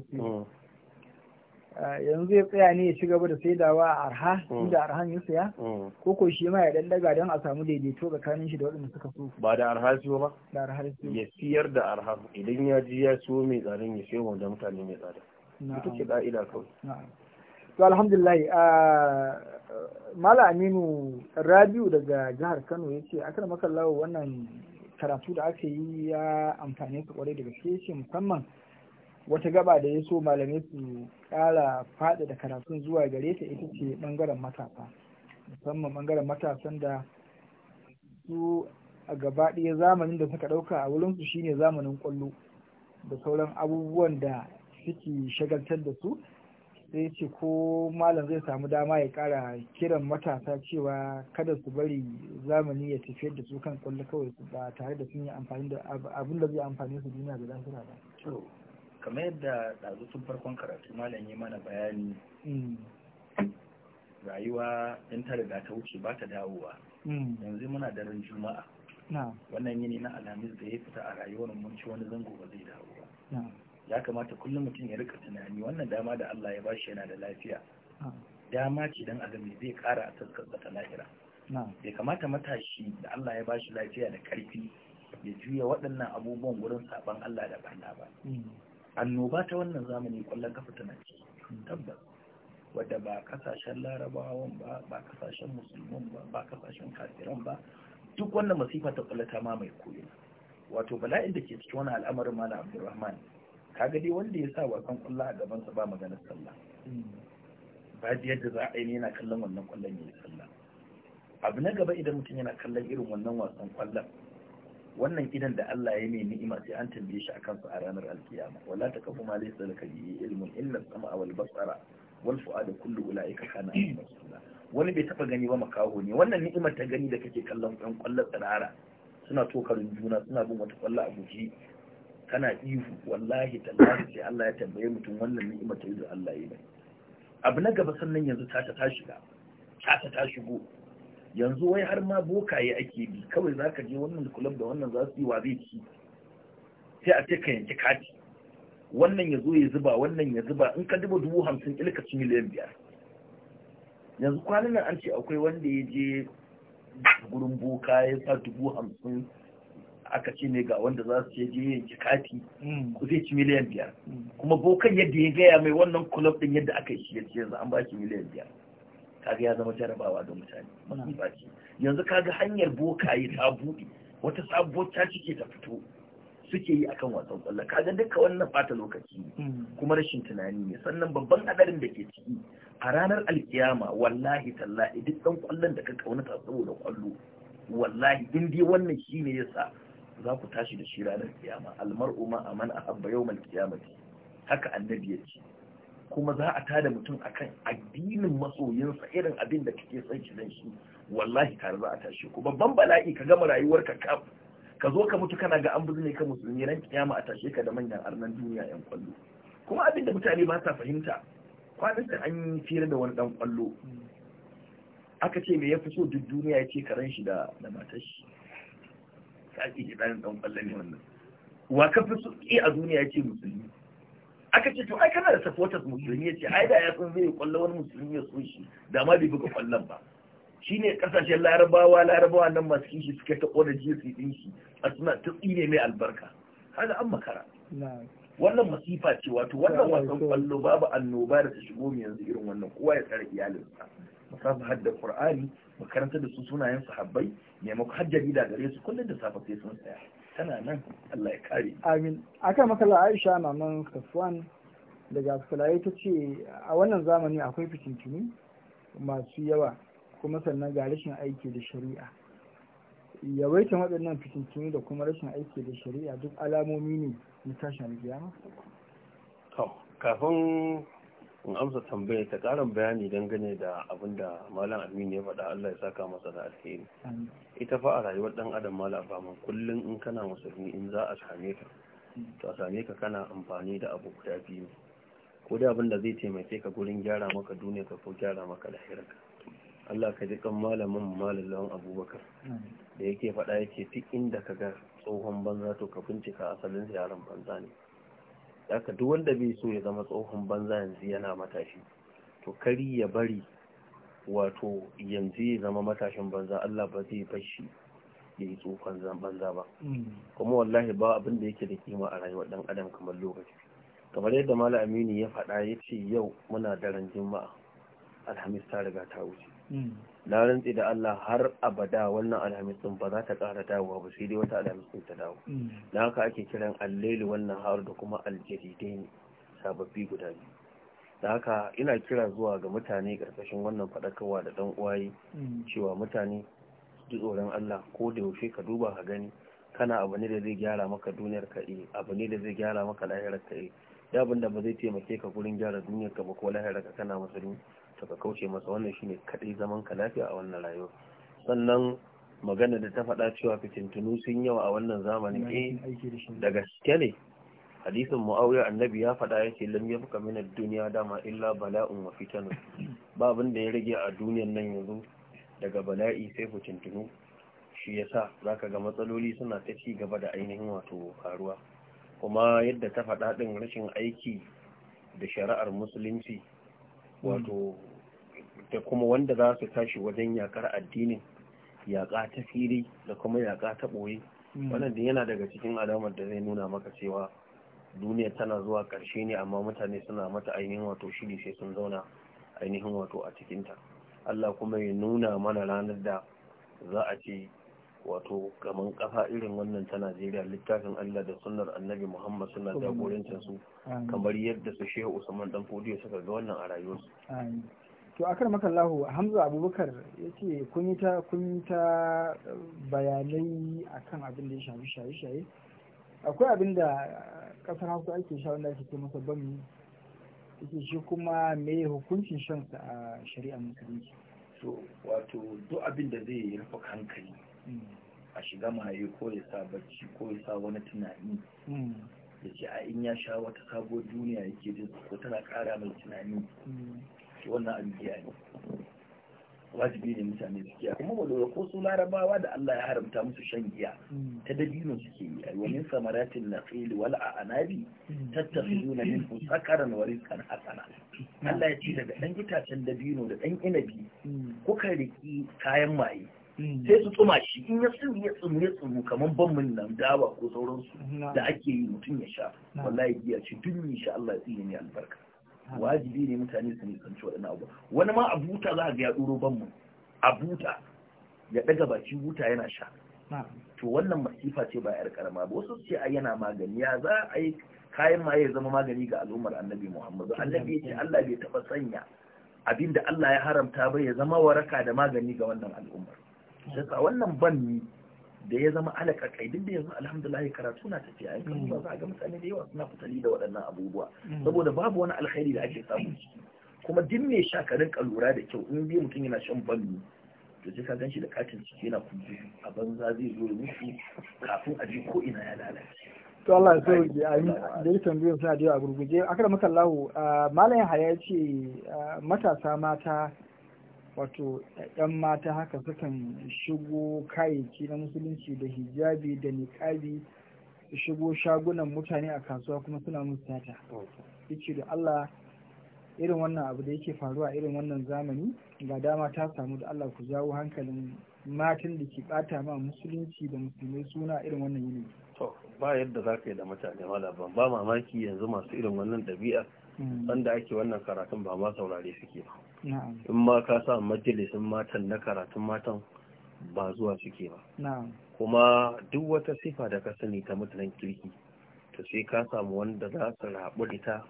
Eh, yanzu ya tsaya ne ya ci gaba da saidawa a arha hmm. inda arhan ya saya hmm. ko ko shi ma ya dan daga don a samu daidaito tsakanin shi da waɗanda suka so ba da arha siyo ba da arha siyo ya siyar da arha idan ya ji ya siyo mai tsarin ya siyo wanda mutane mai tsada ita ce ka'ida kawai to alhamdulillah eh, mala aminu rabiu daga jihar kano ya ce akan makallawa wannan karatu da aka yi ya amfane su kwarai da gaske musamman wata gaba da ya so malamai su kara fada da karatun zuwa gare ta ita ce bangaren matasa musamman bangaren matasan da su a gaba ɗaya zamanin da suka ɗauka a wurin su shine zamanin kwallo da sauran abubuwan da suke shagaltar da su sai ce ko malam zai samu dama ya kara kiran matasa cewa kada su bari zamani ya tafi da su kan kwallo kawai ba tare da sun yi amfani da abin da zai amfani su duniya da lahira ba. kamar yadda ɗazu tun farkon karatu malam yi mana bayani rayuwa in ta riga ta wuce ba ta dawowa yanzu muna daren juma'a wannan yini na alhamis da ya fita a rayuwar mun ci wani zango ba zai dawo ba ya kamata kullum mutum ya rika tunani wannan dama da Allah ya bashi yana da lafiya dama ce dan adam zai kara a taskarsa lahira bai kamata matashi da Allah ya bashi lafiya da karfi ya juya waɗannan abubuwan gurin saban Allah da banda ba mm. annoba ta wannan zamani kwallon kafa tana ce tabbas wadda ba kasashen larabawan ba ba kasashen musulman ba ba kasashen kafiran ba duk wannan masifa ta kwallo ta mamaye koyo wato bala'in da ke cikin wani al'amarin mana abdurrahman kaga dai wanda ya sa wasan kwallo a gaban gabansa ba maganar sallah ba da yadda za a yi yana kallon wannan kwallon ya sallah abu na gaba idan mutum yana kallon irin wannan wasan kwallon wannan idan da Allah ya mai ni'ima sai an tambaye shi akan su a ranar alkiyama wala kafu ma laysa laka bi ilmun illa as-sama'a wal basara wal fu'adu kullu ulaika kana masula wani bai taba gani ba makaho ne wannan ni'imar ta gani da kake kallon ɗan kwallon tsirara suna tokarin juna suna bin wata kwallo a guji kana ihu wallahi tallahi sai Allah ya tambaye mutum wannan ni'imar ta yi da Allah ya yi abu na gaba sannan yanzu ta ta shiga ta ta shigo yanzu wai har ma bokaye ake bi kawai za ka je wannan kulab da wannan za su yi wa zai ci sai a ce ka yanki kati wannan ya zo ya zuba wannan ya zuba in ka duba dubu hamsin ilka ci miliyan biyar yanzu kwanan nan an ce akwai wanda ya je gurin boka ya sa dubu hamsin aka ce ne ga wanda za su je yanki kati ku hmm. zai ci miliyan biyar kuma bokan yadda ya gaya mai wannan kulab din yadda aka yi shi yanzu an ba shi miliyan biyar kaga ya zama jarabawa ga mutane baki yanzu kaga hanyar bokaye ta buɗe wata sabuwar caci ce ta fito suke yi akan wasan kwallo kaga duka wannan bata lokaci hmm. kuma rashin tunani ne sannan babban hadarin da ke ciki a ranar alkiyama wallahi tallahi duk dan kwallon da ka kaunata saboda kwallo wallahi in dai wannan shine yasa za ku tashi da shi ranar kiyama almar'u ma aman ahabba yawmal qiyamati haka annabi ya ce kuma za a tada mutum akan addinin masoyinsa irin abin da kake son ki dan shi wallahi tare za a tashi ku babban bala'i ka gama rayuwarka kaf ka zo ka mutu kana ga an buzune ka musulmi ran kiyama a tashe ka da manyan arnan duniya yan kwallo kuma abin da mutane ba sa fahimta kwanan da an yi fira da wani dan kwallo aka ce me ya fi so duk duniya ya ce karen shi da da matar sai ki dan dan kwallo ne wannan wa ka fi so a duniya ya ce musulmi aka ce to ai kana da supporters musulmi ce, ai da ya san zai kwallo wani musulmi ya so shi da ma bai buga kwallon ba shine kasashen larabawa larabawa nan masu kishi suke ta kona jinsi din shi a suna ta tsine mai albarka Haza an makara wannan masifa ce wato wannan wasan kwallo babu annoba da ta shigo mu yanzu irin wannan kowa ya tsare iyalinsa musamman hadda qur'ani makarantar da su sunayen sahabbai maimakon har da gare su kullum da safe sai sun tsaya tana nan Allah ya kare amin akan makala Aisha maman Safwan daga Fulaye ta ce a wannan zamani akwai fitintuni masu yawa kuma sannan ga rashin aiki da shari'a yawaitan waɗannan fitintuni da kuma rashin aiki da shari'a duk alamomi ne na tashin kiyama to kafin in amsa tambaya ta karin bayani dangane da abin da malam aminu ya faɗa Allah ya saka masa da alheri ita fa a rayuwar dan adam malam abaman kullum in kana musulmi in za a same ka to a same ka kana amfani da abu guda biyu ko da abin zai taimake ka gurin gyara maka duniya ka ko gyara maka lahirarka Allah ka ji kan malamin lawan abubakar da yake faɗa yake duk inda ka ga tsohon banza to ka bincika asalin yaran banza ne haka duk wanda bai so ya zama tsohon banza yanzu yana matashi to kari ya bari wato yanzu ya zama matashin banza Allah ba zai bar shi ya yi tsohon banza ba mm. kuma wallahi ba abin da yake da kima a rayuwar dan adam kamar lokaci kamar yadda malam aminu ya faɗa ya ce yau muna daren juma'a alhamis ta riga ta wuce mm. na rantsi da Allah har abada wannan Alhamis din ba za ta ƙara dawowa ba sai dai wata Alhamis alhamisin ta dawo mm. na haka ake kiran alleli wannan har da kuma aljaridai ne sababbi guda biyu da haka ina kira zuwa ga mutane ƙarƙashin wannan faɗakarwa da ɗan uwaye mm. cewa mutane ji tsoron Allah ko da yaushe ka duba ka gani kana abu ne da zai gyara maka duniyar ka eh, abu ne da zai gyara maka lahirar ka eh ya abin ba zai taimake ka gurin gyara duniyar ka ba ko lahirar ka kana musulmi ka ka kauce masa wannan shine kaɗai zaman ka lafiya a wannan rayuwa sannan magana da ta faɗa cewa fitintunu sun yawa a wannan zamanin eh da gaske ne hadisin muawiya annabi ya faɗa yake lam yabqa min ad-dunya dama illa bala'un wa fitanu ba abin da ya rage a duniyar nan yanzu daga bala'i sai fitintunu shi yasa zaka ga matsaloli suna ta ci gaba da ainihin wato faruwa kuma yadda ta faɗa din rashin aiki da shari'ar musulunci wato da kuma wanda za su tashi wajen yakar addinin yaƙa ta fili da kuma yaƙa ta ɓoye hmm. wannan yana daga cikin alamar da zai nuna maka cewa duniya tana zuwa ƙarshe ne amma mutane suna mata ainihin wato shiri sai sun zauna ainihin wato a cikinta Allah kuma ya nuna mana ranar da za a ce wato kaman ƙasa irin wannan ta Najeriya littafin Allah da sunnar annabi Muhammad suna jagorancin su kamar yadda su Shehu Usman dan Fodiyo suka ga wannan a rayuwarsu to akar makallahu hamza abubakar ya ce kun yi ta bayanai akan abin da ya shafi shaye-shaye akwai abin da kasar hausa ake sha wanda ake ce masa bami yake shi kuma me hukuncin shan sa a shari'a musulunci to wato duk abin da zai yi rufe hankali hmm. a shiga maye ko ya sa bacci ko ya sa wani tunani hmm. ya ce a in ya sha wata sabuwar duniya yake jin ko tana kara mai tunani hmm. gaske wannan abin ne wajibi ne mutane da kiya kuma ba lura ko su larabawa da Allah ya haramta musu shan giya ta dabino suke yi wa min samaratin naqil wal anabi tattakhizuna min sakaran wa rizqan hasana Allah ya ce daga dan itacen dabino da dan inabi kuka riki kayan maye sai su tsuma shi in ya tsumi ya tsumi ya tsumi kamar bammin nan dawa ko sauransu da ake yi mutum ya sha wallahi giya ce duk insha Allah ya tsine ne albarka wajibi ne mutane su ne nisanci waɗannan abu wani ma a buta za a ga ya ɗuro banmu a buta ya ɗaga baki buta yana sha to wannan masifa ce ba yar karama ba wasu ce a yana magani ya za a yi kayan ma ya zama magani ga al'ummar annabi muhammadu annabi ya ce allah bai taɓa sanya abinda allah ya haramta ba ya zama waraka da magani ga wannan al'ummar. Dasa wannan ban banni da ya zama alaka kai duk da yanzu alhamdulillah karatu na tafiya ai kan ba za ga mutane da yawa suna fitali da waɗannan abubuwa mm. saboda babu wani alkhairi da ake samu kuma duk mai sha ka lura da kyau in bi mutum yana shan bannu to sai ka ganshi da katin ciki yana kunji a banza zai zo ya mutu kafin a ji ko ina ya lalace to Allah ya sauke yi da ya tambayar suna da yawa a gurguje akara makallahu uh, malam haya ce uh, matasa mata wato ɗan mata haka sukan shigo kayayyaki na musulunci da hijabi da niƙabi su shigo shagunan mutane a kasuwa kuma suna musu sata yace da Allah irin wannan abu da yake faruwa irin wannan zamani ga dama ta samu da Allah ku jawo hankalin matan da ke bata ma musulunci da musulmai suna irin wannan yanayi to ba yadda za ka yi da mutane malaban ba mamaki yanzu masu irin wannan ɗabi'a Mm. wanda ake wannan karatun ba ma saurare suke ba in ma ka sa majalisin matan na karatun matan ba zuwa suke ba kuma duk wata sifa da ka sani ta mutanen kirki to sai ka samu wanda za su rabu ita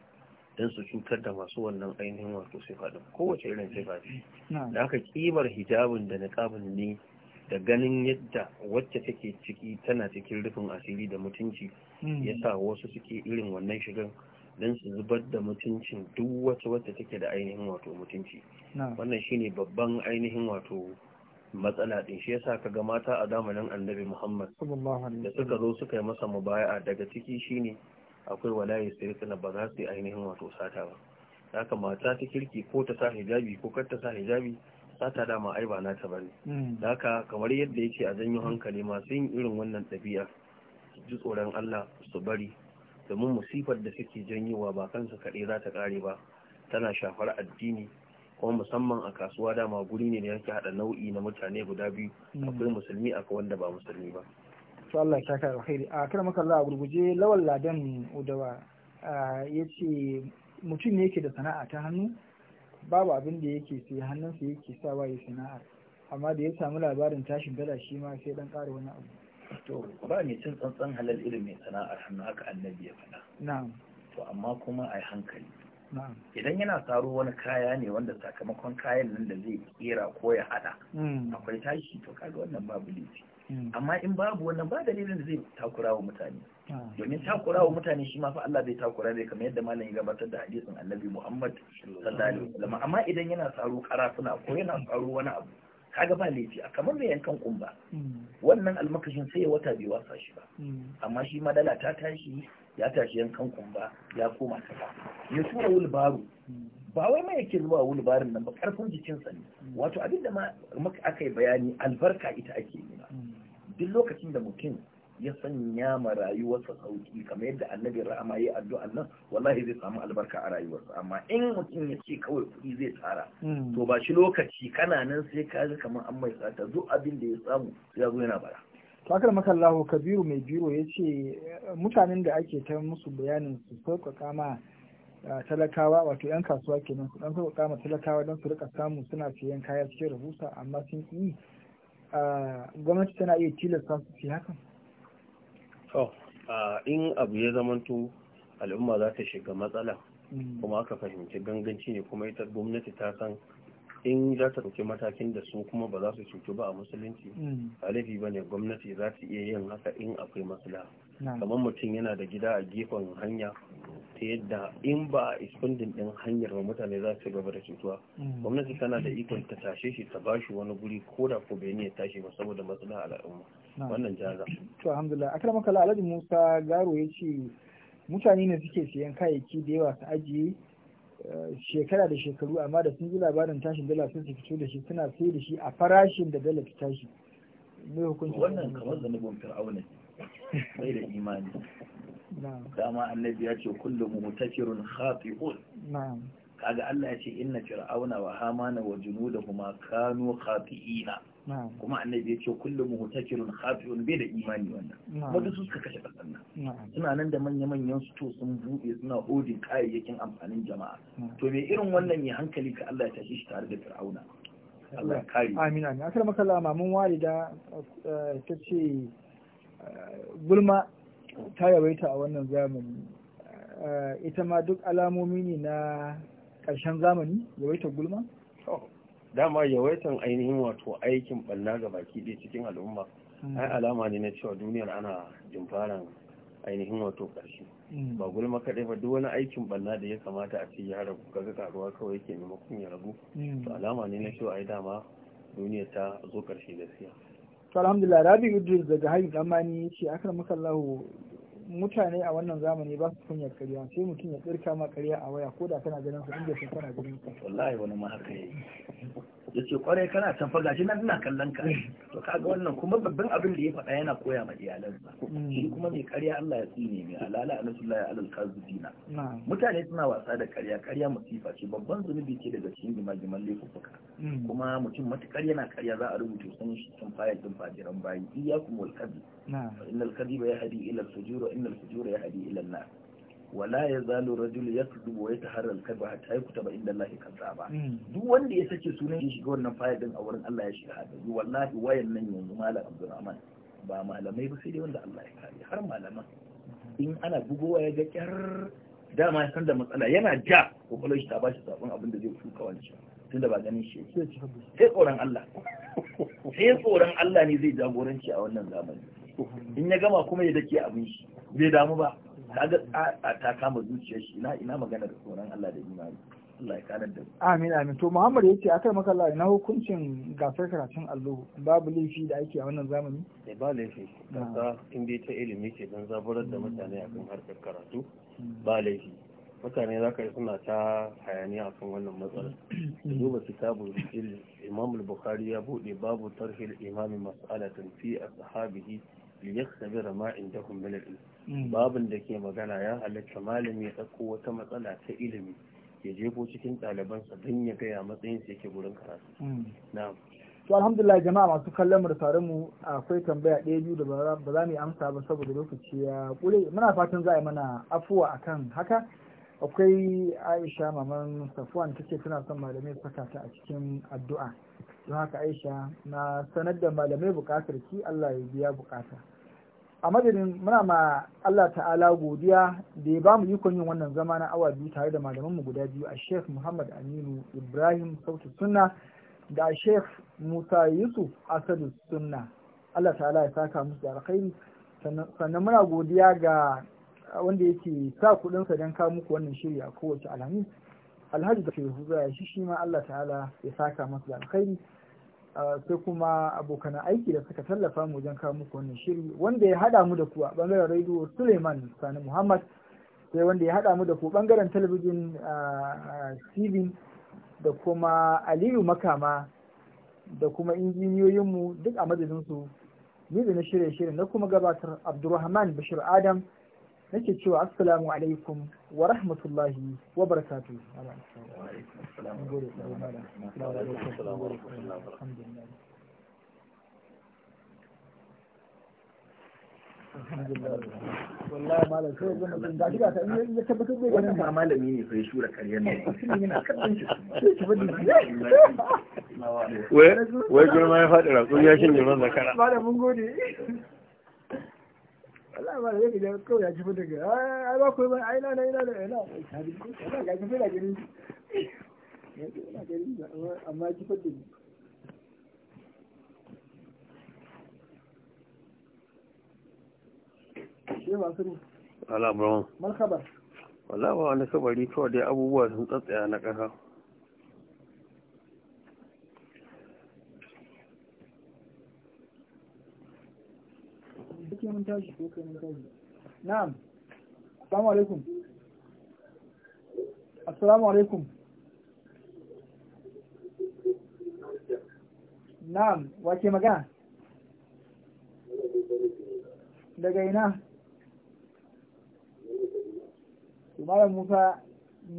don su cutar da masu wannan ainihin wato sifa din kowace irin sifa ce da aka kimar hijabin da niqabin ne da ganin yadda wacce take ciki tana cikin rufin asiri da mutunci mm. yasa wasu suke irin wannan shigan don su zubar da mutuncin duk wata wata take da ainihin wato mutunci wannan shine babban ainihin wato matsala din shi yasa kaga mata a zamanin annabi Muhammad da suka zo suka yi masa mubaya'a daga ciki shine akwai walayi sirrina ba za su yi ainihin wato sata ba haka mata ta kirki ko ta sa hijabi ko kar ta sa hijabi sata dama ai ba nata bane hmm. haka kamar yadda yake a janyo hankali masu yin irin wannan ɗabi'a ji tsoron Allah su bari domin musifar da suke janyewa ba kansu kaɗai za ta ƙare ba tana shafar addini kuma musamman a kasuwa dama guri ne da yake haɗa nau'i na mutane guda biyu hmm. akwai musulmi akwai wanda ba musulmi ba to Allah ya saka alkhairi a kar maka Allah a gurguje lawal ladan udawa ce mutum ne yake da sana'a ta hannu babu abin da yake sai hannunsa yake sawa ya sana'ar amma da ya samu labarin tashin dala shi ma sai dan ƙara wani abu to ba ni cin tsantsan halal irin mai sana'ar hannu haka annabi ya faɗa to amma kuma a hankali idan yana tsaro wani kaya ne wanda sakamakon kayan nan da zai kera ko ya hada hmm. akwai tashi to kaga wannan babu laifi hmm. amma in babu wannan ba dalilin da zai takura wa mutane ah. domin takura wa mutane shi ma fa Allah zai takura zai kamar yadda malam ya gabatar da hadisin Annabi Muhammad sallallahu alaihi wasallam amma idan yana tsaro suna ko yana tsaro wani abu kaga ba laifi a kamar mai yankan kumba hmm. wannan almakashin sai ya wata bai wasa shi ba hmm. amma shi madala ta tashi ya tashi yankan kumba ya koma kasa ya tura wulbaru hmm. ba wai mai yake zuwa wulbarin nan ba karfin jikinsa ne wato abinda ma aka yi bayani albarka ita ake yi ba. duk lokacin da mutum ya sanya ma rayuwarsa sauki kamar yadda annabi rahama ya addu'a nan wallahi zai samu albarka a rayuwarsa amma in mutum ya ce kawai kuɗi zai tsara hmm. to ba shi lokaci kana nan sai ka ga kamar an mai tsata zo abin da ya samu ya zo yana bara fakar makallahu kabiru mai biro ya ce mutanen da ake ta musu bayanin su sauƙaƙa ma talakawa wato 'yan kasuwa kenan su dan sauƙaƙa ma talakawa don su rika samu suna siyan kaya cikin rahusa amma sun yi gwamnati tana iya tilasta su fi hakan in abu ya zamanto al'umma za ta shiga matsala hmm. kuma aka fahimci ganganci ne kuma ita gwamnati ta san in za ta ɗauki matakin da su kuma ba za su cutu ba a musulunci hmm. alifi ba ne gwamnati za ta iya yin haka in akwai maslaha kamar mutum yana da gida a gefen hanya ta yadda in ba a ispandin din hanyar ba mutane za su gaba da cutuwa mm. gwamnati tana da ikon ta tashe shi ta bashi wani guri ko da ko bai ya tashi ba saboda matsala al'umma wannan jaza to alhamdulillah akrama kala alhaji musa garo ya ce mutane ne suke siyan kayayyaki da yawa su ajiye eh, shekara da shekaru amma da sun ji labarin tashin dala sun su fito da shi suna sai da shi a farashin da dala ta tashi wannan kamar zanubin fir'auna ne sai da imani dama annabi ya ce kullum mutakirun khati'un kaga Allah ya ce inna fir'auna wa hamana wa junudahuma kanu khati'ina kuma annabi ya ce kullum mutakirun khati'un bai da imani wannan wanda su suka kashe kasanna suna nan da manya manyan su to sun bude suna odin kayayyakin amfanin jama'a to me irin wannan ne hankali ka Allah ya tashi shi tare da fir'auna Allah ya kare amin amin asalamu alaikum mamun walida eh, ta ce gulma ta yawaita a wannan zamani eh, ita ma duk alamomi ne na ƙarshen zamani yawaitar gulma? dama yawaitar ainihin wato aikin balla ga baki ɗaya cikin al'umma hmm. ai alama ne na cewa duniyar ana jimfaran ainihin wato ƙarshe hmm. ba gulma kaɗai ba duk wani aikin balla da ya kamata a ce ya ragu ga karuwa kawai yake maimakon ya ragu hmm. to alama ne na cewa ai dama duniyar ta zo ƙarshe gaskiya alhamdulillah rabi idris daga hayin zamani ya ce akar makallahu mutane a wannan zamani ba su kunya karya sai mutum ya tsirka ma karya a waya ko da kana ganin su inda sun kana ganin su wallahi wani ma haka yi. yace ce kwarai kana can faga shi nan ina kallon ka to kaga wannan kuma babban abin da ya faɗa yana koya ma iyalansa shi mm. kuma mai karya Allah ya tsine mai alala ya alal jina? mutane suna wasa da karya karya musifa ce babban zunubi ce daga cikin gimagiman laifuffuka mm. kuma mutum matukar yana karya za a rubuta sun shi sun fayar din fajiran bayi iyakum wal kadhib fa innal kadhiba yahdi ila al-fujur wa innal fujura yahdi ila an-nar wala ya zalu rajul ya tudu wa ya taharral kadba hatta ya ba inda Allah kansa ba hmm. duk wanda ya sake sunan shi shiga wannan fayil din a wurin Allah ya shiga hadari wallahi wayan nan yanzu malam Abdulrahman ba malamai ba sai dai wanda Allah ya kare har malaman hmm. in ana bugowa ya ga kyar dama ya san da matsala yana ja kokolon shi ta bashi sabon abin da zai shuka wancan tunda ba ganin shi sai tsoron Allah sai tsoron Allah ne zai jagoranci a wannan zamani in ya gama kuma ya dake abin shi bai damu ba kaga ta kama zuciyar shi ina ina magana da tsoron Allah da imani Allah ya kanar da mu amin amin to Muhammad yace akai maka Allah na hukuncin gasar karatun allo babu laifi da ake a wannan zamani eh ba laifi kaga in dai ta ilimi ce dan zaburar da mutane akan harkar karatu hmm. ba laifi mutane za ka yi suna ta hayaniya akan wannan matsalar da hmm. duba kitabun imam bukhari ya buɗe babu tarhil imamin mas'alatin fi ashabihi liyastabira ma indahum min al babin da ke magana ya halatta malami ya dauko wata matsala ta ilimi ya jefo cikin ɗalibansa don ya gaya matsayin sa yake gurin karatu na'am to alhamdulillah jama'a masu kallon mu da tare mu akwai tambaya ɗaya biyu da ba za mu amsa ba saboda lokaci ya kure muna fatan za a yi mana afuwa akan haka akwai aisha maman safwan ta ce tana son malamai saka ta a cikin addu'a don haka aisha na sanar da malamai bukatar ki allah ya biya bukata a madadin muna ma Allah ta'ala godiya da ya bamu ikon yin wannan zama na awa biyu tare da malaman mu guda biyu a Sheikh Muhammad Aminu Ibrahim Sautu Sunna da Sheikh Musa Yusuf Asadu Sunna Allah ta'ala ya saka musu alkhairi sannan muna godiya ga wanda yake sa kuɗinsa don kawo muku wannan shiri a kowace alhamis alhaji da ke huzura shi shi ma Allah ta'ala ya saka musu da alkhairi Eh, sai kuma abokan aiki da suka tallafa mu wajen kawo muku wannan shiri wanda ya hada mu da ku a bangaren rediyo Suleiman Sani Muhammad sai wanda ya hada mu da ku bangaren talabijin eh, TV da kuma Aliyu Makama da kuma injiniyoyin mu duk a madadinsu ni da na shirye shirin na kuma gabatar Abdulrahman Bashir Adam nake cewa assalamu alaikum wa rahmatullahi wa barakatu. wallahi malam sai Allah ba zai kawai ya ji fita ga ai ba ku ba ai na na ina na ina ina ga ji fita gari ina amma ji fita shi ba su ala bro marhaba wallahi wani kabari kawai dai abubuwa sun tsatsaya na kasa ke mun tashi ko kai mun tashi na'am assalamu alaikum assalamu alaikum na'am wace magana daga ina malam musa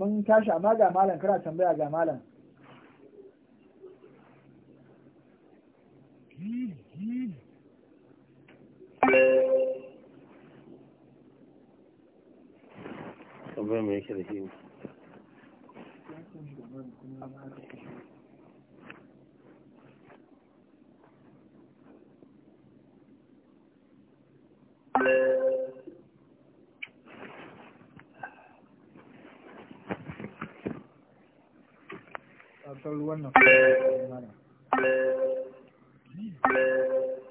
mun tashi amma ga malam kana tambaya ga malam Mm-hmm. tambayar mai yake da shi Thank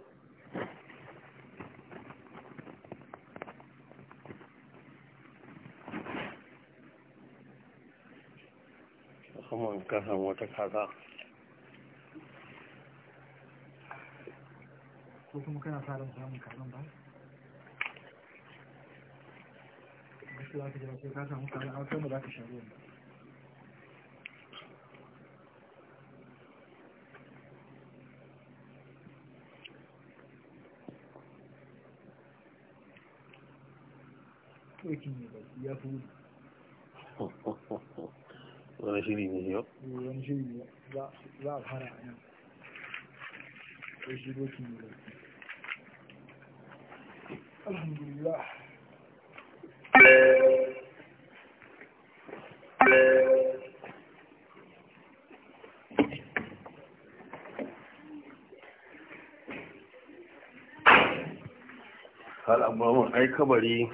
saman kasan wata kaza ko kuma kana fara samun kazan ba za ka jira sai ka samu kazan a samu za ka sha ba wani shiri ne yau shiri ne za a fara a nan ko amma ai kabari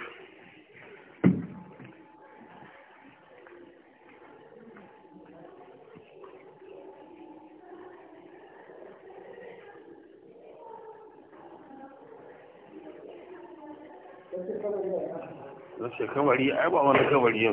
这可不离，俺娃娃没跟我离。